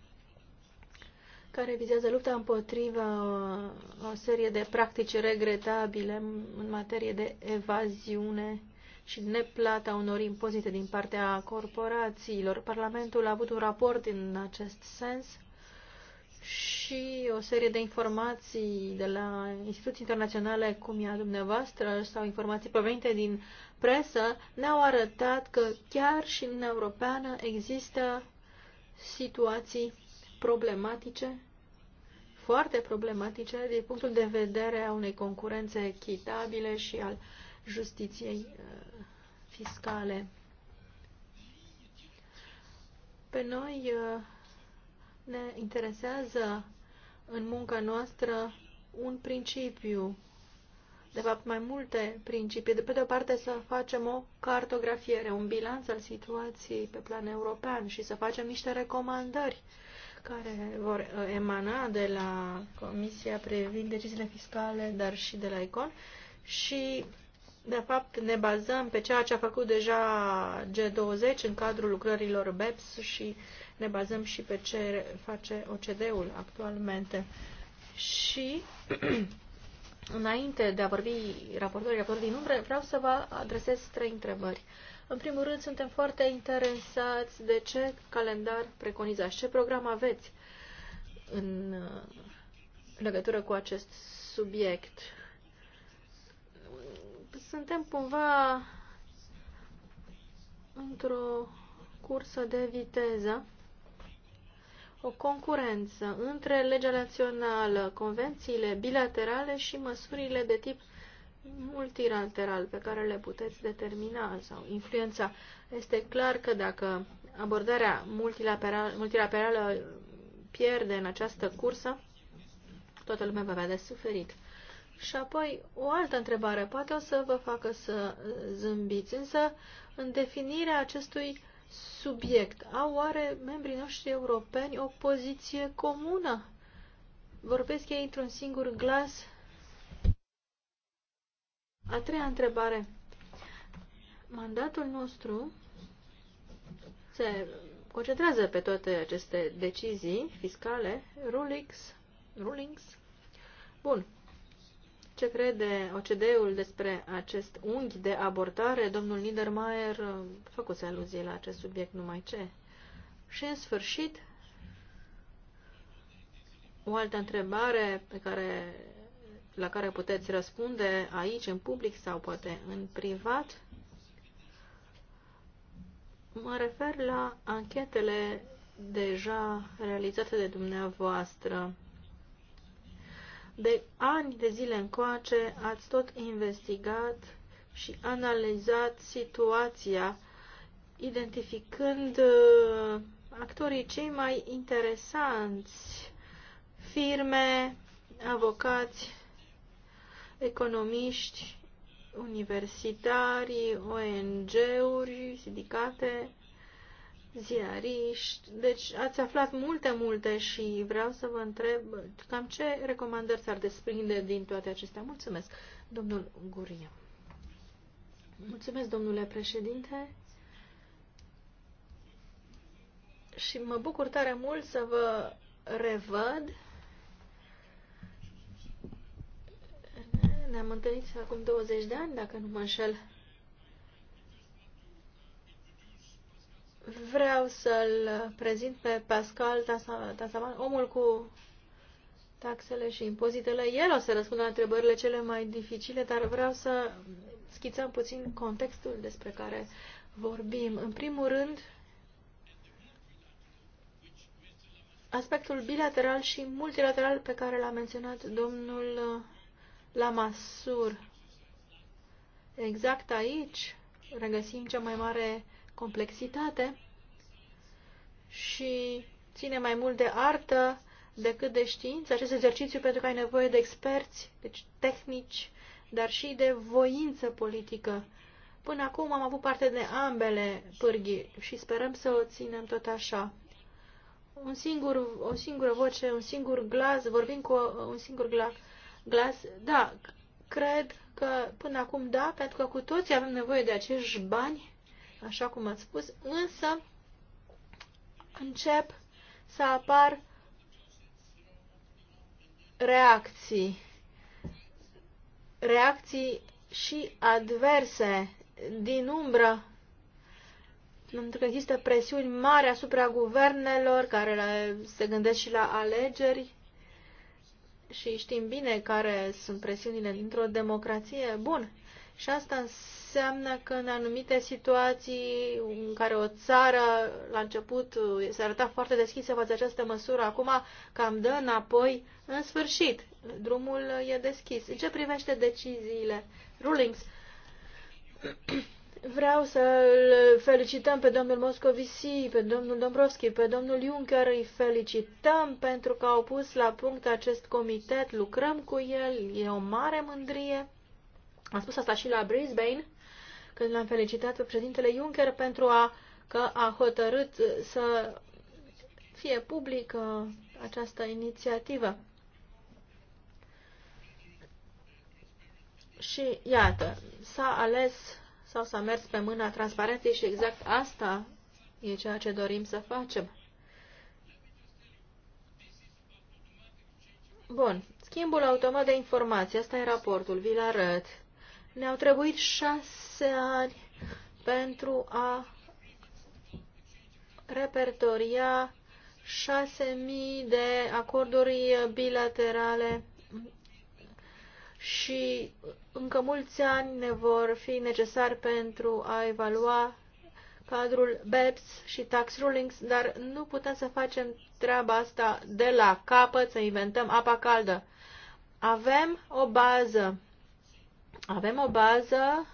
care vizează lupta împotriva uh, o serie de practici regretabile în materie de evaziune și neplata unor impozite din partea corporațiilor. Parlamentul a avut un raport în acest sens și o serie de informații de la instituții internaționale, cum e a dumneavoastră, sau informații provenite din presă, ne-au arătat că chiar și în Europeană există situații problematice, foarte problematice, din punctul de vedere a unei concurențe echitabile și al justiției uh, fiscale. Pe noi uh, ne interesează în munca noastră un principiu, de fapt mai multe principii. De pe de-o parte să facem o cartografiere, un bilanț al situației pe plan european și să facem niște recomandări care vor uh, emana de la Comisia privind deciziile fiscale, dar și de la ICON și de fapt ne bazăm pe ceea ce a făcut deja G20 în cadrul lucrărilor BEPS și uh, ne bazăm și pe ce face OCD-ul actualmente. Și înainte de a vorbi raportorii, raportorii din umbre, vreau să vă adresez trei întrebări. În primul rând, suntem foarte interesați de ce calendar preconizați, ce program aveți în legătură cu acest subiect. Suntem cumva într-o cursă de viteză o concurență între legea națională, convențiile bilaterale și măsurile de tip multilateral pe care le puteți determina sau influența. Este clar că dacă abordarea multilaterală, multilaterală pierde în această cursă, toată lumea va avea de suferit. Și apoi, o altă întrebare, poate o să vă facă să zâmbiți, însă în definirea acestui subiect. Au oare membrii noștri europeni o poziție comună? Vorbesc ei într-un singur glas? A treia întrebare. Mandatul nostru se concentrează pe toate aceste decizii fiscale, rulings, rulings. Bun. Ce crede OCD-ul despre acest unghi de abortare? Domnul Niedermayer uh, făcuse aluzie la acest subiect numai ce. Și în sfârșit, o altă întrebare pe care, la care puteți răspunde aici, în public sau poate în privat, mă refer la anchetele deja realizate de dumneavoastră de ani de zile încoace ați tot investigat și analizat situația, identificând uh, actorii cei mai interesanți, firme, avocați, economiști, universitari, ONG-uri, sindicate, ziariști. Deci ați aflat multe, multe și vreau să vă întreb cam ce recomandări s-ar desprinde din toate acestea. Mulțumesc, domnul Gurie. Mulțumesc, domnule președinte. Și mă bucur tare mult să vă revăd. Ne-am întâlnit acum 20 de ani, dacă nu mă înșel. Vreau să-l prezint pe Pascal Tasaman, omul cu taxele și impozitele. El o să răspundă la întrebările cele mai dificile, dar vreau să schițăm puțin contextul despre care vorbim. În primul rând, aspectul bilateral și multilateral pe care l-a menționat domnul Lamassur. Exact aici regăsim cea mai mare complexitate și ține mai mult de artă decât de știință, acest exercițiu pentru că ai nevoie de experți, deci tehnici, dar și de voință politică. Până acum am avut parte de ambele pârghii și sperăm să o ținem tot așa. Un singur, o singură voce, un singur glas, vorbim cu un singur glas, glas. Da, cred că până acum da, pentru că cu toții avem nevoie de acești bani așa cum ați spus, însă încep să apar reacții, reacții și adverse din umbră, pentru că există presiuni mari asupra guvernelor care se gândesc și la alegeri și știm bine care sunt presiunile dintr-o democrație. Bun, și asta înseamnă că în anumite situații în care o țară la început se arăta foarte deschisă față această măsură, acum cam dă înapoi, în sfârșit, drumul e deschis. În ce privește deciziile, rulings, vreau să îl felicităm pe domnul Moscovici, pe domnul Dombrovski, pe domnul Juncker, îi felicităm pentru că au pus la punct acest comitet, lucrăm cu el, e o mare mândrie am spus asta și la Brisbane, când l-am felicitat pe președintele Juncker pentru a, că a hotărât uh, să fie publică uh, această inițiativă. Și iată, s-a ales sau s-a mers pe mâna transparenței și exact asta e ceea ce dorim să facem. Bun. Schimbul automat de informații. Asta e raportul. Vi-l arăt. Ne-au trebuit șase ani pentru a repertoria 6.000 de acorduri bilaterale și încă mulți ani ne vor fi necesari pentru a evalua cadrul BEPS și tax rulings, dar nu putem să facem treaba asta de la capăt, să inventăm apa caldă. Avem o bază avem o bază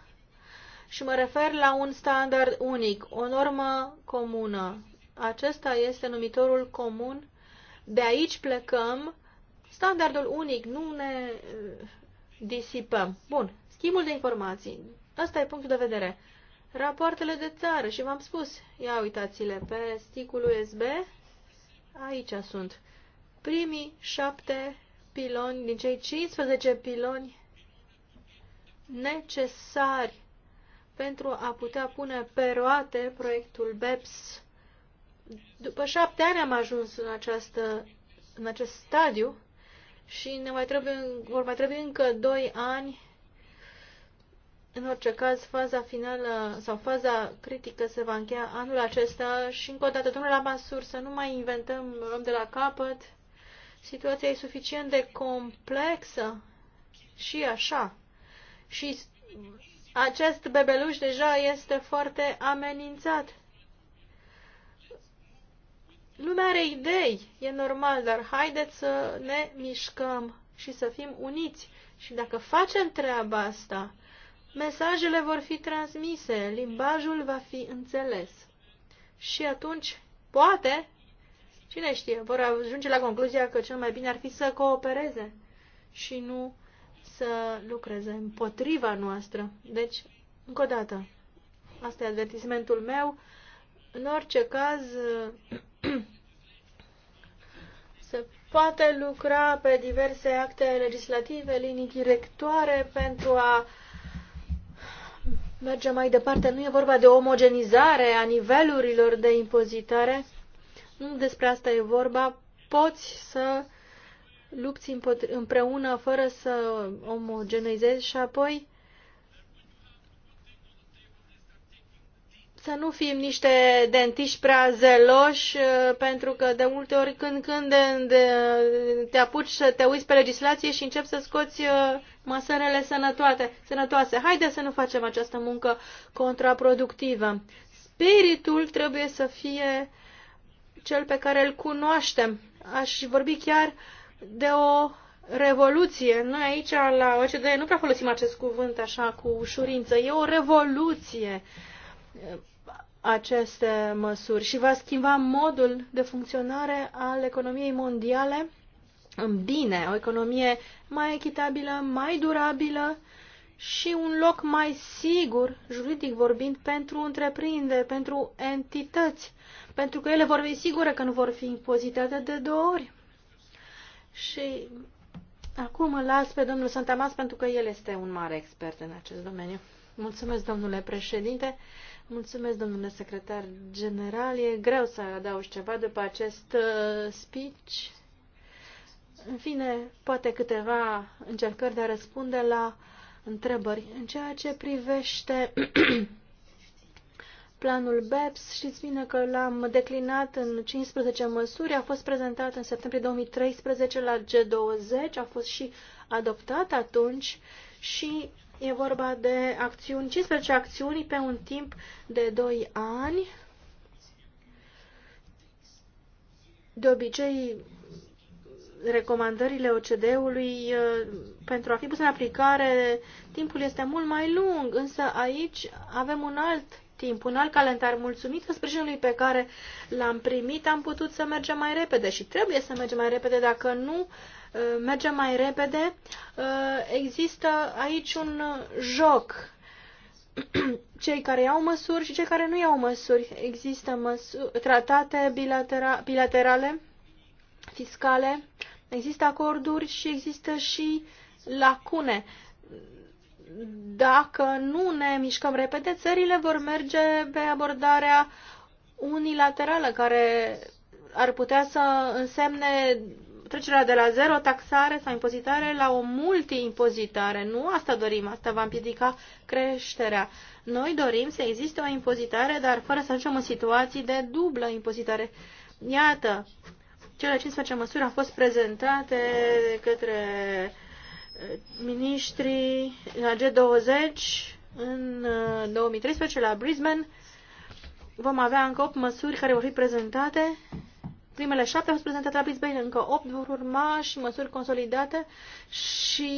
și mă refer la un standard unic, o normă comună. Acesta este numitorul comun. De aici plecăm. Standardul unic, nu ne uh, disipăm. Bun, schimbul de informații. Asta e punctul de vedere. Rapoartele de țară și v-am spus, ia uitați-le, pe sticul USB, aici sunt primii șapte piloni din cei 15 piloni necesari pentru a putea pune pe roate proiectul BEPS. După șapte ani am ajuns în, această, în acest stadiu și ne mai trebuie, vor mai trebui încă doi ani. În orice caz, faza finală sau faza critică se va încheia anul acesta și încă o dată, domnule masur, să nu mai inventăm, luăm de la capăt. Situația e suficient de complexă și așa și acest bebeluș deja este foarte amenințat. Lumea are idei, e normal, dar haideți să ne mișcăm și să fim uniți. Și dacă facem treaba asta, mesajele vor fi transmise, limbajul va fi înțeles. Și atunci, poate, cine știe, vor ajunge la concluzia că cel mai bine ar fi să coopereze și nu să lucreze împotriva noastră. Deci, încă o dată, asta e advertismentul meu. În orice caz, se poate lucra pe diverse acte legislative, linii directoare pentru a merge mai departe. Nu e vorba de omogenizare a nivelurilor de impozitare. Nu despre asta e vorba. Poți să lupți împreună fără să omogenizezi și apoi să nu fim niște dentiști prea zeloși, uh, pentru că de multe ori când, când te apuci să te uiți pe legislație și începi să scoți uh, măsărele sănătoase, sănătoase. Haide să nu facem această muncă contraproductivă. Spiritul trebuie să fie cel pe care îl cunoaștem. Aș vorbi chiar uh, de o revoluție. Noi aici la OCDE nu prea folosim acest cuvânt așa cu ușurință. E o revoluție uh, aceste măsuri și va schimba modul de funcționare al economiei mondiale în bine, o economie mai echitabilă, mai durabilă și un loc mai sigur, juridic vorbind, pentru întreprinderi, pentru entități, pentru că ele vor fi sigure că nu vor fi impozitate de două ori. Și acum îl las pe domnul Santamas pentru că el este un mare expert în acest domeniu. Mulțumesc, domnule președinte. Mulțumesc, domnule secretar general. E greu să adaugi ceva după acest uh, speech. În fine, poate câteva încercări de a răspunde la întrebări. În ceea ce privește Planul BEPS, știți bine că l-am declinat în 15 măsuri, a fost prezentat în septembrie 2013 la G20, a fost și adoptat atunci și e vorba de acțiuni, 15 acțiuni pe un timp de 2 ani. De obicei, recomandările OCD-ului uh, pentru a fi pus în aplicare, timpul este mult mai lung, însă aici avem un alt timp. Un alt calendar mulțumită sprijinului pe care l-am primit, am putut să mergem mai repede și trebuie să mergem mai repede. Dacă nu uh, mergem mai repede, uh, există aici un joc. Cei care iau măsuri și cei care nu iau măsuri. Există măsuri, tratate bilatera, bilaterale, fiscale, există acorduri și există și lacune. Uh, dacă nu ne mișcăm repede, țările vor merge pe abordarea unilaterală, care ar putea să însemne trecerea de la zero taxare sau impozitare la o multiimpozitare. Nu asta dorim, asta va împiedica creșterea. Noi dorim să existe o impozitare, dar fără să ajungem în situații de dublă impozitare. Iată, cele 15 măsuri au fost prezentate către ministrii la G20 în 2013 uh, la Brisbane. Vom avea încă 8 măsuri care vor fi prezentate. Primele 7 au fost prezentate la Brisbane, încă 8 vor urma și măsuri consolidate și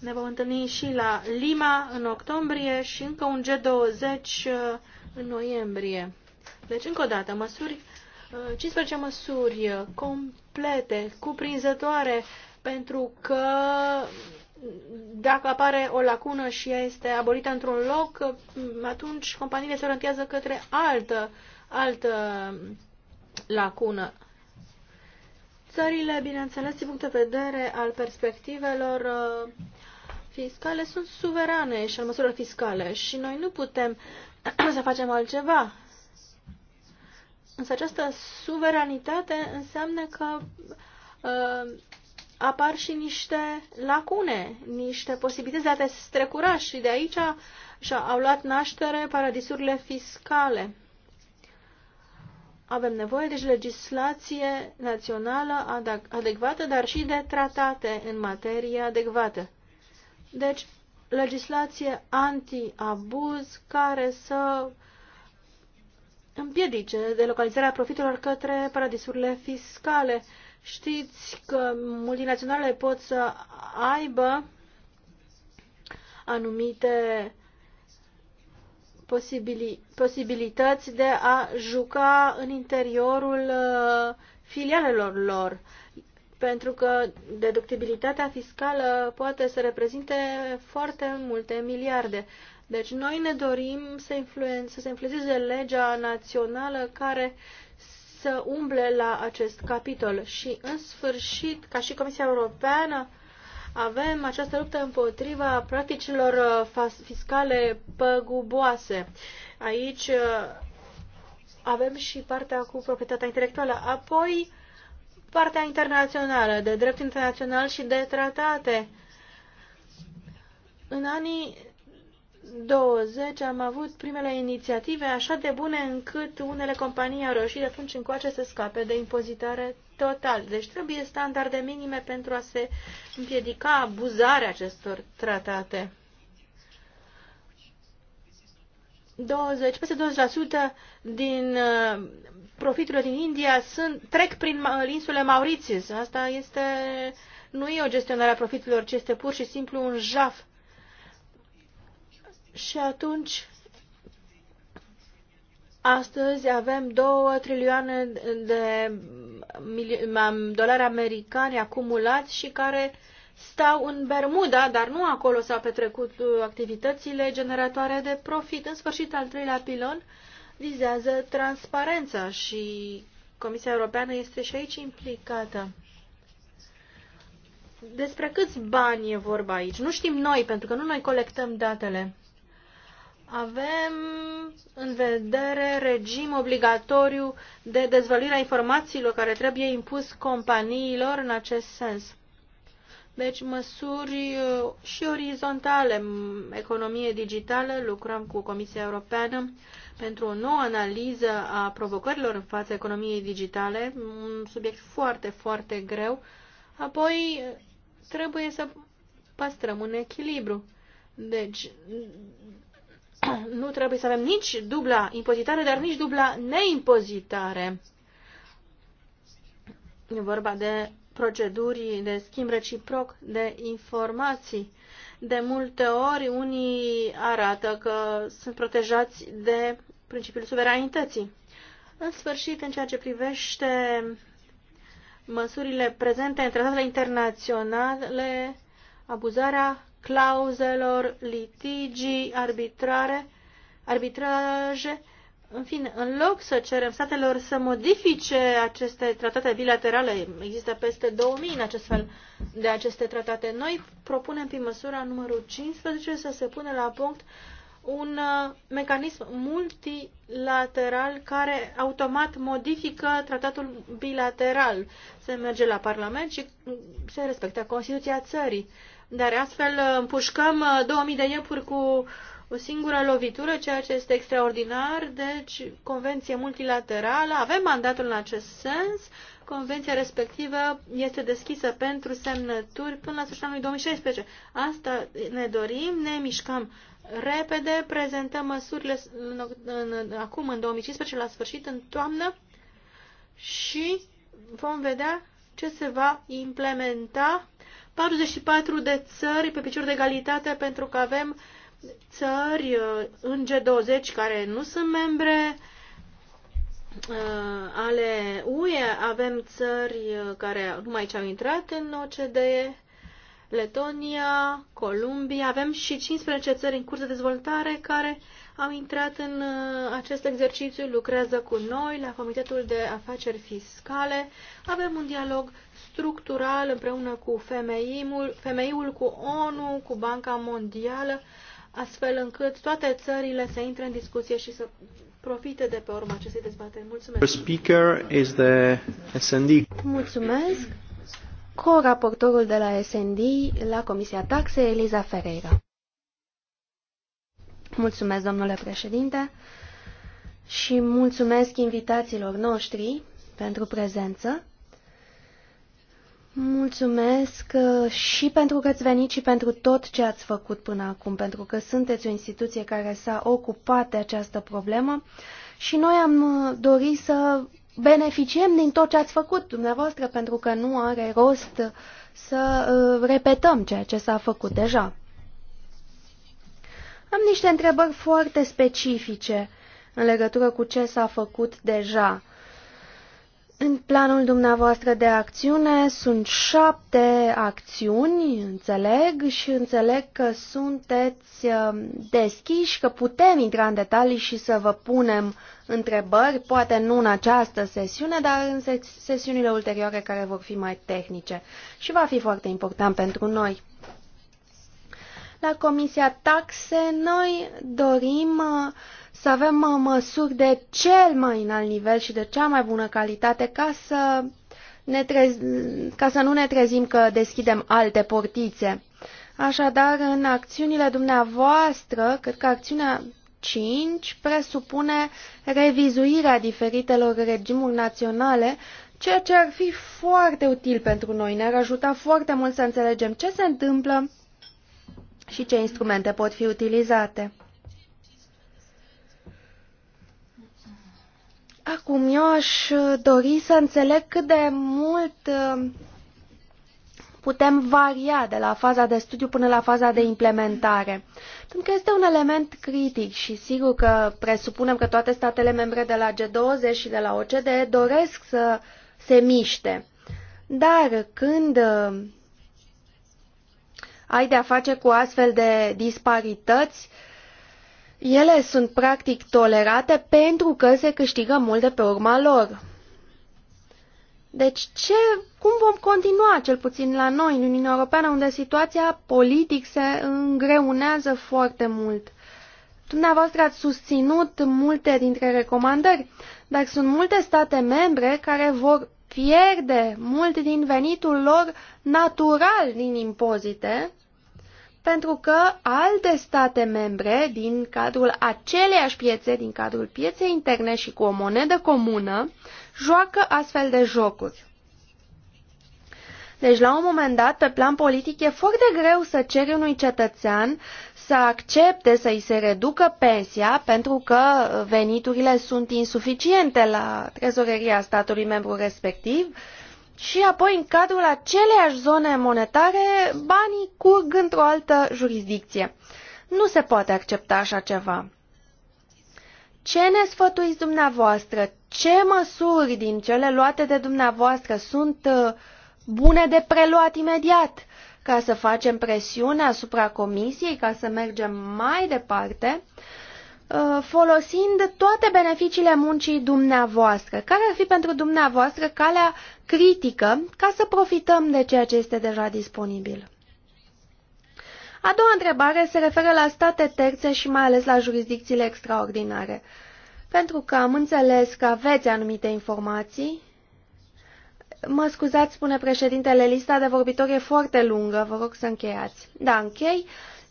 ne vom întâlni și la Lima în octombrie și încă un G20 uh, în noiembrie. Deci, încă o dată, măsuri 15 măsuri complete, cuprinzătoare, pentru că dacă apare o lacună și ea este abolită într-un loc, atunci companiile se orientează către altă, altă lacună. Țările, bineînțeles, din punct de vedere al perspectivelor uh, fiscale, sunt suverane și al măsurilor fiscale și noi nu putem să facem altceva Însă această suveranitate înseamnă că uh, apar și niște lacune, niște posibilități de a te strecura și de aici și au luat naștere paradisurile fiscale. Avem nevoie deci, de deci, legislație națională adecvată, dar și de tratate în materie adecvată. Deci, legislație anti-abuz care să uh, împiedice de localizarea profitelor către paradisurile fiscale. Știți că multinaționalele pot să aibă anumite posibili- posibilități de a juca în interiorul uh, filialelor lor, pentru că deductibilitatea fiscală poate să reprezinte foarte multe miliarde. Deci noi ne dorim să, influen- să se influențeze legea națională care să umble la acest capitol și în sfârșit, ca și Comisia Europeană, avem această luptă împotriva practicilor uh, fiscale păguboase. Aici uh, avem și partea cu proprietatea intelectuală, apoi partea internațională, de drept internațional și de tratate. În anii 20 am avut primele inițiative așa de bune încât unele companii au reușit de atunci încoace să scape de impozitare total. Deci trebuie standarde minime pentru a se împiedica abuzarea acestor tratate. 20, peste 20% din uh, profiturile din India sunt, trec prin insule Mauritius. Asta este, nu e o gestionare a profiturilor, ci este pur și simplu un jaf și atunci, astăzi avem 2 trilioane de dolari americani acumulați și care stau în Bermuda, dar nu acolo s-au petrecut uh, activitățile generatoare de profit. În sfârșit, al treilea pilon vizează transparența și Comisia Europeană este și aici implicată. Despre câți bani e vorba aici? Nu știm noi, pentru că nu noi colectăm datele avem în vedere regim obligatoriu de dezvăluire a informațiilor care trebuie impus companiilor în acest sens. Deci măsuri uh, și orizontale, economie digitală, lucrăm cu Comisia Europeană pentru o nouă analiză a provocărilor în fața economiei digitale, un subiect foarte, foarte greu. Apoi trebuie să păstrăm un echilibru. Deci, nu trebuie să avem nici dubla impozitare, dar nici dubla neimpozitare. E vorba de proceduri de schimb reciproc de informații. De multe ori, unii arată că sunt protejați de principiul suveranității. În sfârșit, în ceea ce privește măsurile prezente în tratatele internaționale, abuzarea clauzelor, litigii, arbitrare, arbitraje. În fine, în loc să cerem statelor să modifice aceste tratate bilaterale, există peste 2000 în acest fel de aceste tratate, noi propunem prin măsura numărul 15 să se pune la punct un uh, mecanism multilateral care automat modifică tratatul bilateral. Se merge la Parlament și se respectă Constituția țării dar astfel împușcăm 2000 uh, de iepuri cu o singură lovitură, ceea ce este extraordinar, deci convenție multilaterală, avem mandatul în acest sens, convenția respectivă este deschisă pentru semnături până la sfârșitul anului 2016. Asta ne dorim, ne mișcăm repede, prezentăm măsurile în, în, în, acum, în 2015, la sfârșit, în toamnă și vom vedea ce se va implementa 44 de țări pe picior de egalitate pentru că avem țări uh, în G20 care nu sunt membre uh, ale UE, avem țări uh, care nu mai ce au intrat în OCDE, Letonia, Columbia, avem și 15 țări în curs de dezvoltare care au intrat în acest exercițiu, lucrează cu noi la Comitetul de Afaceri Fiscale, avem un dialog structural împreună cu femeiul, femeiul, cu ONU, cu Banca Mondială, astfel încât toate țările să intre în discuție și să profite de pe urma acestei dezbateri. Mulțumesc. Speaker is the SND. Mulțumesc. Co-raportorul de la SND la Comisia Taxe, Eliza Ferreira. Mulțumesc, domnule președinte, și mulțumesc invitațiilor noștri pentru prezență. Mulțumesc uh, și pentru că ați venit și pentru tot ce ați făcut până acum, pentru că sunteți o instituție care s-a ocupat de această problemă și noi am uh, dorit să beneficiem din tot ce ați făcut dumneavoastră, pentru că nu are rost să uh, repetăm ceea ce s-a făcut deja. Am niște întrebări foarte specifice în legătură cu ce s-a făcut deja în planul dumneavoastră de acțiune sunt șapte acțiuni, înțeleg, și înțeleg că sunteți uh, deschiși, că putem intra în detalii și să vă punem întrebări, poate nu în această sesiune, dar în sesiunile ulterioare care vor fi mai tehnice și va fi foarte important pentru noi. La Comisia Taxe noi dorim uh, să avem măsuri de cel mai înalt nivel și de cea mai bună calitate ca să, ne trez, ca să nu ne trezim că deschidem alte portițe. Așadar, în acțiunile dumneavoastră, cred că acțiunea 5 presupune revizuirea diferitelor regimuri naționale, ceea ce ar fi foarte util pentru noi. Ne-ar ajuta foarte mult să înțelegem ce se întâmplă și ce instrumente pot fi utilizate. Acum eu aș uh, dori să înțeleg cât de mult uh, putem varia de la faza de studiu până la faza de implementare. Pentru că este un element critic și sigur că presupunem că toate statele membre de la G20 și de la OCDE doresc să se miște. Dar când uh, ai de-a face cu astfel de disparități, uh, ele sunt practic tolerate pentru că se câștigă mult de pe urma lor. Deci ce, cum vom continua, cel puțin la noi, în Uniunea Europeană, unde situația politică se îngreunează foarte mult? Dumneavoastră ați susținut multe dintre recomandări, dar sunt multe state membre care vor pierde mult din venitul lor natural din impozite pentru că alte state membre din cadrul aceleiași piețe, din cadrul pieței interne și cu o monedă comună, joacă astfel de jocuri. Deci, la un moment dat, pe plan politic, e foarte greu să ceri unui cetățean să accepte să îi se reducă pensia pentru că veniturile sunt insuficiente la trezoreria statului membru respectiv și apoi în cadrul aceleiași zone monetare banii curg într-o altă jurisdicție. Nu se poate accepta așa ceva. Ce ne sfătuiți dumneavoastră? Ce măsuri din cele luate de dumneavoastră sunt uh, bune de preluat imediat ca să facem presiune asupra comisiei, ca să mergem mai departe? Uh, folosind toate beneficiile muncii dumneavoastră. Care ar fi pentru dumneavoastră calea critică ca să profităm de ceea ce este deja disponibil? A doua întrebare se referă la state terțe și mai ales la jurisdicțiile extraordinare. Pentru că am înțeles că aveți anumite informații. Mă scuzați, spune președintele, lista de vorbitori e foarte lungă, vă rog să încheiați. Da, închei. Okay.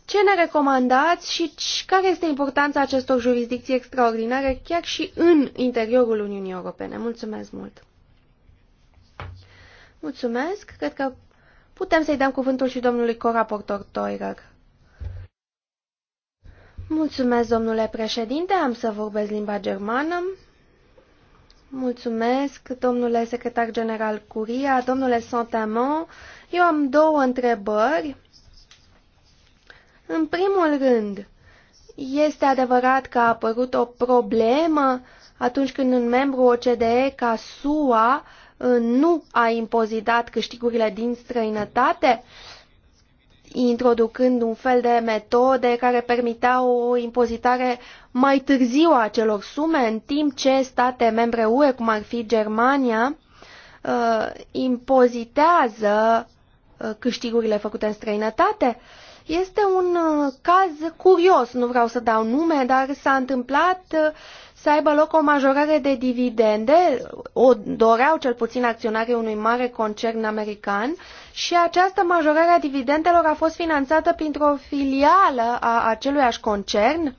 Ce ne recomandați și care este importanța acestor jurisdicții extraordinare chiar și în interiorul Uniunii Europene? Mulțumesc mult! Mulțumesc! Cred că putem să-i dăm cuvântul și domnului coraportor Toirer. Mulțumesc, domnule președinte, am să vorbesc limba germană. Mulțumesc, domnule secretar general Curia, domnule Santamon. Eu am două întrebări. În primul rând, este adevărat că a apărut o problemă atunci când un membru OCDE ca SUA uh, nu a impozitat câștigurile din străinătate, introducând un fel de metode care permiteau o impozitare mai târziu a acelor sume, în timp ce state membre UE, cum ar fi Germania, uh, impozitează uh, câștigurile făcute în străinătate. Este un uh, caz curios, nu vreau să dau nume, dar s-a întâmplat uh, să aibă loc o majorare de dividende, o doreau cel puțin acționarii unui mare concern american și această majorare a dividendelor a fost finanțată printr-o filială a aceluiași concern,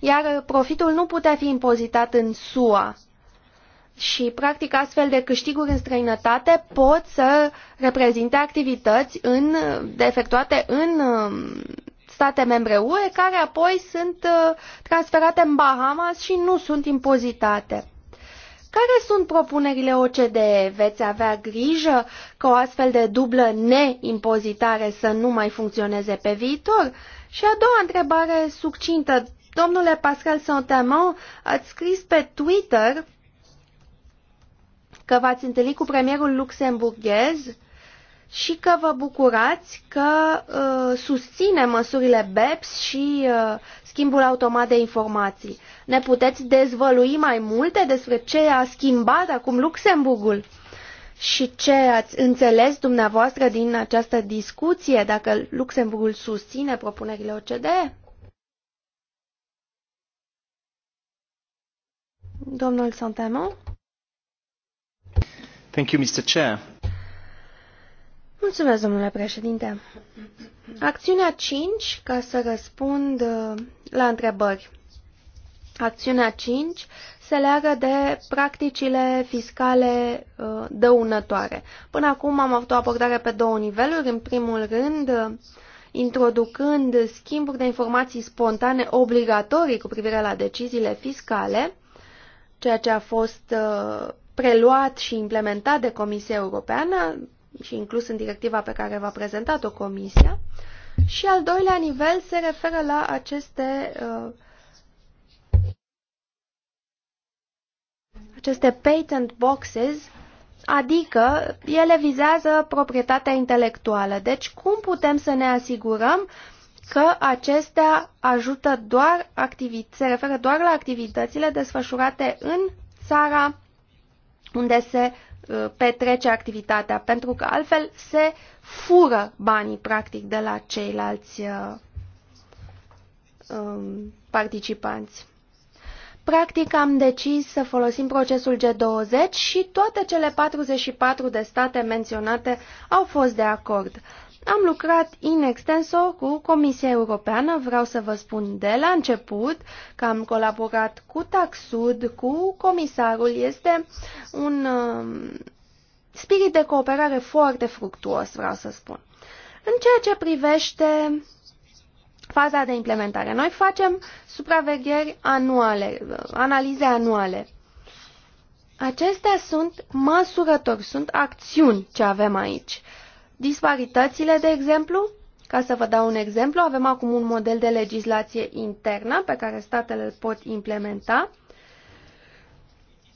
iar profitul nu putea fi impozitat în SUA și, practic, astfel de câștiguri în străinătate pot să reprezinte activități în, de efectuate în um, state membre UE, care apoi sunt uh, transferate în Bahamas și nu sunt impozitate. Care sunt propunerile OCDE? Veți avea grijă că o astfel de dublă neimpozitare să nu mai funcționeze pe viitor? Și a doua întrebare succintă. Domnule Pascal Santamon, ați scris pe Twitter că v-ați întâlnit cu premierul luxemburghez și că vă bucurați că uh, susține măsurile BEPS și uh, schimbul automat de informații. Ne puteți dezvălui mai multe despre ce a schimbat acum Luxemburgul și ce ați înțeles dumneavoastră din această discuție, dacă Luxemburgul susține propunerile OCDE? Domnul Santamon? Mulțumesc, domnule președinte. Acțiunea 5, ca să răspund uh, la întrebări. Acțiunea 5 se leagă de practicile fiscale uh, dăunătoare. Până acum am avut o abordare pe două niveluri. În primul rând, uh, introducând schimburi de informații spontane obligatorii cu privire la deciziile fiscale, ceea ce a fost preluat și implementat de Comisia Europeană și inclus în directiva pe care v-a prezentat-o Comisia. Și al doilea nivel se referă la aceste, uh, aceste patent boxes, adică ele vizează proprietatea intelectuală. Deci cum putem să ne asigurăm că acestea ajută doar activit- se referă doar la activitățile desfășurate în țara unde se uh, petrece activitatea, pentru că altfel se fură banii, practic, de la ceilalți uh, um, participanți. Practic am decis să folosim procesul G20 și toate cele 44 de state menționate au fost de acord. Am lucrat in extenso cu Comisia Europeană, vreau să vă spun de la început că am colaborat cu Taxud, cu comisarul. Este un uh, spirit de cooperare foarte fructuos, vreau să spun. În ceea ce privește faza de implementare, noi facem supravegheri anuale, analize anuale. Acestea sunt măsurători, sunt acțiuni ce avem aici. Disparitățile, de exemplu, ca să vă dau un exemplu, avem acum un model de legislație internă pe care statele îl pot implementa.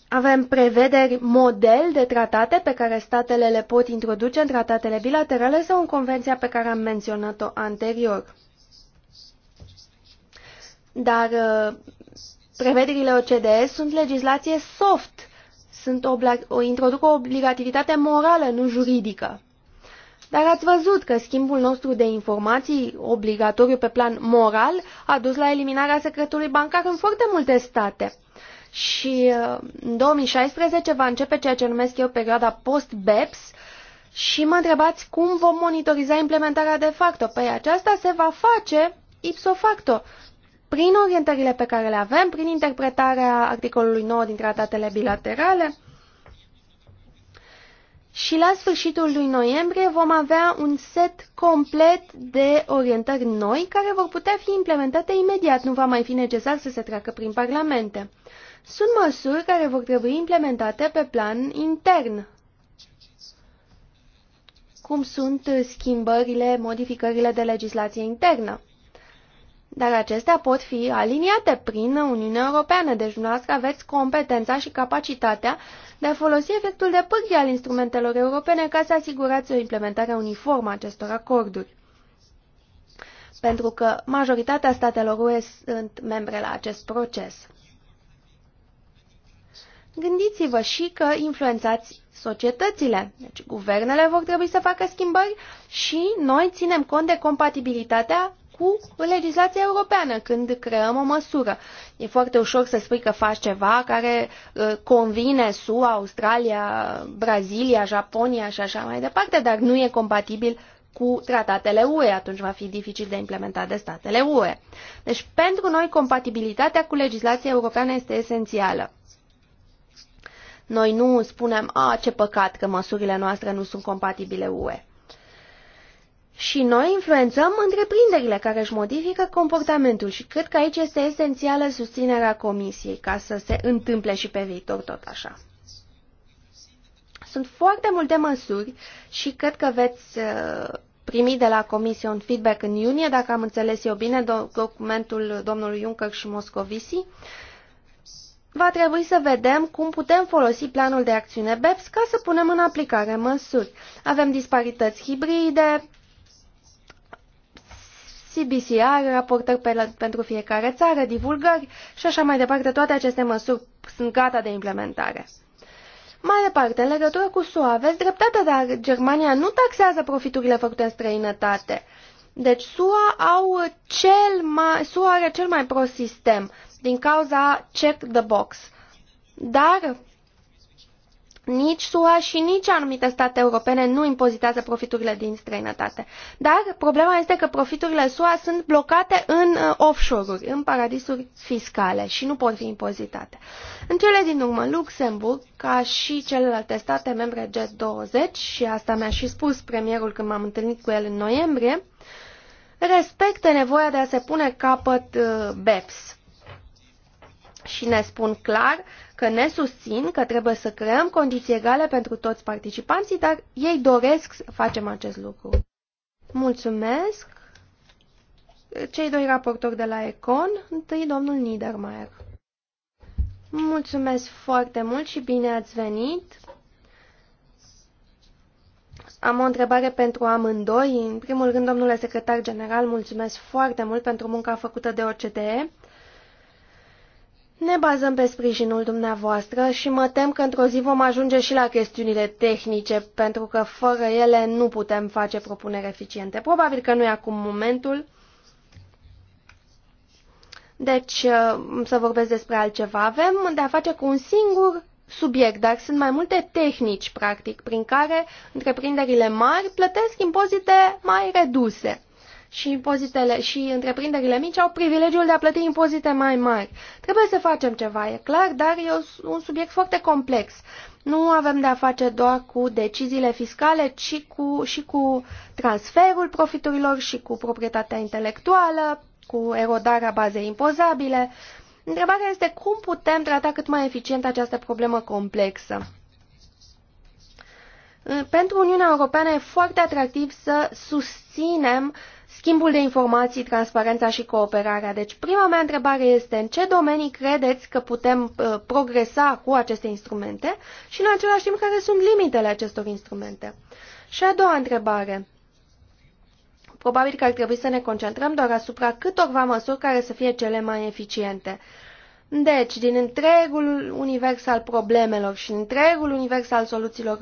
Avem prevederi model de tratate pe care statele le pot introduce în tratatele bilaterale sau în convenția pe care am menționat-o anterior. Dar uh, prevederile OCDE sunt legislație soft, sunt obla- o, introduc o obligativitate morală, nu juridică. Dar ați văzut că schimbul nostru de informații, obligatoriu pe plan moral, a dus la eliminarea secretului bancar în foarte multe state. Și uh, în 2016 va începe ceea ce numesc eu perioada post-BEPS, și mă întrebați cum vom monitoriza implementarea de facto. Păi aceasta se va face ipso facto, prin orientările pe care le avem, prin interpretarea articolului 9 din tratatele bilaterale și la sfârșitul lui noiembrie vom avea un set complet de orientări noi care vor putea fi implementate imediat, nu va mai fi necesar să se treacă prin parlamente. Sunt măsuri care vor trebui implementate pe plan intern, cum sunt schimbările, modificările de legislație internă. Dar acestea pot fi aliniate prin Uniunea Europeană, deci dumneavoastră aveți competența și capacitatea de a folosi efectul de pârghie al instrumentelor europene ca să asigurați o implementare uniformă a acestor acorduri. Pentru că majoritatea statelor UE sunt membre la acest proces. Gândiți-vă și că influențați societățile. Deci guvernele vor trebui să facă schimbări și noi ținem cont de compatibilitatea cu legislația europeană când creăm o măsură. E foarte ușor să spui că faci ceva care uh, convine SUA, Australia, Brazilia, Japonia și așa mai departe, dar nu e compatibil cu tratatele UE, atunci va fi dificil de implementat de statele UE. Deci, pentru noi, compatibilitatea cu legislația europeană este esențială. Noi nu spunem, a, ce păcat că măsurile noastre nu sunt compatibile UE. Și noi influențăm întreprinderile care își modifică comportamentul și cred că aici este esențială susținerea comisiei ca să se întâmple și pe viitor tot așa. Sunt foarte multe măsuri și cred că veți uh, primi de la comisie un feedback în iunie, dacă am înțeles eu bine documentul domnului Juncker și Moscovici. Va trebui să vedem cum putem folosi planul de acțiune BEPS ca să punem în aplicare măsuri. Avem disparități hibride, CBCR, raportări pe, pentru fiecare țară, divulgări și așa mai departe. Toate aceste măsuri sunt gata de implementare. Mai departe, în legătură cu SUA, aveți dreptate, dar Germania nu taxează profiturile făcute în străinătate. Deci SUA, au cel mai, SUA are cel mai prost sistem din cauza check the box. Dar nici SUA și nici anumite state europene nu impozitează profiturile din străinătate. Dar problema este că profiturile SUA sunt blocate în uh, offshore-uri, în paradisuri fiscale și nu pot fi impozitate. În cele din urmă, Luxemburg, ca și celelalte state membre G20, și asta mi-a și spus premierul când m-am întâlnit cu el în noiembrie, respectă nevoia de a se pune capăt uh, BEPS, și ne spun clar că ne susțin că trebuie să creăm condiții egale pentru toți participanții, dar ei doresc să facem acest lucru. Mulțumesc! Cei doi raportori de la Econ, întâi domnul Niedermayer. Mulțumesc foarte mult și bine ați venit! Am o întrebare pentru amândoi. În primul rând, domnule secretar general, mulțumesc foarte mult pentru munca făcută de OCDE ne bazăm pe sprijinul dumneavoastră și mă tem că într-o zi vom ajunge și la chestiunile tehnice, pentru că fără ele nu putem face propuneri eficiente. Probabil că nu e acum momentul. Deci, uh, să vorbesc despre altceva. Avem de a face cu un singur subiect, dar sunt mai multe tehnici, practic, prin care întreprinderile mari plătesc impozite mai reduse și, impozitele, și întreprinderile mici au privilegiul de a plăti impozite mai mari. Trebuie să facem ceva, e clar, dar e un subiect foarte complex. Nu avem de a face doar cu deciziile fiscale, ci cu, și cu transferul profiturilor și cu proprietatea intelectuală, cu erodarea bazei impozabile. Întrebarea este cum putem trata cât mai eficient această problemă complexă. Pentru Uniunea Europeană e foarte atractiv să susținem schimbul de informații, transparența și cooperarea. Deci prima mea întrebare este în ce domenii credeți că putem uh, progresa cu aceste instrumente și în același timp care sunt limitele acestor instrumente. Și a doua întrebare. Probabil că ar trebui să ne concentrăm doar asupra câtorva măsuri care să fie cele mai eficiente. Deci, din întregul univers al problemelor și întregul univers al soluțiilor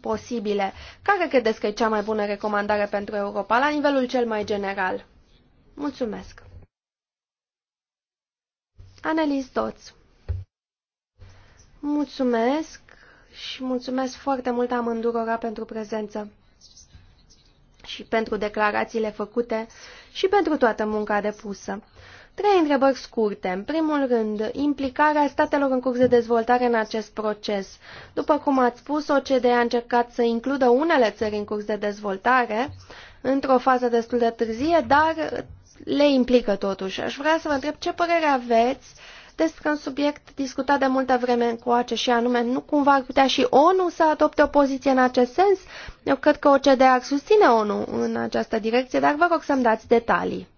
posibile. Care credeți că e cea mai bună recomandare pentru Europa la nivelul cel mai general? Mulțumesc! Analiz toți. Mulțumesc și mulțumesc foarte mult amândurora pentru prezență și pentru declarațiile făcute și pentru toată munca depusă. Trei întrebări scurte. În primul rând, implicarea statelor în curs de dezvoltare în acest proces. După cum ați spus, OCDE a încercat să includă unele țări în curs de dezvoltare într-o fază destul de târzie, dar le implică totuși. Aș vrea să vă întreb ce părere aveți despre un subiect discutat de multă vreme încoace și anume nu cumva ar putea și ONU să adopte o poziție în acest sens? Eu cred că OCDE ar susține ONU în această direcție, dar vă rog să-mi dați detalii.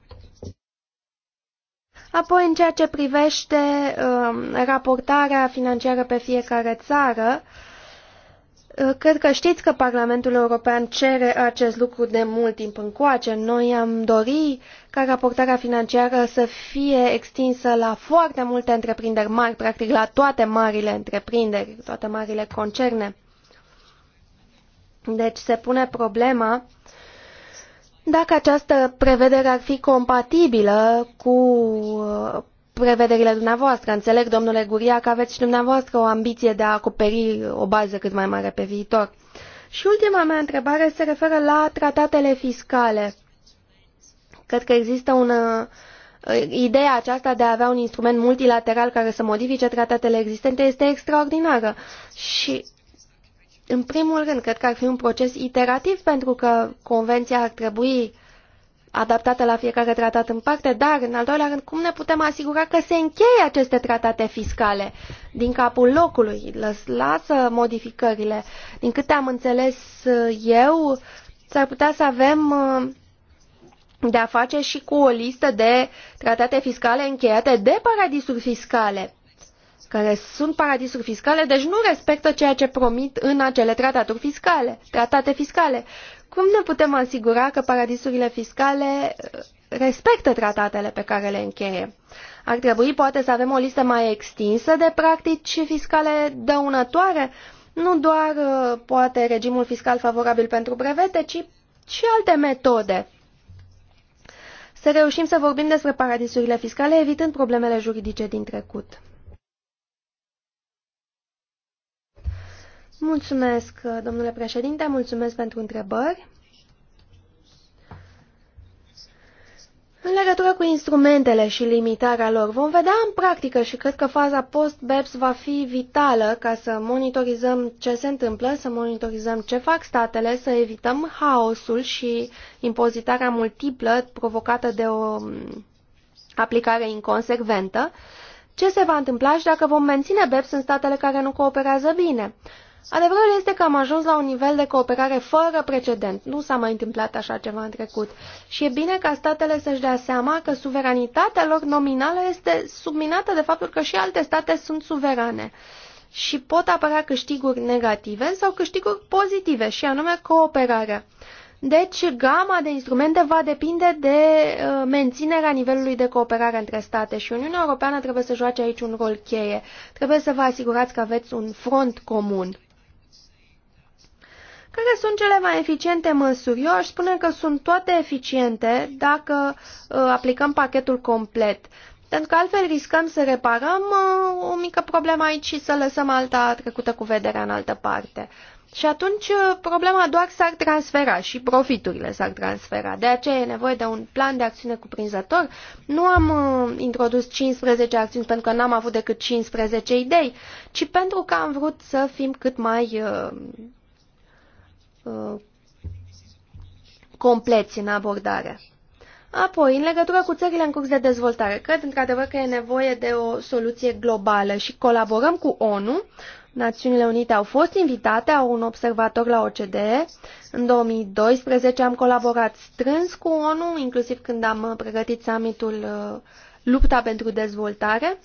Apoi, în ceea ce privește uh, raportarea financiară pe fiecare țară, uh, Cred că știți că Parlamentul European cere acest lucru de mult timp încoace. Noi am dori ca raportarea financiară să fie extinsă la foarte multe întreprinderi mari, practic la toate marile întreprinderi, toate marile concerne. Deci se pune problema uh, dacă această prevedere ar fi compatibilă cu uh, prevederile dumneavoastră. Înțeleg, domnule Guria, că aveți și dumneavoastră o ambiție de a acoperi o bază cât mai mare pe viitor. Și ultima mea întrebare se referă la tratatele fiscale. Cred că există un uh, ideea aceasta de a avea un instrument multilateral care să modifice tratatele existente este extraordinară. Și în primul rând, cred că ar fi un proces iterativ, pentru că convenția ar trebui adaptată la fiecare tratat în parte, dar, în al doilea rând, cum ne putem asigura că se încheie aceste tratate fiscale din capul locului? Lăs, lasă modificările. Din câte am înțeles uh, eu, s-ar putea să avem uh, de a face și cu o listă de tratate fiscale încheiate de paradisuri fiscale care sunt paradisuri fiscale, deci nu respectă ceea ce promit în acele tratate fiscale, tratate fiscale. Cum ne putem asigura că paradisurile fiscale uh, respectă tratatele pe care le încheie? Ar trebui poate să avem o listă mai extinsă de practici fiscale dăunătoare, nu doar uh, poate regimul fiscal favorabil pentru brevete, ci și alte metode. Să reușim să vorbim despre paradisurile fiscale, evitând problemele juridice din trecut. Mulțumesc, domnule președinte, mulțumesc pentru întrebări. În legătură cu instrumentele și limitarea lor, vom vedea în practică și cred că faza post-BEPS va fi vitală ca să monitorizăm ce se întâmplă, să monitorizăm ce fac statele, să evităm haosul și impozitarea multiplă provocată de o mm, aplicare inconsecventă, ce se va întâmpla și dacă vom menține BEPS în statele care nu cooperează bine. Adevărul este că am ajuns la un nivel de cooperare fără precedent. Nu s-a mai întâmplat așa ceva în trecut. Și e bine ca statele să-și dea seama că suveranitatea lor nominală este subminată de faptul că și alte state sunt suverane. Și pot apărea câștiguri negative sau câștiguri pozitive, și anume cooperarea. Deci, gama de instrumente va depinde de uh, menținerea nivelului de cooperare între state și Uniunea Europeană trebuie să joace aici un rol cheie. Trebuie să vă asigurați că aveți un front comun. Care sunt cele mai eficiente măsuri? Eu aș spune că sunt toate eficiente dacă uh, aplicăm pachetul complet. Pentru că altfel riscăm să reparăm uh, o mică problemă aici și să lăsăm alta trecută cu vederea în altă parte. Și atunci uh, problema doar s-ar transfera și profiturile s-ar transfera. De aceea e nevoie de un plan de acțiune cuprinzător. Nu am uh, introdus 15 acțiuni pentru că n-am avut decât 15 idei, ci pentru că am vrut să fim cât mai uh, Uh, compleți în abordare. Apoi, în legătură cu țările în curs de dezvoltare, cred într-adevăr că e nevoie de o soluție globală și colaborăm cu ONU. Națiunile Unite au fost invitate, au un observator la OCDE. În 2012 am colaborat strâns cu ONU, inclusiv când am pregătit summitul uh, Lupta pentru Dezvoltare.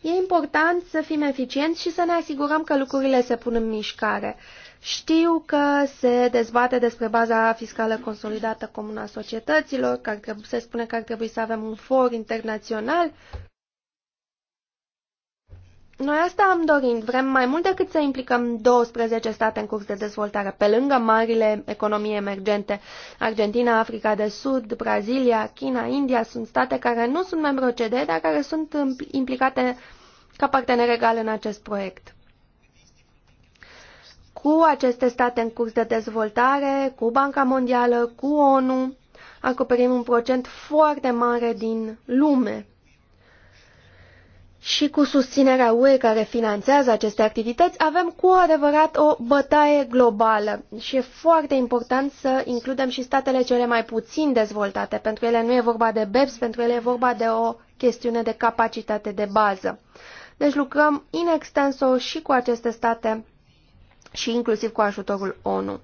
E important să fim eficienți și să ne asigurăm că lucrurile se pun în mișcare. Uh, știu că se dezbate despre baza fiscală consolidată comună a societăților, că trebui, se spune că ar trebui să avem un for internațional. Noi asta am dorit. Vrem mai mult decât să implicăm 12 state în curs de dezvoltare, pe lângă marile economii emergente. Argentina, Africa de Sud, Brazilia, China, India sunt state care nu sunt membre OCDE, dar care sunt um, implicate ca partener egal în acest proiect cu aceste state în curs de dezvoltare, cu Banca Mondială, cu ONU, acoperim un procent foarte mare din lume. Și cu susținerea UE care finanțează aceste activități, avem cu adevărat o bătaie globală și e foarte important să includem și statele cele mai puțin dezvoltate. Pentru ele nu e vorba de BEPS, pentru ele e vorba de o chestiune de capacitate de bază. Deci lucrăm in extenso și cu aceste state și inclusiv cu ajutorul ONU.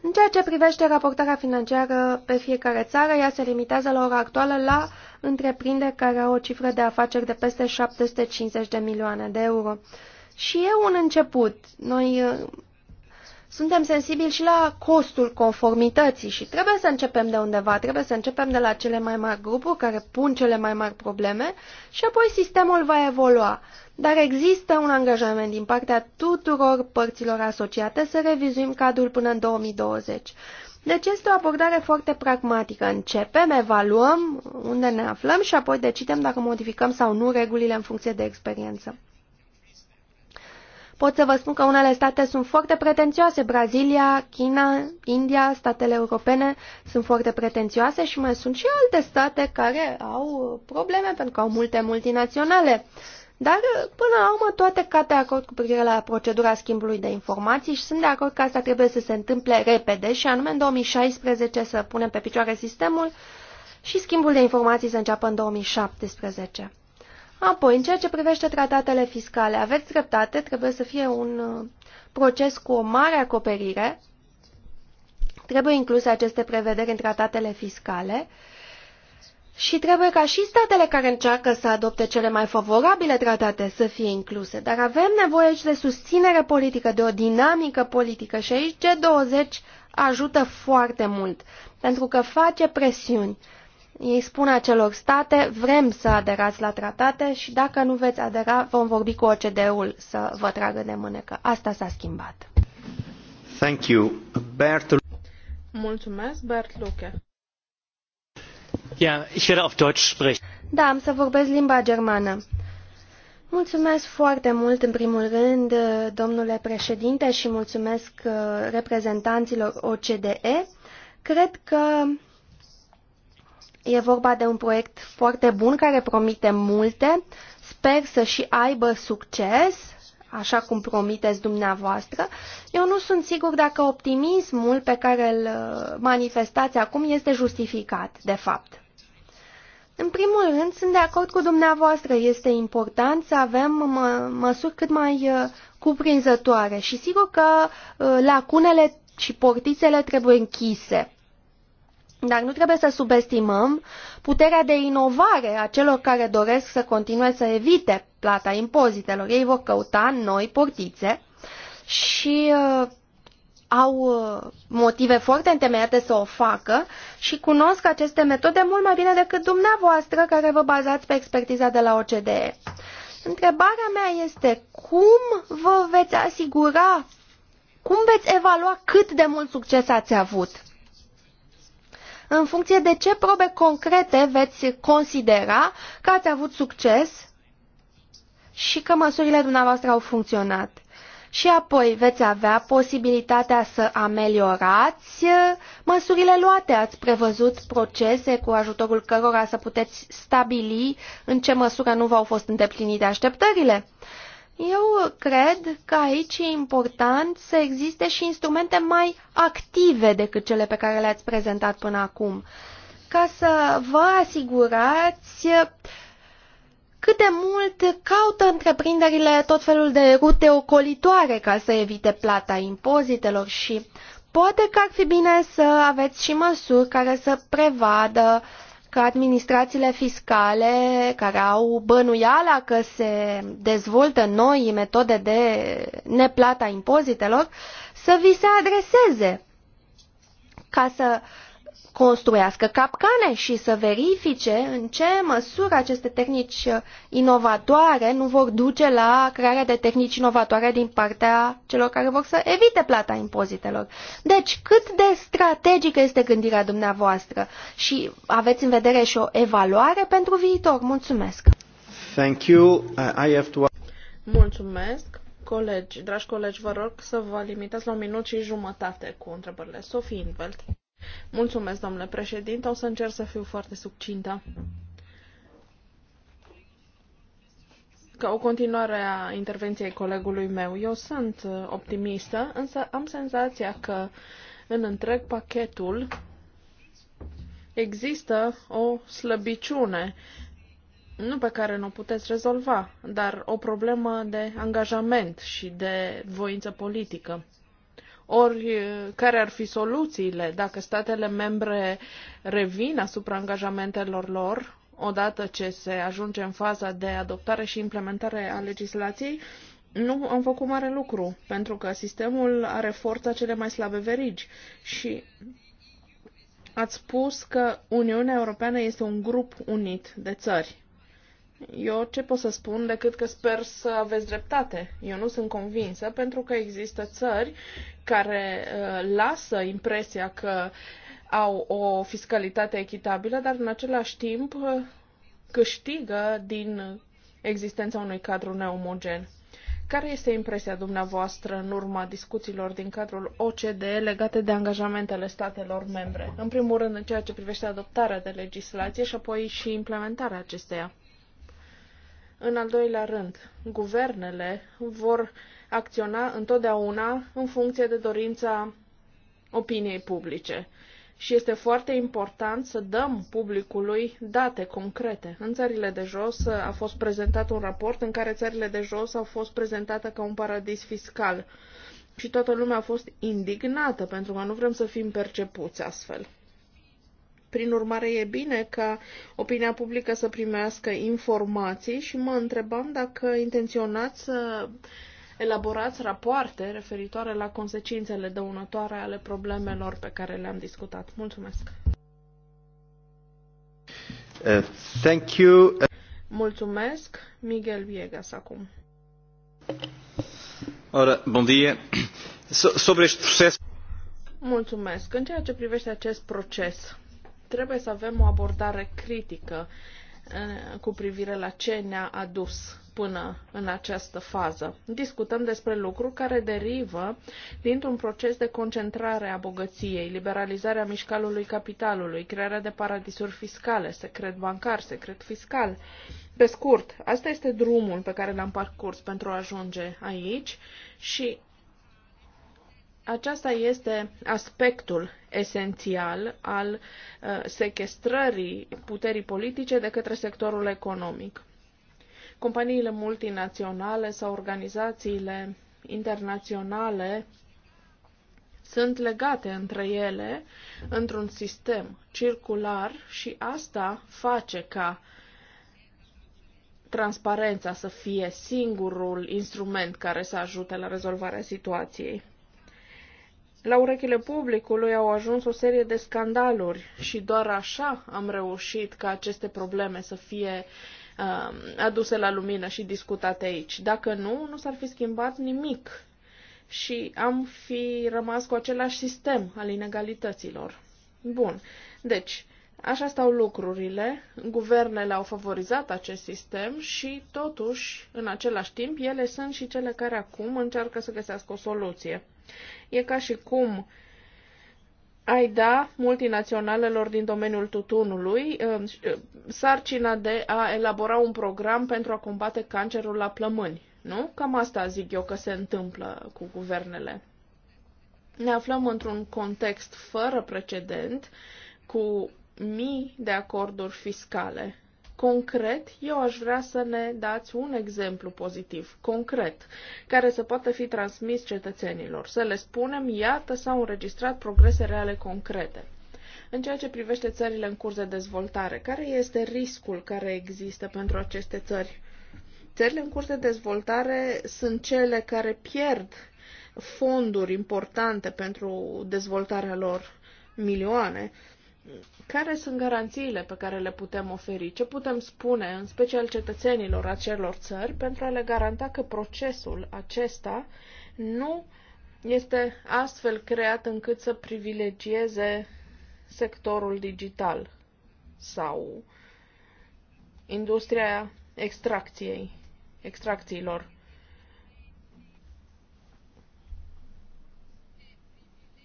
În ceea ce privește raportarea financiară pe fiecare țară, ea se limitează la ora actuală la întreprinderi care au o cifră de afaceri de peste 750 de milioane de euro. Și e un început. Noi suntem sensibili și la costul conformității și trebuie să începem de undeva, trebuie să începem de la cele mai mari grupuri care pun cele mai mari probleme și apoi sistemul va evolua. Dar există un angajament din partea tuturor părților asociate să revizuim cadrul până în 2020. Deci este o abordare foarte pragmatică. Începem, evaluăm unde ne aflăm și apoi decidem dacă modificăm sau nu regulile în funcție de experiență. Pot să vă spun că unele state sunt foarte pretențioase. Brazilia, China, India, statele europene sunt foarte pretențioase și mai sunt și alte state care au probleme pentru că au multe multinaționale. Dar, până la urmă, toate cate acord cu privire la procedura schimbului de informații și sunt de acord că asta trebuie să se întâmple repede și anume în 2016 să punem pe picioare sistemul și schimbul de informații să înceapă în 2017. Apoi, în ceea ce privește tratatele fiscale, aveți dreptate, trebuie să fie un uh, proces cu o mare acoperire. Trebuie incluse aceste prevederi în tratatele fiscale și trebuie ca și statele care încearcă să adopte cele mai favorabile tratate să fie incluse. Dar avem nevoie aici de susținere politică, de o dinamică politică și aici G20 ajută foarte mult, pentru că face presiuni ei spun acelor state, vrem să aderați la tratate și dacă nu veți adera, vom vorbi cu OCDE-ul să vă tragă de mânecă. Asta s-a schimbat. Thank you. Bert... Mulțumesc, Bert Luke. Yeah, ich auf Deutsch Da, am să vorbesc limba germană. Mulțumesc foarte mult, în primul rând, domnule președinte, și mulțumesc uh, reprezentanților OCDE. Cred că E vorba de un proiect foarte bun care promite multe. Sper să și aibă succes, așa cum promiteți dumneavoastră. Eu nu sunt sigur dacă optimismul pe care îl uh, manifestați acum este justificat, de fapt. În primul rând, sunt de acord cu dumneavoastră. Este important să avem mă, măsuri cât mai uh, cuprinzătoare și sigur că uh, lacunele și portițele trebuie închise. Dar nu trebuie să subestimăm puterea de inovare a celor care doresc să continue să evite plata impozitelor. Ei vor căuta noi portițe și uh, au uh, motive foarte întemeiate să o facă și cunosc aceste metode mult mai bine decât dumneavoastră care vă bazați pe expertiza de la OCDE. Întrebarea mea este cum vă veți asigura, cum veți evalua cât de mult succes ați avut? în funcție de ce probe concrete veți considera că ați avut succes și că măsurile dumneavoastră au funcționat. Și apoi veți avea posibilitatea să ameliorați măsurile luate. Ați prevăzut procese cu ajutorul cărora să puteți stabili în ce măsură nu v-au fost îndeplinite așteptările. Eu cred că aici e important să existe și instrumente mai active decât cele pe care le-ați prezentat până acum, ca să vă asigurați cât de mult caută întreprinderile tot felul de rute ocolitoare ca să evite plata impozitelor și poate că ar fi bine să aveți și măsuri care să prevadă uh, că administrațiile fiscale care au bănuiala că se dezvoltă noi metode de neplata impozitelor să vi se adreseze ca să uh, construiască capcane și să verifice în ce măsură aceste tehnici inovatoare nu vor duce la crearea de tehnici inovatoare din partea celor care vor să evite plata impozitelor. Deci, cât de strategică este gândirea dumneavoastră și aveți în vedere și o evaluare pentru viitor? Mulțumesc! Thank you. Uh, I have to... Mulțumesc! Colegi, dragi colegi, vă rog să vă limitați la un minut și jumătate cu întrebările. Sofie Invelt. Mulțumesc, domnule președinte. O să încerc să fiu foarte subcintă. Ca o continuare a intervenției colegului meu, eu sunt uh, optimistă, însă am senzația că în întreg pachetul există o slăbiciune, nu pe care nu o puteți rezolva, dar o problemă de angajament și de voință politică. Ori care ar fi soluțiile dacă statele membre revin asupra angajamentelor lor odată ce se ajunge în faza de adoptare și implementare a legislației? Nu am făcut mare lucru, pentru că sistemul are forța cele mai slabe verigi și ați spus că Uniunea Europeană este un grup unit de țări. Eu ce pot să spun decât că sper să aveți dreptate. Eu nu sunt convinsă pentru că există țări care uh, lasă impresia că au o fiscalitate echitabilă, dar în același timp uh, câștigă din existența unui cadru neomogen. Care este impresia dumneavoastră în urma discuțiilor din cadrul OCDE legate de angajamentele statelor membre? În primul rând, în ceea ce privește adoptarea de legislație și apoi și implementarea acesteia. În al doilea rând, guvernele vor acționa întotdeauna în funcție de dorința opiniei publice. Și este foarte important să dăm publicului date concrete. În țările de jos a fost prezentat un raport în care țările de jos au fost prezentate ca un paradis fiscal. Și toată lumea a fost indignată pentru că nu vrem să fim percepuți astfel. Prin urmare, e bine ca opinia publică să primească informații și mă întrebam dacă intenționați să elaborați rapoarte referitoare la consecințele dăunătoare ale problemelor pe care le-am discutat. Mulțumesc! Uh, thank you. Mulțumesc, Miguel Viegas acum. Ora, bom dia. So, sobre este proces... Mulțumesc. În ceea ce privește acest proces, Trebuie să avem o abordare critică cu privire la ce ne-a adus până în această fază. Discutăm despre lucruri care derivă dintr-un proces de concentrare a bogăției, liberalizarea mișcalului capitalului, crearea de paradisuri fiscale, secret bancar, secret fiscal. Pe scurt, asta este drumul pe care l-am parcurs pentru a ajunge aici și aceasta este aspectul esențial al uh, sequestrării puterii politice de către sectorul economic. Companiile multinaționale sau organizațiile internaționale sunt legate între ele într-un sistem circular și asta face ca transparența să fie singurul instrument care să ajute la rezolvarea situației. La urechile publicului au ajuns o serie de scandaluri și doar așa am reușit ca aceste probleme să fie uh, aduse la lumină și discutate aici. Dacă nu, nu s-ar fi schimbat nimic și am fi rămas cu același sistem al inegalităților. Bun. Deci, Așa stau lucrurile, guvernele au favorizat acest sistem și, totuși, în același timp, ele sunt și cele care acum încearcă să găsească o soluție. E ca și cum ai da multinaționalelor din domeniul tutunului uh, uh, sarcina de a elabora un program pentru a combate cancerul la plămâni, nu? Cam asta zic eu că se întâmplă cu guvernele. Ne aflăm într-un context fără precedent, cu mii de acorduri fiscale concret, eu aș vrea să ne dați un exemplu pozitiv, concret, care să poată fi transmis cetățenilor. Să le spunem, iată, s-au înregistrat progrese reale concrete. În ceea ce privește țările în curs de dezvoltare, care este riscul care există pentru aceste țări? Țările în curs de dezvoltare sunt cele care pierd fonduri importante pentru dezvoltarea lor, milioane, care sunt garanțiile pe care le putem oferi? Ce putem spune, în special cetățenilor acelor țări, pentru a le garanta că procesul acesta nu este astfel creat încât să privilegieze sectorul digital sau industria extracției, extracțiilor.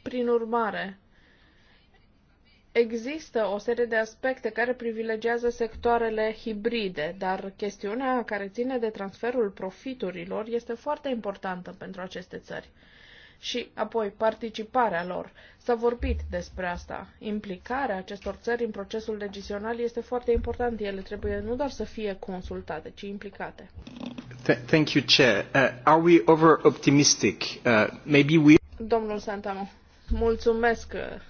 Prin urmare, Există o serie de aspecte care privilegiază sectoarele hibride, dar chestiunea care ține de transferul profiturilor este foarte importantă pentru aceste țări. Și apoi participarea lor. S-a vorbit despre asta. Implicarea acestor țări în procesul decizional este foarte importantă. Ele trebuie nu doar să fie consultate, ci implicate. Thank you, Chair. Uh, are we over optimistic? Uh, maybe we... Domnul Santamo, mulțumesc. Uh,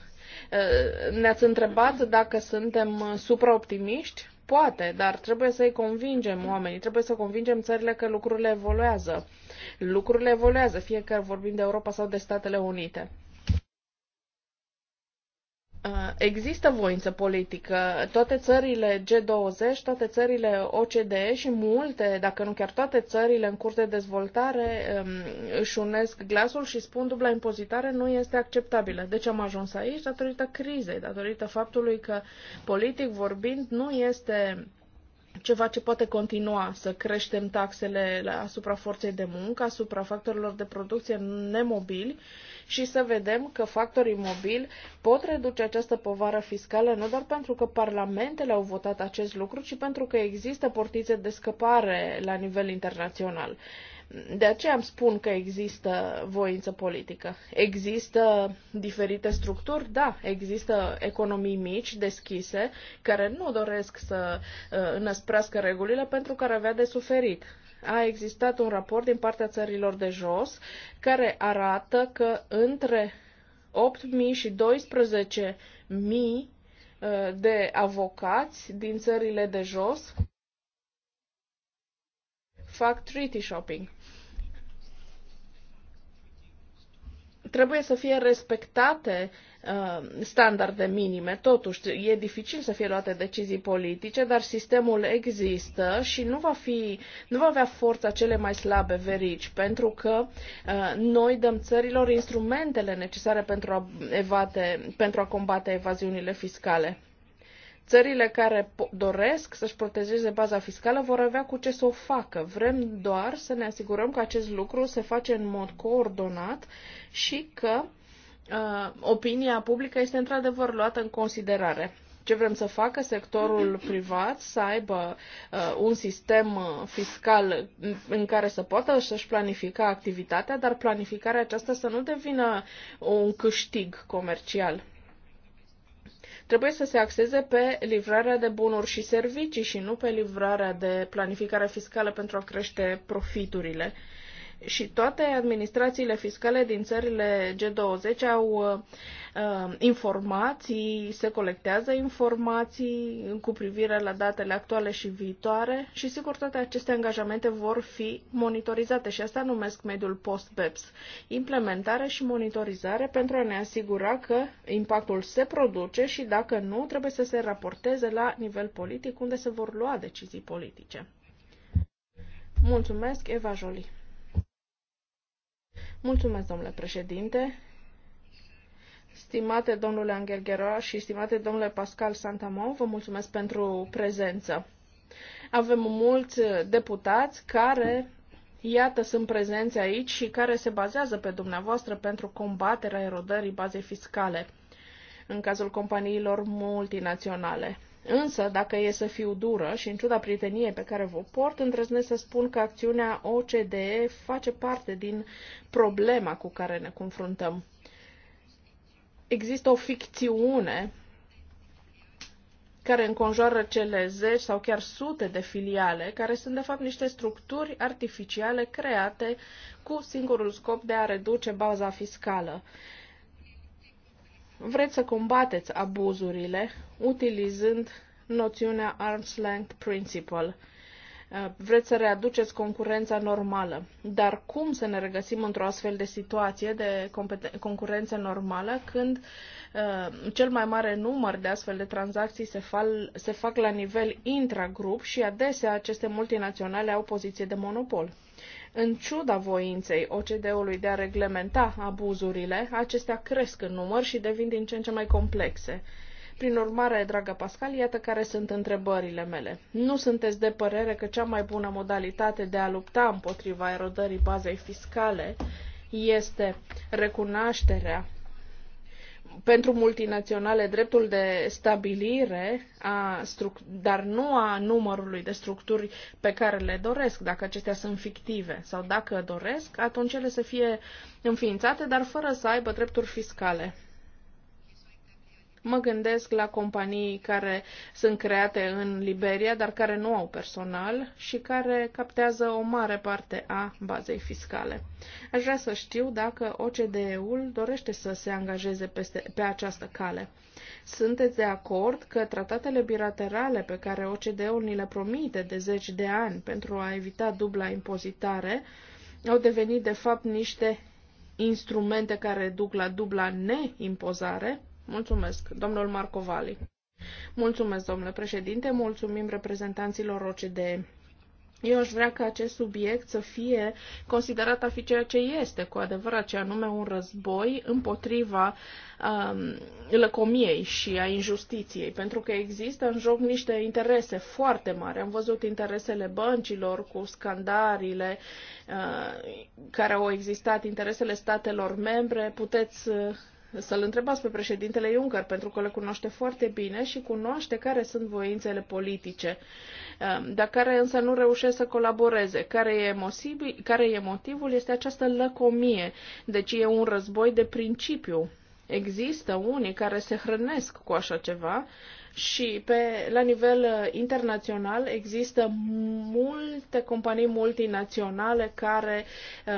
Eh, ne-ați întrebat dacă suntem supraoptimiști? Poate, dar trebuie să-i convingem oamenii, trebuie să convingem țările că lucrurile evoluează. Lucrurile evoluează, fie că vorbim de Europa sau de Statele Unite. Uh, există voință politică. Toate țările G20, toate țările OCDE și multe, dacă nu chiar toate țările în curs de dezvoltare um, își unesc glasul și spun dubla impozitare nu este acceptabilă. Deci am ajuns aici datorită crizei, datorită faptului că politic vorbind nu este ceva ce poate continua să creștem taxele asupra forței de muncă, asupra factorilor de producție nemobili și să vedem că factorii mobili pot reduce această povară fiscală nu doar pentru că parlamentele au votat acest lucru, ci pentru că există portițe de scăpare la nivel internațional. De aceea îmi spun că există voință politică. Există diferite structuri, da, există economii mici, deschise, care nu doresc să uh, înăsprească regulile pentru că ar avea de suferit. A existat un raport din partea țărilor de jos care arată că între 8.000 și 12.000 uh, de avocați din țările de jos fac treaty shopping. Trebuie să fie respectate uh, standarde minime, totuși e dificil să fie luate decizii politice, dar sistemul există și nu va, fi, nu va avea forța cele mai slabe verici, pentru că uh, noi dăm țărilor instrumentele necesare pentru a, evate, pentru a combate evaziunile fiscale Țările care doresc să-și protejeze baza fiscală vor avea cu ce să o facă. Vrem doar să ne asigurăm că acest lucru se face în mod coordonat și că uh, opinia publică este într-adevăr luată în considerare ce vrem să facă sectorul privat, să aibă uh, un sistem uh, fiscal în care să poată să-și planifica activitatea, dar planificarea aceasta să nu devină un câștig comercial trebuie să se axeze pe livrarea de bunuri și servicii și nu pe livrarea de planificare fiscală pentru a crește profiturile și toate administrațiile fiscale din țările G20 au uh, informații, se colectează informații cu privire la datele actuale și viitoare și sigur toate aceste angajamente vor fi monitorizate și asta numesc mediul post-BEPS, implementare și monitorizare pentru a ne asigura că impactul se produce și dacă nu, trebuie să se raporteze la nivel politic unde se vor lua decizii politice. Mulțumesc, Eva Jolie. Mulțumesc, domnule președinte. Stimate domnule Angherghera și stimate domnule Pascal Santamon, vă mulțumesc pentru prezență. Avem mulți deputați care, iată, sunt prezenți aici și care se bazează pe dumneavoastră pentru combaterea erodării bazei fiscale în cazul companiilor multinaționale. Însă, dacă e să fiu dură și în ciuda prieteniei pe care vă port, îndrăznesc să spun că acțiunea OCDE face parte din problema cu care ne confruntăm. Există o ficțiune care înconjoară cele zeci sau chiar sute de filiale, care sunt de fapt niște structuri artificiale create cu singurul scop de a reduce baza fiscală. Vreți să combateți abuzurile utilizând noțiunea arm's length principle. Uh, vreți să readuceți concurența normală. Dar cum să ne regăsim într-o astfel de situație de concurență normală când uh, cel mai mare număr de astfel de tranzacții se, fal, se fac la nivel intragrup și adesea aceste multinaționale au poziție de monopol? În ciuda voinței OCDE-ului de a reglementa abuzurile, acestea cresc în număr și devin din ce în ce mai complexe. Prin urmare, dragă Pascal, iată care sunt întrebările mele. Nu sunteți de părere că cea mai bună modalitate de a lupta împotriva erodării bazei fiscale este recunoașterea pentru multinaționale dreptul de stabilire, a dar nu a numărului de structuri pe care le doresc, dacă acestea sunt fictive sau dacă doresc, atunci ele să fie înființate, dar fără să aibă drepturi fiscale. Mă gândesc la companii care sunt create în Liberia, dar care nu au personal și care captează o mare parte a bazei fiscale. Aș vrea să știu dacă OCDE-ul dorește să se angajeze peste, pe această cale. Sunteți de acord că tratatele bilaterale pe care OCDE-ul ni le promite de zeci de ani pentru a evita dubla impozitare au devenit de fapt niște instrumente care duc la dubla neimpozare? Mulțumesc, domnul Marcovali. Mulțumesc, domnule președinte, mulțumim reprezentanților OCDE. Eu aș vrea ca acest subiect să fie considerat a fi ceea ce este cu adevărat, ce anume un război împotriva um, lăcomiei și a injustiției, pentru că există în joc niște interese foarte mari. Am văzut interesele băncilor cu scandarile uh, care au existat, interesele statelor membre. Puteți uh, să-l întrebați pe președintele Juncker, pentru că le cunoaște foarte bine și cunoaște care sunt voințele politice, um, dar care însă nu reușesc să colaboreze. Care e, emosibil, care e motivul? Este această lăcomie. Deci e un război de principiu. Există unii care se hrănesc cu așa ceva și pe, la nivel uh, internațional există multe companii multinaționale care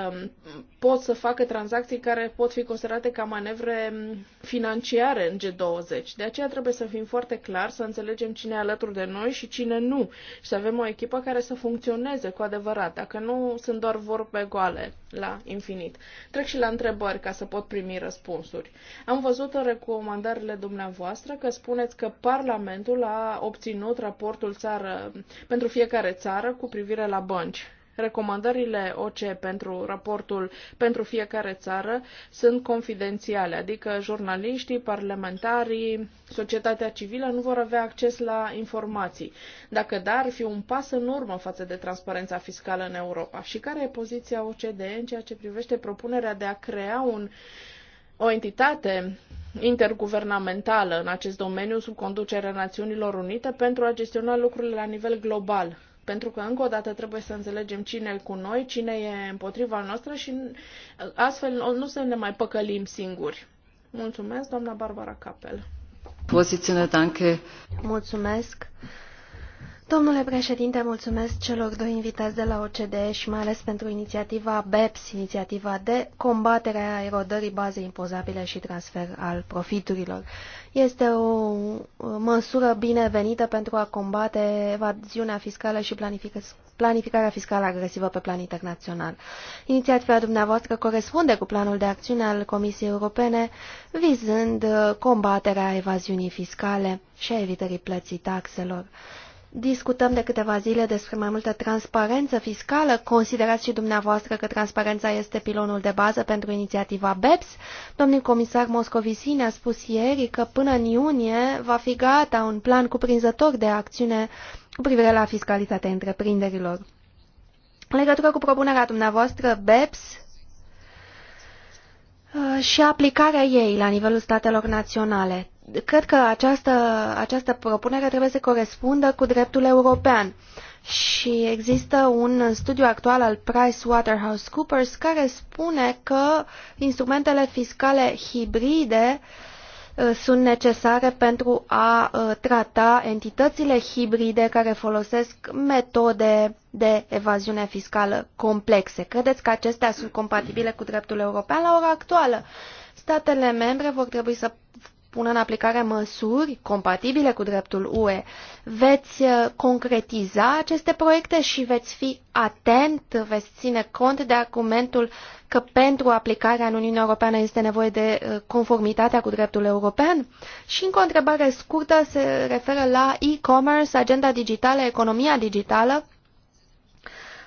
um, pot să facă tranzacții care pot fi considerate ca manevre um, financiare în G20. De aceea trebuie să fim foarte clar, să înțelegem cine e alături de noi și cine nu. Și să avem o echipă care să funcționeze cu adevărat, dacă nu sunt doar vorbe goale la infinit. Trec și la întrebări ca să pot primi răspunsuri. Am văzut în recomandările dumneavoastră că spuneți că Parlamentul a obținut raportul țară, pentru fiecare țară cu privire la bănci. Recomandările OCE pentru raportul pentru fiecare țară sunt confidențiale, adică jurnaliștii, parlamentarii, societatea civilă nu vor avea acces la informații. Dacă da, ar fi un pas în urmă față de transparența fiscală în Europa. Și care e poziția OCDE în ceea ce privește propunerea de a crea un, o entitate interguvernamentală în acest domeniu sub conducerea Națiunilor Unite pentru a gestiona lucrurile la nivel global, pentru că, încă o dată, trebuie să înțelegem cine e cu noi, cine e împotriva noastră și uh, astfel nu să ne mai păcălim singuri. Mulțumesc, doamna Barbara Capel. Poziționă, danke. Mulțumesc. Domnule președinte, mulțumesc celor doi invitați de la OCDE și mai ales pentru inițiativa BEPS, inițiativa de combatere a erodării bazei impozabile și transfer al profiturilor. Este o măsură binevenită pentru a combate evaziunea fiscală și planificarea fiscală agresivă pe plan internațional. Inițiativa dumneavoastră corespunde cu planul de acțiune al Comisiei Europene vizând combaterea evaziunii fiscale și a evitării plății taxelor. Discutăm de câteva zile despre mai multă transparență fiscală. Considerați și dumneavoastră că transparența este pilonul de bază pentru inițiativa BEPS. Domnul comisar Moscovici ne-a spus ieri că până în iunie va fi gata un plan cuprinzător de acțiune cu privire la fiscalitatea întreprinderilor. În legătură cu propunerea dumneavoastră, BEPS uh, și aplicarea ei la nivelul statelor naționale cred că această, această propunere trebuie să corespundă cu dreptul european. Și există un studiu actual al PricewaterhouseCoopers care spune că instrumentele fiscale hibride uh, sunt necesare pentru a uh, trata entitățile hibride care folosesc metode de evaziune fiscală complexe. Credeți că acestea sunt compatibile cu dreptul european la ora actuală? Statele membre vor trebui să pună în aplicare măsuri compatibile cu dreptul UE. Veți uh, concretiza aceste proiecte și veți fi atent, veți ține cont de argumentul că pentru aplicarea în Uniunea Europeană este nevoie de uh, conformitatea cu dreptul european? Și încă o întrebare scurtă se referă la e-commerce, agenda digitală, economia digitală.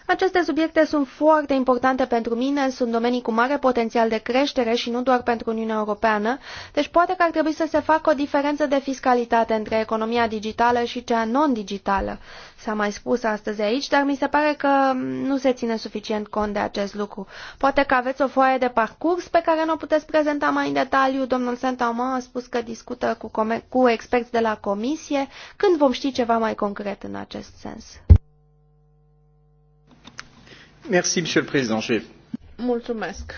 Aceste subiecte sunt foarte importante pentru mine, sunt domenii cu mare potențial de creștere și nu doar pentru Uniunea Europeană, deci poate că ar trebui să se facă o diferență de fiscalitate între economia digitală și cea non-digitală. S-a mai spus astăzi aici, dar mi se pare că nu se ține suficient cont de acest lucru. Poate că aveți o foaie de parcurs pe care nu o puteți prezenta mai în detaliu. Domnul Santama a spus că discută cu, cu experți de la comisie când vom ști ceva mai concret în acest sens. Monsieur le Président. Mulțumesc.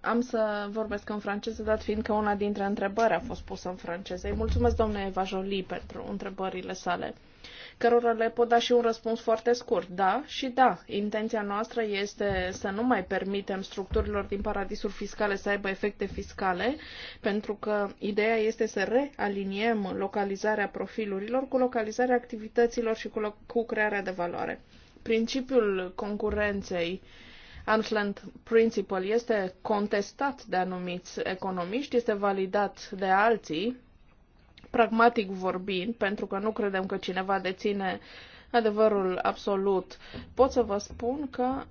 Am să vorbesc în franceză, dat fiind că una dintre întrebări a fost pusă în franceză. Îi mulțumesc, domnule Eva pentru întrebările sale, cărora le pot da și un răspuns foarte scurt. Da și da, intenția noastră este să nu mai permitem structurilor din paradisuri fiscale să aibă efecte fiscale, pentru că ideea este să realiniem localizarea profilurilor cu localizarea activităților și cu, cu crearea de valoare. Principiul concurenței Anfland Principle este contestat de anumiți economiști, este validat de alții, pragmatic vorbind, pentru că nu credem că cineva deține adevărul absolut. Pot să vă spun că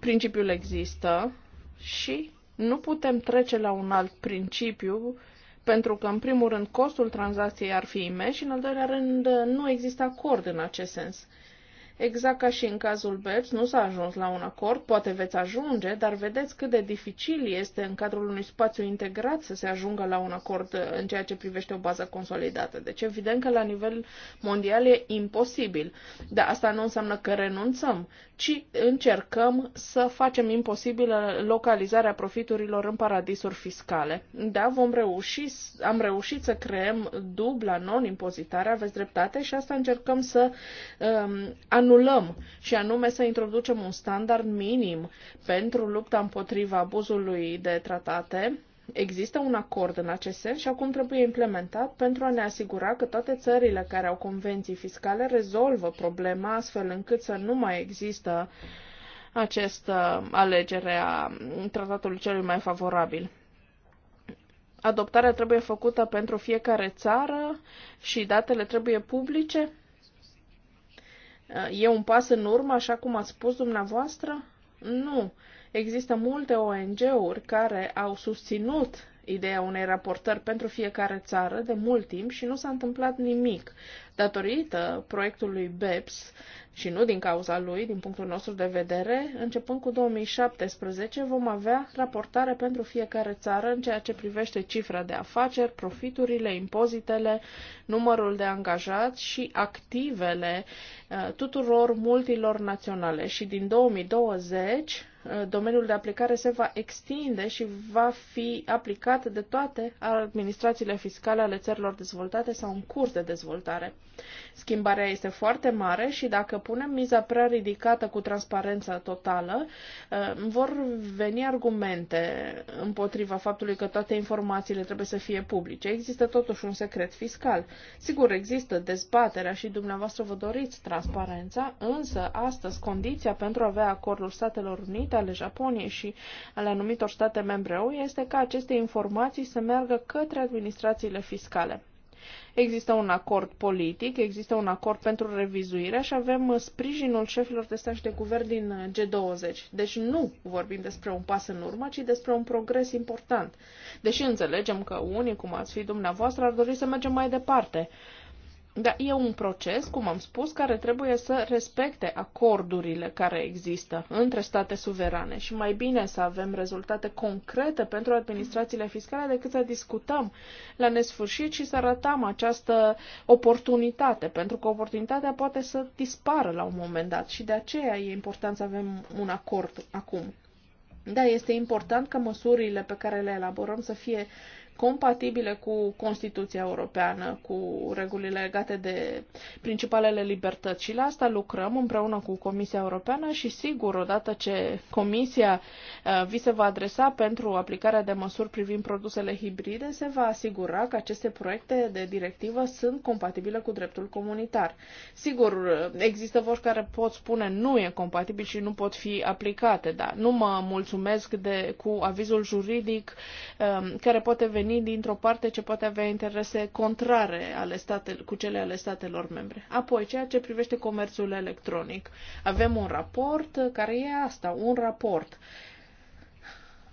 principiul există și nu putem trece la un alt principiu pentru că, în primul rând, costul tranzacției ar fi imens și, în al doilea rând, nu există acord în acest sens. Exact ca și în cazul BEPS, nu s-a ajuns la un acord, poate veți ajunge, dar vedeți cât de dificil este în cadrul unui spațiu integrat să se ajungă la un acord în ceea ce privește o bază consolidată. Deci evident că la nivel mondial e imposibil. Dar asta nu înseamnă că renunțăm, ci încercăm să facem imposibilă localizarea profiturilor în paradisuri fiscale. Da, vom reuși, am reușit să creăm dubla non-impozitare, aveți dreptate, și asta încercăm să um, anulăm și anume să introducem un standard minim pentru lupta împotriva abuzului de tratate. Există un acord în acest sens și acum trebuie implementat pentru a ne asigura că toate țările care au convenții fiscale rezolvă problema astfel încât să nu mai există această alegere a tratatului celui mai favorabil adoptarea trebuie făcută pentru fiecare țară și datele trebuie publice? Uh, e un pas în urmă, așa cum ați spus dumneavoastră? Nu. Există multe ONG-uri care au susținut ideea unei raportări pentru fiecare țară de mult timp și nu s-a întâmplat nimic. Datorită proiectului BEPS și nu din cauza lui, din punctul nostru de vedere, începând cu 2017 vom avea raportare pentru fiecare țară în ceea ce privește cifra de afaceri, profiturile, impozitele, numărul de angajați și activele uh, tuturor multilor naționale. Și din 2020 Uh, domeniul de aplicare se va extinde și va fi aplicat de toate administrațiile fiscale ale țărilor dezvoltate sau în curs de dezvoltare. Schimbarea este foarte mare și dacă punem miza prea ridicată cu transparența totală, uh, vor veni argumente împotriva faptului că toate informațiile trebuie să fie publice. Există totuși un secret fiscal. Sigur, există dezbaterea și dumneavoastră vă doriți transparența, însă astăzi condiția pentru a avea acordul Statelor Unite, ale Japoniei și ale anumitor state membre UE este ca aceste informații să meargă către administrațiile fiscale. Există un acord politic, există un acord pentru revizuire și avem uh, sprijinul șefilor de stat și de guvern din uh, G20. Deci nu vorbim despre un pas în urmă, ci despre un progres important. Deși înțelegem că unii, cum ați fi dumneavoastră, ar dori să mergem mai departe. Dar e un proces, cum am spus, care trebuie să respecte acordurile care există între state suverane și mai bine să avem rezultate concrete pentru administrațiile fiscale decât să discutăm la nesfârșit și să ratăm această oportunitate, pentru că oportunitatea poate să dispară la un moment dat și de aceea e important să avem un acord acum. Da, este important ca măsurile pe care le elaborăm să fie compatibile cu Constituția Europeană, cu regulile legate de principalele libertăți. Și la asta lucrăm împreună cu Comisia Europeană și sigur, odată ce Comisia uh, vi se va adresa pentru aplicarea de măsuri privind produsele hibride, se va asigura că aceste proiecte de directivă sunt compatibile cu dreptul comunitar. Sigur, uh, există voci care pot spune nu e compatibil și nu pot fi aplicate, dar nu mă mulțumesc de, cu avizul juridic um, care poate veni veni dintr-o parte ce poate avea interese contrare ale state, cu cele ale statelor membre. Apoi, ceea ce privește comerțul electronic. Avem un raport care e asta, un raport.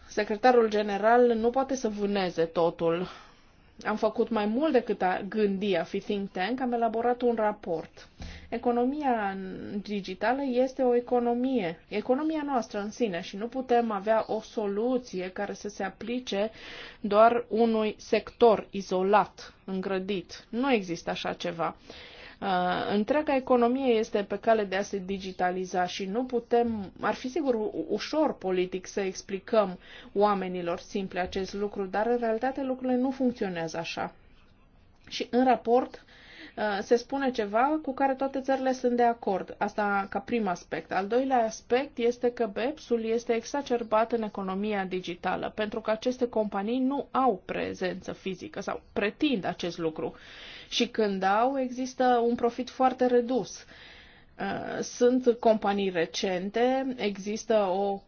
Secretarul general nu poate să vâneze totul am făcut mai mult decât a gândi a fi think tank, am elaborat un raport. Economia digitală este o economie, economia noastră în sine și nu putem avea o soluție care să se aplice doar unui sector izolat, îngrădit. Nu există așa ceva. Uh, întreaga economie este pe cale de a se digitaliza și nu putem, ar fi sigur ușor politic să explicăm oamenilor simple acest lucru, dar în realitate lucrurile nu funcționează așa. Și în raport uh, se spune ceva cu care toate țările sunt de acord. Asta ca prim aspect. Al doilea aspect este că BEPS-ul este exacerbat în economia digitală, pentru că aceste companii nu au prezență fizică sau pretind acest lucru și când au, există un profit foarte redus. Uh, sunt companii recente, există o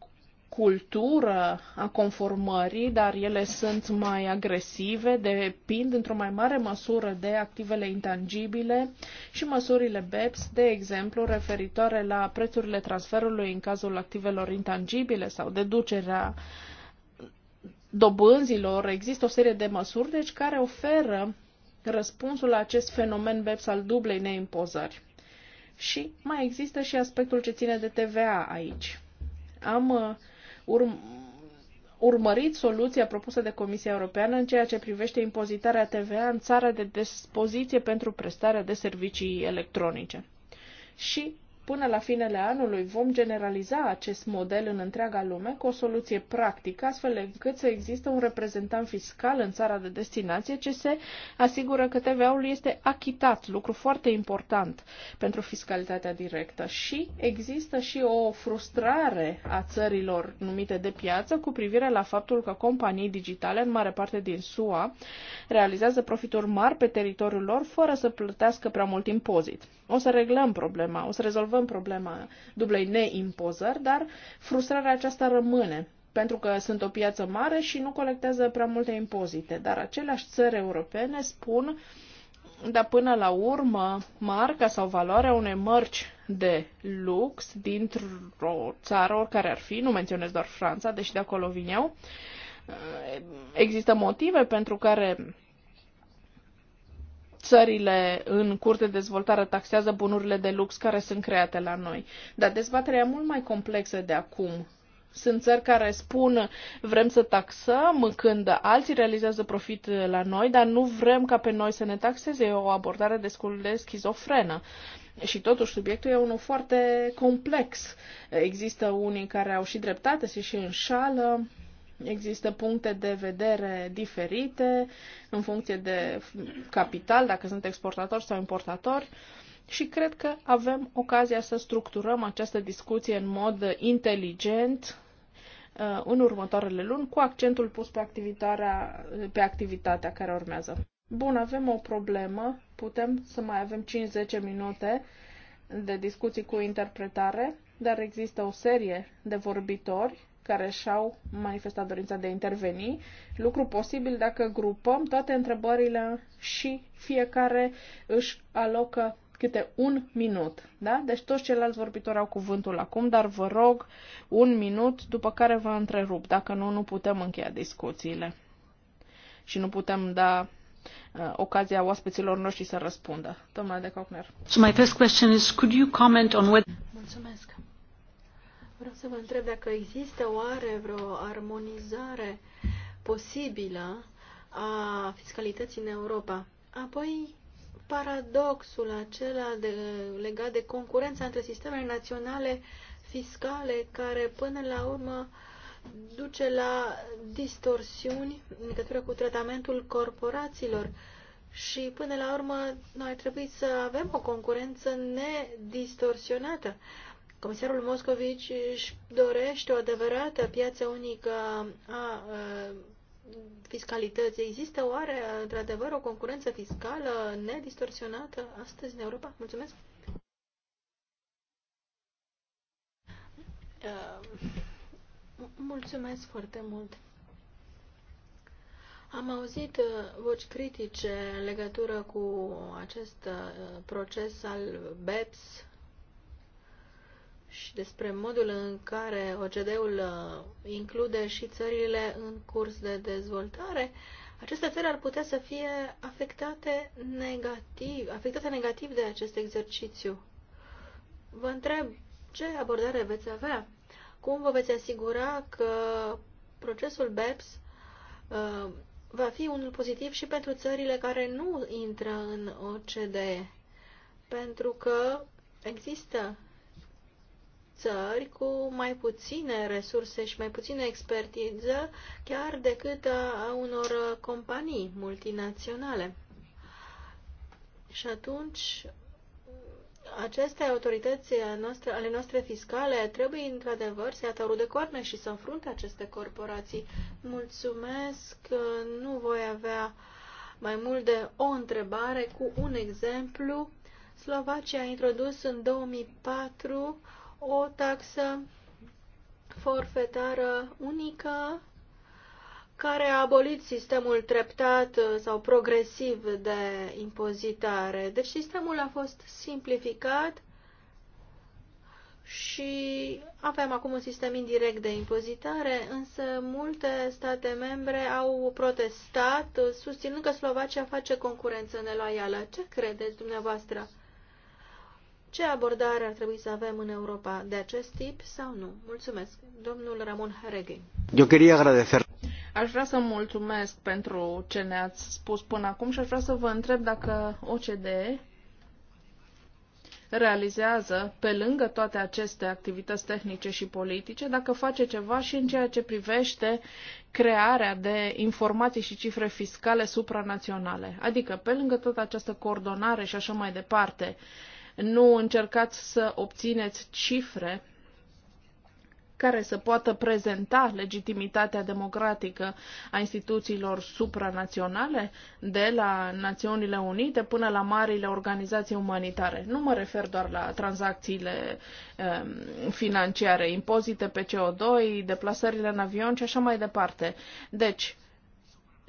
cultură a conformării, dar ele sunt mai agresive, depind într-o mai mare măsură de activele intangibile și măsurile BEPS, de exemplu, referitoare la prețurile transferului în cazul activelor intangibile sau deducerea dobânzilor. Există o serie de măsuri deci, care oferă răspunsul la acest fenomen BEPS al dublei neimpozări. Și mai există și aspectul ce ține de TVA aici. Am uh, urm- urmărit soluția propusă de Comisia Europeană în ceea ce privește impozitarea TVA în țara de dispoziție pentru prestarea de servicii electronice. Și Până la finele anului vom generaliza acest model în întreaga lume cu o soluție practică, astfel încât să existe un reprezentant fiscal în țara de destinație ce se asigură că TVA-ul este achitat, lucru foarte important pentru fiscalitatea directă. Și există și o frustrare a țărilor numite de piață cu privire la faptul că companii digitale, în mare parte din SUA, realizează profituri mari pe teritoriul lor fără să plătească prea mult impozit. O să reglăm problema, o să rezolvăm rezolvăm problema dublei neimpozări, dar frustrarea aceasta rămâne pentru că sunt o piață mare și nu colectează prea multe impozite. Dar aceleași țări europene spun, dar până la urmă, marca sau valoarea unei mărci de lux dintr-o țară, oricare ar fi, nu menționez doar Franța, deși de acolo vin eu, există motive pentru care țările în curs de dezvoltare taxează bunurile de lux care sunt create la noi. Dar dezbaterea e mult mai complexă de acum. Sunt țări care spun vrem să taxăm când alții realizează profit la noi, dar nu vrem ca pe noi să ne taxeze. E o abordare destul de schizofrenă. Și totuși subiectul e unul foarte complex. Există unii care au și dreptate, se și înșală. Există puncte de vedere diferite în funcție de capital, dacă sunt exportatori sau importatori și cred că avem ocazia să structurăm această discuție în mod inteligent uh, în următoarele luni, cu accentul pus pe activitatea, pe activitatea care urmează. Bun, avem o problemă, putem să mai avem 5-10 minute de discuții cu interpretare, dar există o serie de vorbitori care și-au manifestat dorința de a interveni, lucru posibil dacă grupăm toate întrebările și fiecare își alocă câte un minut. Da? Deci toți ceilalți vorbitori au cuvântul acum, dar vă rog un minut, după care vă întrerup. Dacă nu, nu putem încheia discuțiile și nu putem da uh, ocazia oaspeților noștri să răspundă. Domnule de Cochner. So my first question is, could you comment on whether... Mulțumesc. Vreau să vă întreb dacă există oare vreo armonizare posibilă a fiscalității în Europa. Apoi, paradoxul acela de, legat de concurența între sistemele naționale fiscale, care până la urmă duce la distorsiuni în legătură cu tratamentul corporațiilor. Și până la urmă, noi ar trebui să avem o concurență nedistorsionată. Comisarul Moscovici își dorește o adevărată piață unică a, a fiscalității. Există oare, într-adevăr, o concurență fiscală nedistorsionată astăzi în Europa? Mulțumesc! Uh, mulțumesc foarte mult! Am auzit uh, voci critice în legătură cu acest uh, proces al BEPS, și despre modul în care OCD-ul uh, include și țările în curs de dezvoltare, aceste țări ar putea să fie afectate negativ, afectate negativ de acest exercițiu. Vă întreb ce abordare veți avea? Cum vă veți asigura că procesul BEPS uh, va fi unul pozitiv și pentru țările care nu intră în OCDE? Pentru că există țări cu mai puține resurse și mai puține expertiză chiar decât a uh, unor uh, companii multinaționale. Și atunci aceste autorități noastre, ale noastre fiscale trebuie într-adevăr să ia taurul de coarne și să înfrunte aceste corporații. Mulțumesc, uh, nu voi avea mai mult de o întrebare cu un exemplu. Slovacia a introdus în 2004 o taxă forfetară unică care a abolit sistemul treptat uh, sau progresiv de impozitare. Deci sistemul a fost simplificat și avem acum un sistem indirect de impozitare, însă multe state membre au protestat, uh, susținând că Slovacia face concurență neloială. Ce credeți dumneavoastră? Ce abordare ar trebui să avem în Europa de acest tip sau nu? Mulțumesc. Domnul Ramon Haregui. Eu queria agradecer. Aș vrea să mulțumesc pentru ce ne-ați spus până acum și aș vrea să vă întreb dacă OCDE realizează, pe lângă toate aceste activități tehnice și politice, dacă face ceva și în ceea ce privește crearea de informații și cifre fiscale supranaționale. Adică, pe lângă toată această coordonare și așa mai departe, uh, nu încercați să obțineți cifre care să poată prezenta legitimitatea democratică a instituțiilor supranaționale, de la Națiunile Unite până la marile organizații umanitare. Nu mă refer doar la tranzacțiile ehm, financiare, impozite pe CO2, deplasările în avion și așa mai departe. Deci,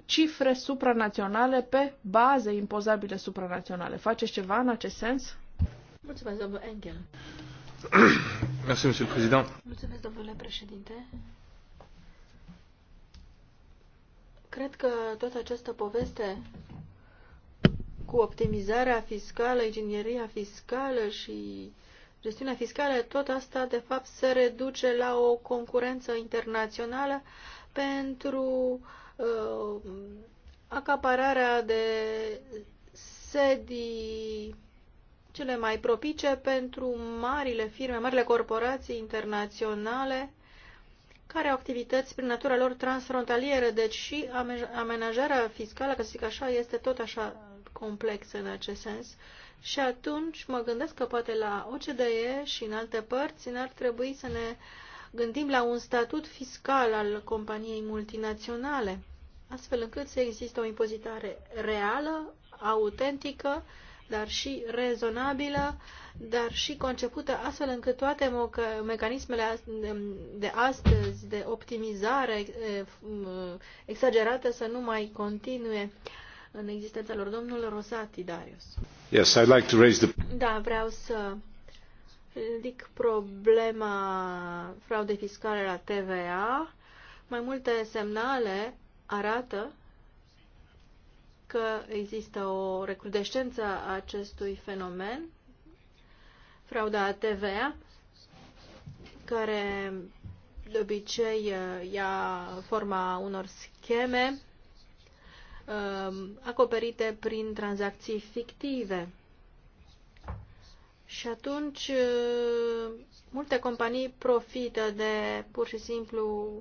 cifre supranaționale pe baze impozabile supranaționale. Faceți ceva în acest sens? Mulțumesc, domnul Engel. Merci, Mulțumesc, domnule președinte. Cred că toată această poveste cu optimizarea fiscală, ingineria fiscală și gestiunea fiscală, tot asta de fapt se reduce la o concurență internațională pentru uh, acapararea de sedii cele mai propice pentru marile firme, marile corporații internaționale care au activități prin natura lor transfrontaliere, deci și amenajarea fiscală, ca să zic așa, este tot așa complexă în acest sens. Și atunci mă gândesc că poate la OCDE și în alte părți n-ar trebui să ne gândim la un statut fiscal al companiei multinaționale, astfel încât să există o impozitare reală, autentică dar și rezonabilă, dar și concepută astfel încât toate mecanismele de astăzi de optimizare exagerată să nu mai continue în existența lor. Domnul Rosati, Darius. Yes, I'd like to raise the... Da, vreau să ridic problema fraudei fiscale la TVA. Mai multe semnale arată că există o recrudescență a acestui fenomen, frauda TVA, care de obicei uh, ia forma unor scheme um, acoperite prin tranzacții fictive. Și atunci uh, multe companii profită de pur și simplu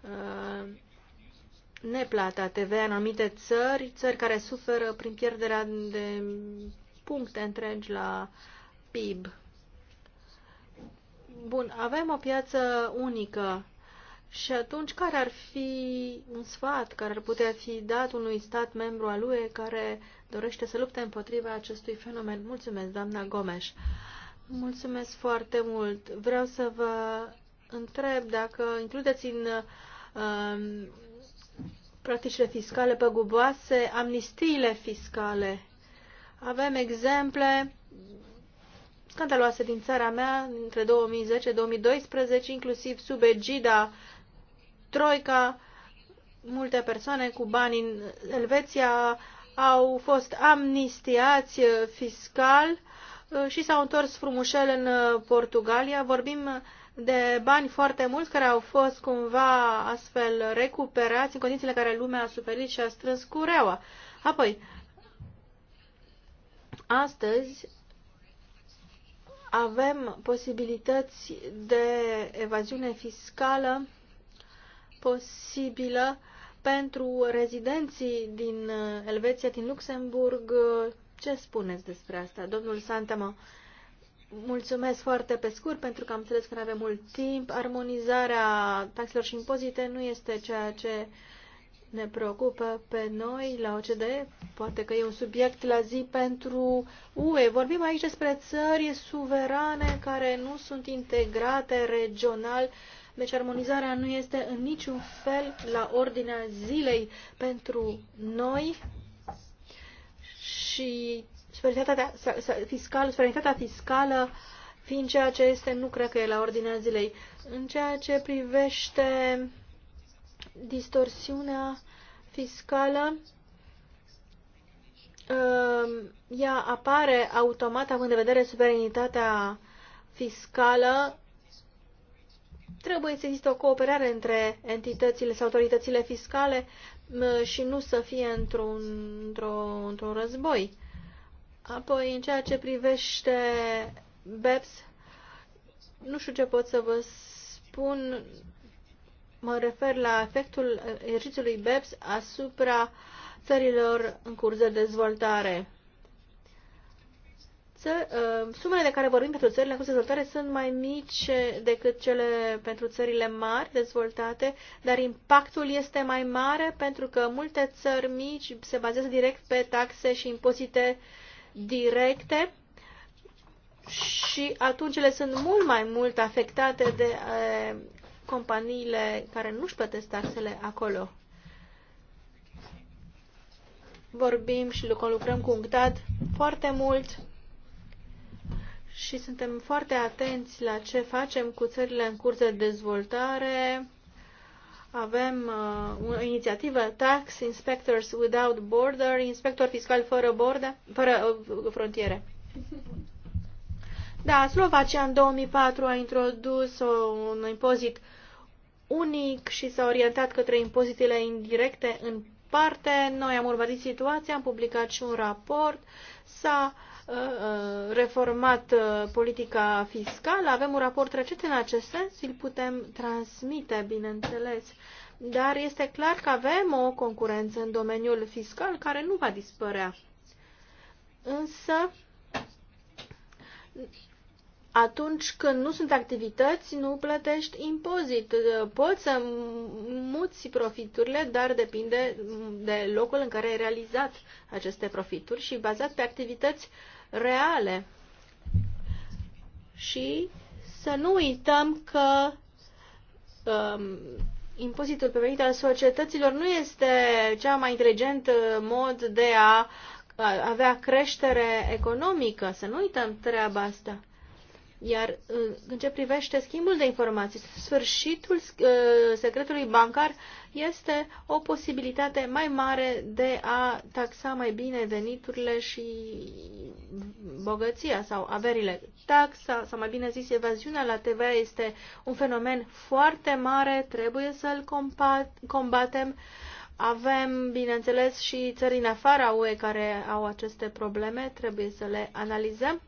uh, neplata TV în anumite țări, țări care suferă prin pierderea de puncte întregi la PIB. Bun, avem o piață unică și atunci care ar fi un sfat care ar putea fi dat unui stat membru al UE care dorește să lupte împotriva acestui fenomen? Mulțumesc, doamna Gomes. Mulțumesc foarte mult. Vreau să vă întreb dacă includeți în um, practicile fiscale păguboase, amnistiile fiscale. Avem exemple scandaloase din țara mea între 2010-2012, inclusiv sub egida Troica, multe persoane cu bani în Elveția au fost amnistiați uh, fiscal uh, și s-au întors frumușel în uh, Portugalia. Vorbim de bani foarte mulți care au fost cumva astfel recuperați în condițiile în care lumea a suferit și a strâns cureaua. Apoi, astăzi avem posibilități de evaziune fiscală posibilă pentru rezidenții din Elveția, din Luxemburg. Ce spuneți despre asta, domnul Santama? Mulțumesc foarte pe scurt, pentru că am înțeles că nu avem mult timp. Armonizarea taxelor și impozite nu este ceea ce ne preocupă pe noi la OCDE. Poate că e un subiect la zi pentru UE. Vorbim aici despre țări suverane care nu sunt integrate regional. Deci armonizarea nu este în niciun fel la ordinea zilei pentru noi și fiscală, suveranitatea fiscală fiind ceea ce este, nu cred că e la ordinea zilei. În ceea ce privește distorsiunea fiscală, um, ea apare automat având de vedere suveranitatea fiscală. Trebuie să existe o cooperare între entitățile sau autoritățile fiscale uh, și nu să fie într-un într într război. Apoi, în ceea ce privește BEPS, nu știu ce pot să vă spun, mă refer la efectul exercițiului BEPS asupra țărilor în curs de dezvoltare. Ță, uh, sumele de care vorbim pentru țările în curs de dezvoltare sunt mai mici decât cele pentru țările mari dezvoltate, dar impactul este mai mare pentru că multe țări mici se bazează direct pe taxe și impozite uh, directe și atunci ele sunt mult mai mult afectate de uh, companiile care nu-și plătesc taxele acolo. Vorbim și lucrăm cu UNCTAD foarte mult și suntem foarte atenți la ce facem cu țările în curs de dezvoltare, avem uh, o inițiativă Tax Inspectors Without Border, inspector fiscal fără, borde, fără uh, frontiere. Da, Slovacia în 2004 a introdus o, un impozit unic și s-a orientat către impozitele indirecte în parte. Noi am urmărit situația, am publicat și un raport, s-a uh, Uh, uh, reformat uh, politica fiscală, avem un raport recent în acest sens, îl putem transmite, bineînțeles. Dar este clar că avem o concurență în domeniul fiscal care nu va dispărea. Însă, atunci când nu sunt activități, nu plătești impozit. Poți să muți profiturile, dar depinde de locul în care ai realizat aceste profituri și bazat pe activități uh, reale. Și să nu uităm că um, impozitul pe venit al societăților nu este cea mai inteligent uh, mod de a avea creștere economică. Să nu uităm treaba asta. Iar în ce privește schimbul de informații, sfârșitul uh, secretului bancar este o posibilitate mai mare de a taxa mai bine veniturile și bogăția sau averile. Taxa, sau mai bine zis, evaziunea la TVA este un fenomen foarte mare, trebuie să-l combatem. Avem, bineînțeles, și țări în afara UE care au aceste probleme, trebuie să le analizăm.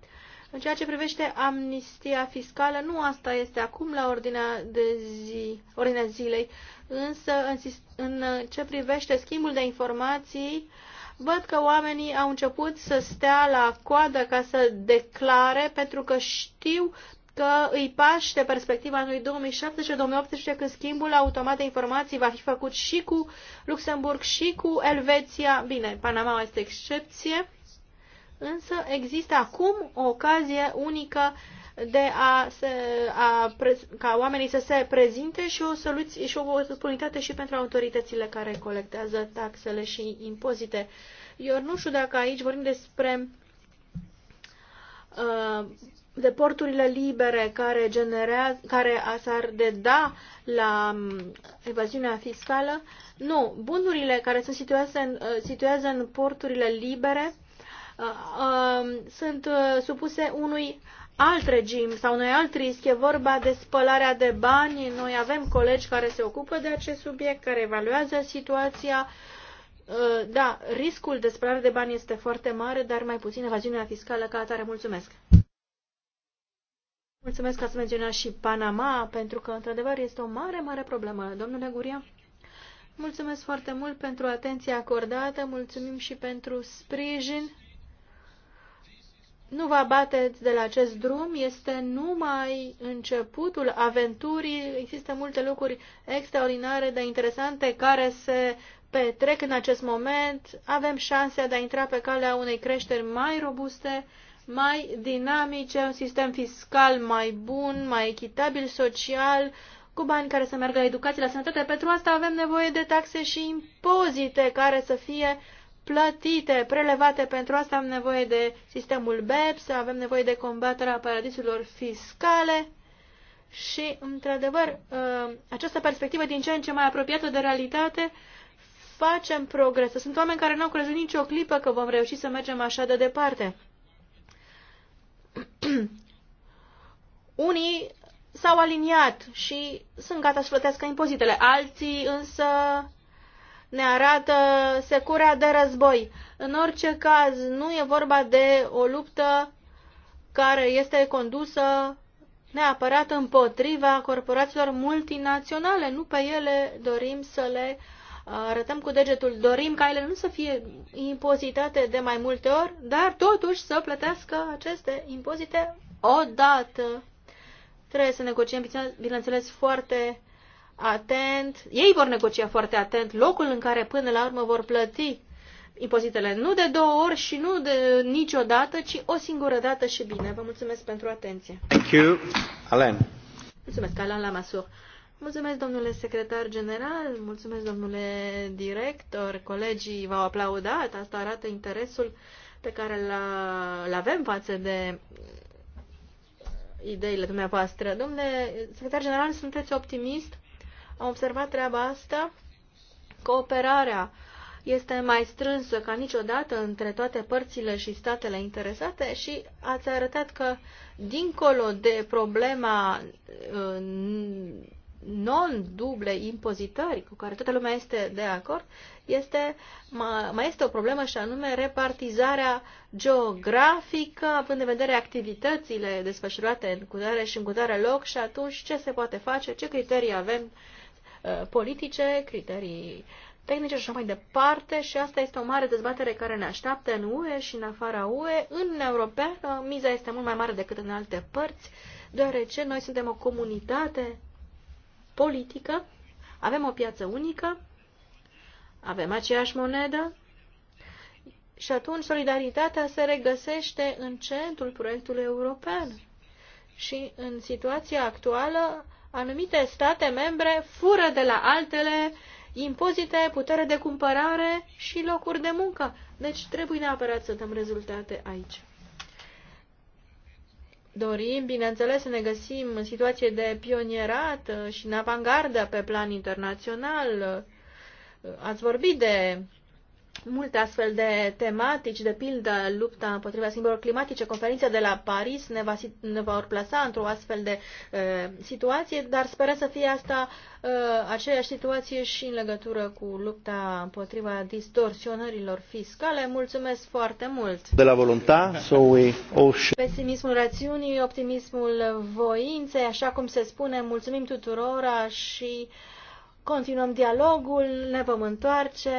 În ceea ce privește amnistia fiscală, nu asta este acum la ordinea, de zi, ordinea zilei, însă în, în ce privește schimbul de informații, văd că oamenii au început să stea la coadă ca să declare, pentru că știu că îi paște perspectiva anului 2017-2018 când schimbul automat de informații va fi făcut și cu Luxemburg și cu Elveția. Bine, Panama este excepție însă există acum o ocazie unică de a, se, a ca oamenii să se prezinte și o soluție și o oportunitate și pentru autoritățile care colectează taxele și impozite. Eu nu știu dacă aici vorbim despre uh, de porturile libere care generează, care s-ar deda la um, evaziunea fiscală. Nu, bunurile care se situează în, uh, situează în porturile libere Uh, um, sunt uh, supuse unui alt regim sau unui alt risc. E vorba de spălarea de bani. Noi avem colegi care se ocupă de acest subiect, care evaluează situația. Uh, da, riscul de spălare de bani este foarte mare, dar mai puțin evaziunea fiscală ca atare. Mulțumesc! Mulțumesc că ați menționat și Panama, pentru că, într-adevăr, este o mare, mare problemă. Domnule Guria, mulțumesc foarte mult pentru atenția acordată, mulțumim și pentru sprijin nu vă abateți de la acest drum, este numai începutul aventurii. Există multe lucruri extraordinare de interesante care se petrec în acest moment. Avem șansa de a intra pe calea unei creșteri mai robuste, mai dinamice, un sistem fiscal mai bun, mai echitabil social, cu bani care să meargă la educație, la sănătate. Pentru asta avem nevoie de taxe și impozite care să fie plătite, prelevate. Pentru asta am nevoie de sistemul BEPS, avem nevoie de combaterea paradisurilor fiscale și, într-adevăr, uh, această perspectivă din ce în ce mai apropiată de realitate facem progres. Sunt oameni care nu au crezut nicio clipă că vom reuși să mergem așa de departe. Unii s-au aliniat și sunt gata să plătească impozitele, alții însă ne arată securea de război. În orice caz, nu e vorba de o luptă care este condusă neapărat împotriva corporațiilor multinaționale. Nu pe ele dorim să le uh, arătăm cu degetul. Dorim ca ele nu să fie impozitate de mai multe ori, dar totuși să plătească aceste impozite odată. Trebuie să negociem, bineînțeles, foarte atent, ei vor negocia foarte atent locul în care până la urmă vor plăti impozitele. Nu de două ori și nu de niciodată, ci o singură dată și bine. Vă mulțumesc pentru atenție. Thank you, Alan. Mulțumesc, Alan Lamassur. Mulțumesc, domnule secretar general, mulțumesc, domnule director, colegii v-au aplaudat, asta arată interesul pe care îl avem față de ideile dumneavoastră. Domnule secretar general, sunteți optimist am observat treaba asta. Cooperarea este mai strânsă ca niciodată între toate părțile și statele interesate și ați arătat că, dincolo de problema non-duble impozitări cu care toată lumea este de acord, este, mai este o problemă și anume repartizarea geografică, având în vedere activitățile desfășurate în cutare și în cutare loc și atunci ce se poate face, ce criterii avem Uh, politice, criterii tehnice și așa mai departe și asta este o mare dezbatere care ne așteaptă în UE și în afara UE. În Europeană miza este mult mai mare decât în alte părți, deoarece noi suntem o comunitate politică, avem o piață unică, avem aceeași monedă și atunci solidaritatea se regăsește în centrul proiectului european. Și în situația actuală anumite state membre fură de la altele impozite, putere de cumpărare și locuri de muncă. Deci trebuie neapărat să dăm rezultate aici. Dorim, bineînțeles, să ne găsim în situație de pionierat și în avangardă pe plan internațional. Ați vorbit de multe astfel de tematici, de pildă lupta împotriva schimbărilor climatice, conferința de la Paris ne va, ne va plasa într-o astfel de uh, situație, dar sperăm să fie asta uh, aceeași situație și în legătură cu lupta împotriva distorsionărilor fiscale. Mulțumesc foarte mult! De la voluntă so we all... Pesimismul rațiunii, optimismul voinței, așa cum se spune, mulțumim tuturora și continuăm dialogul, ne vom întoarce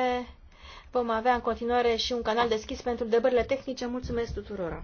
Vom avea în continuare și un canal deschis pentru întrebările tehnice. Mulțumesc tuturora!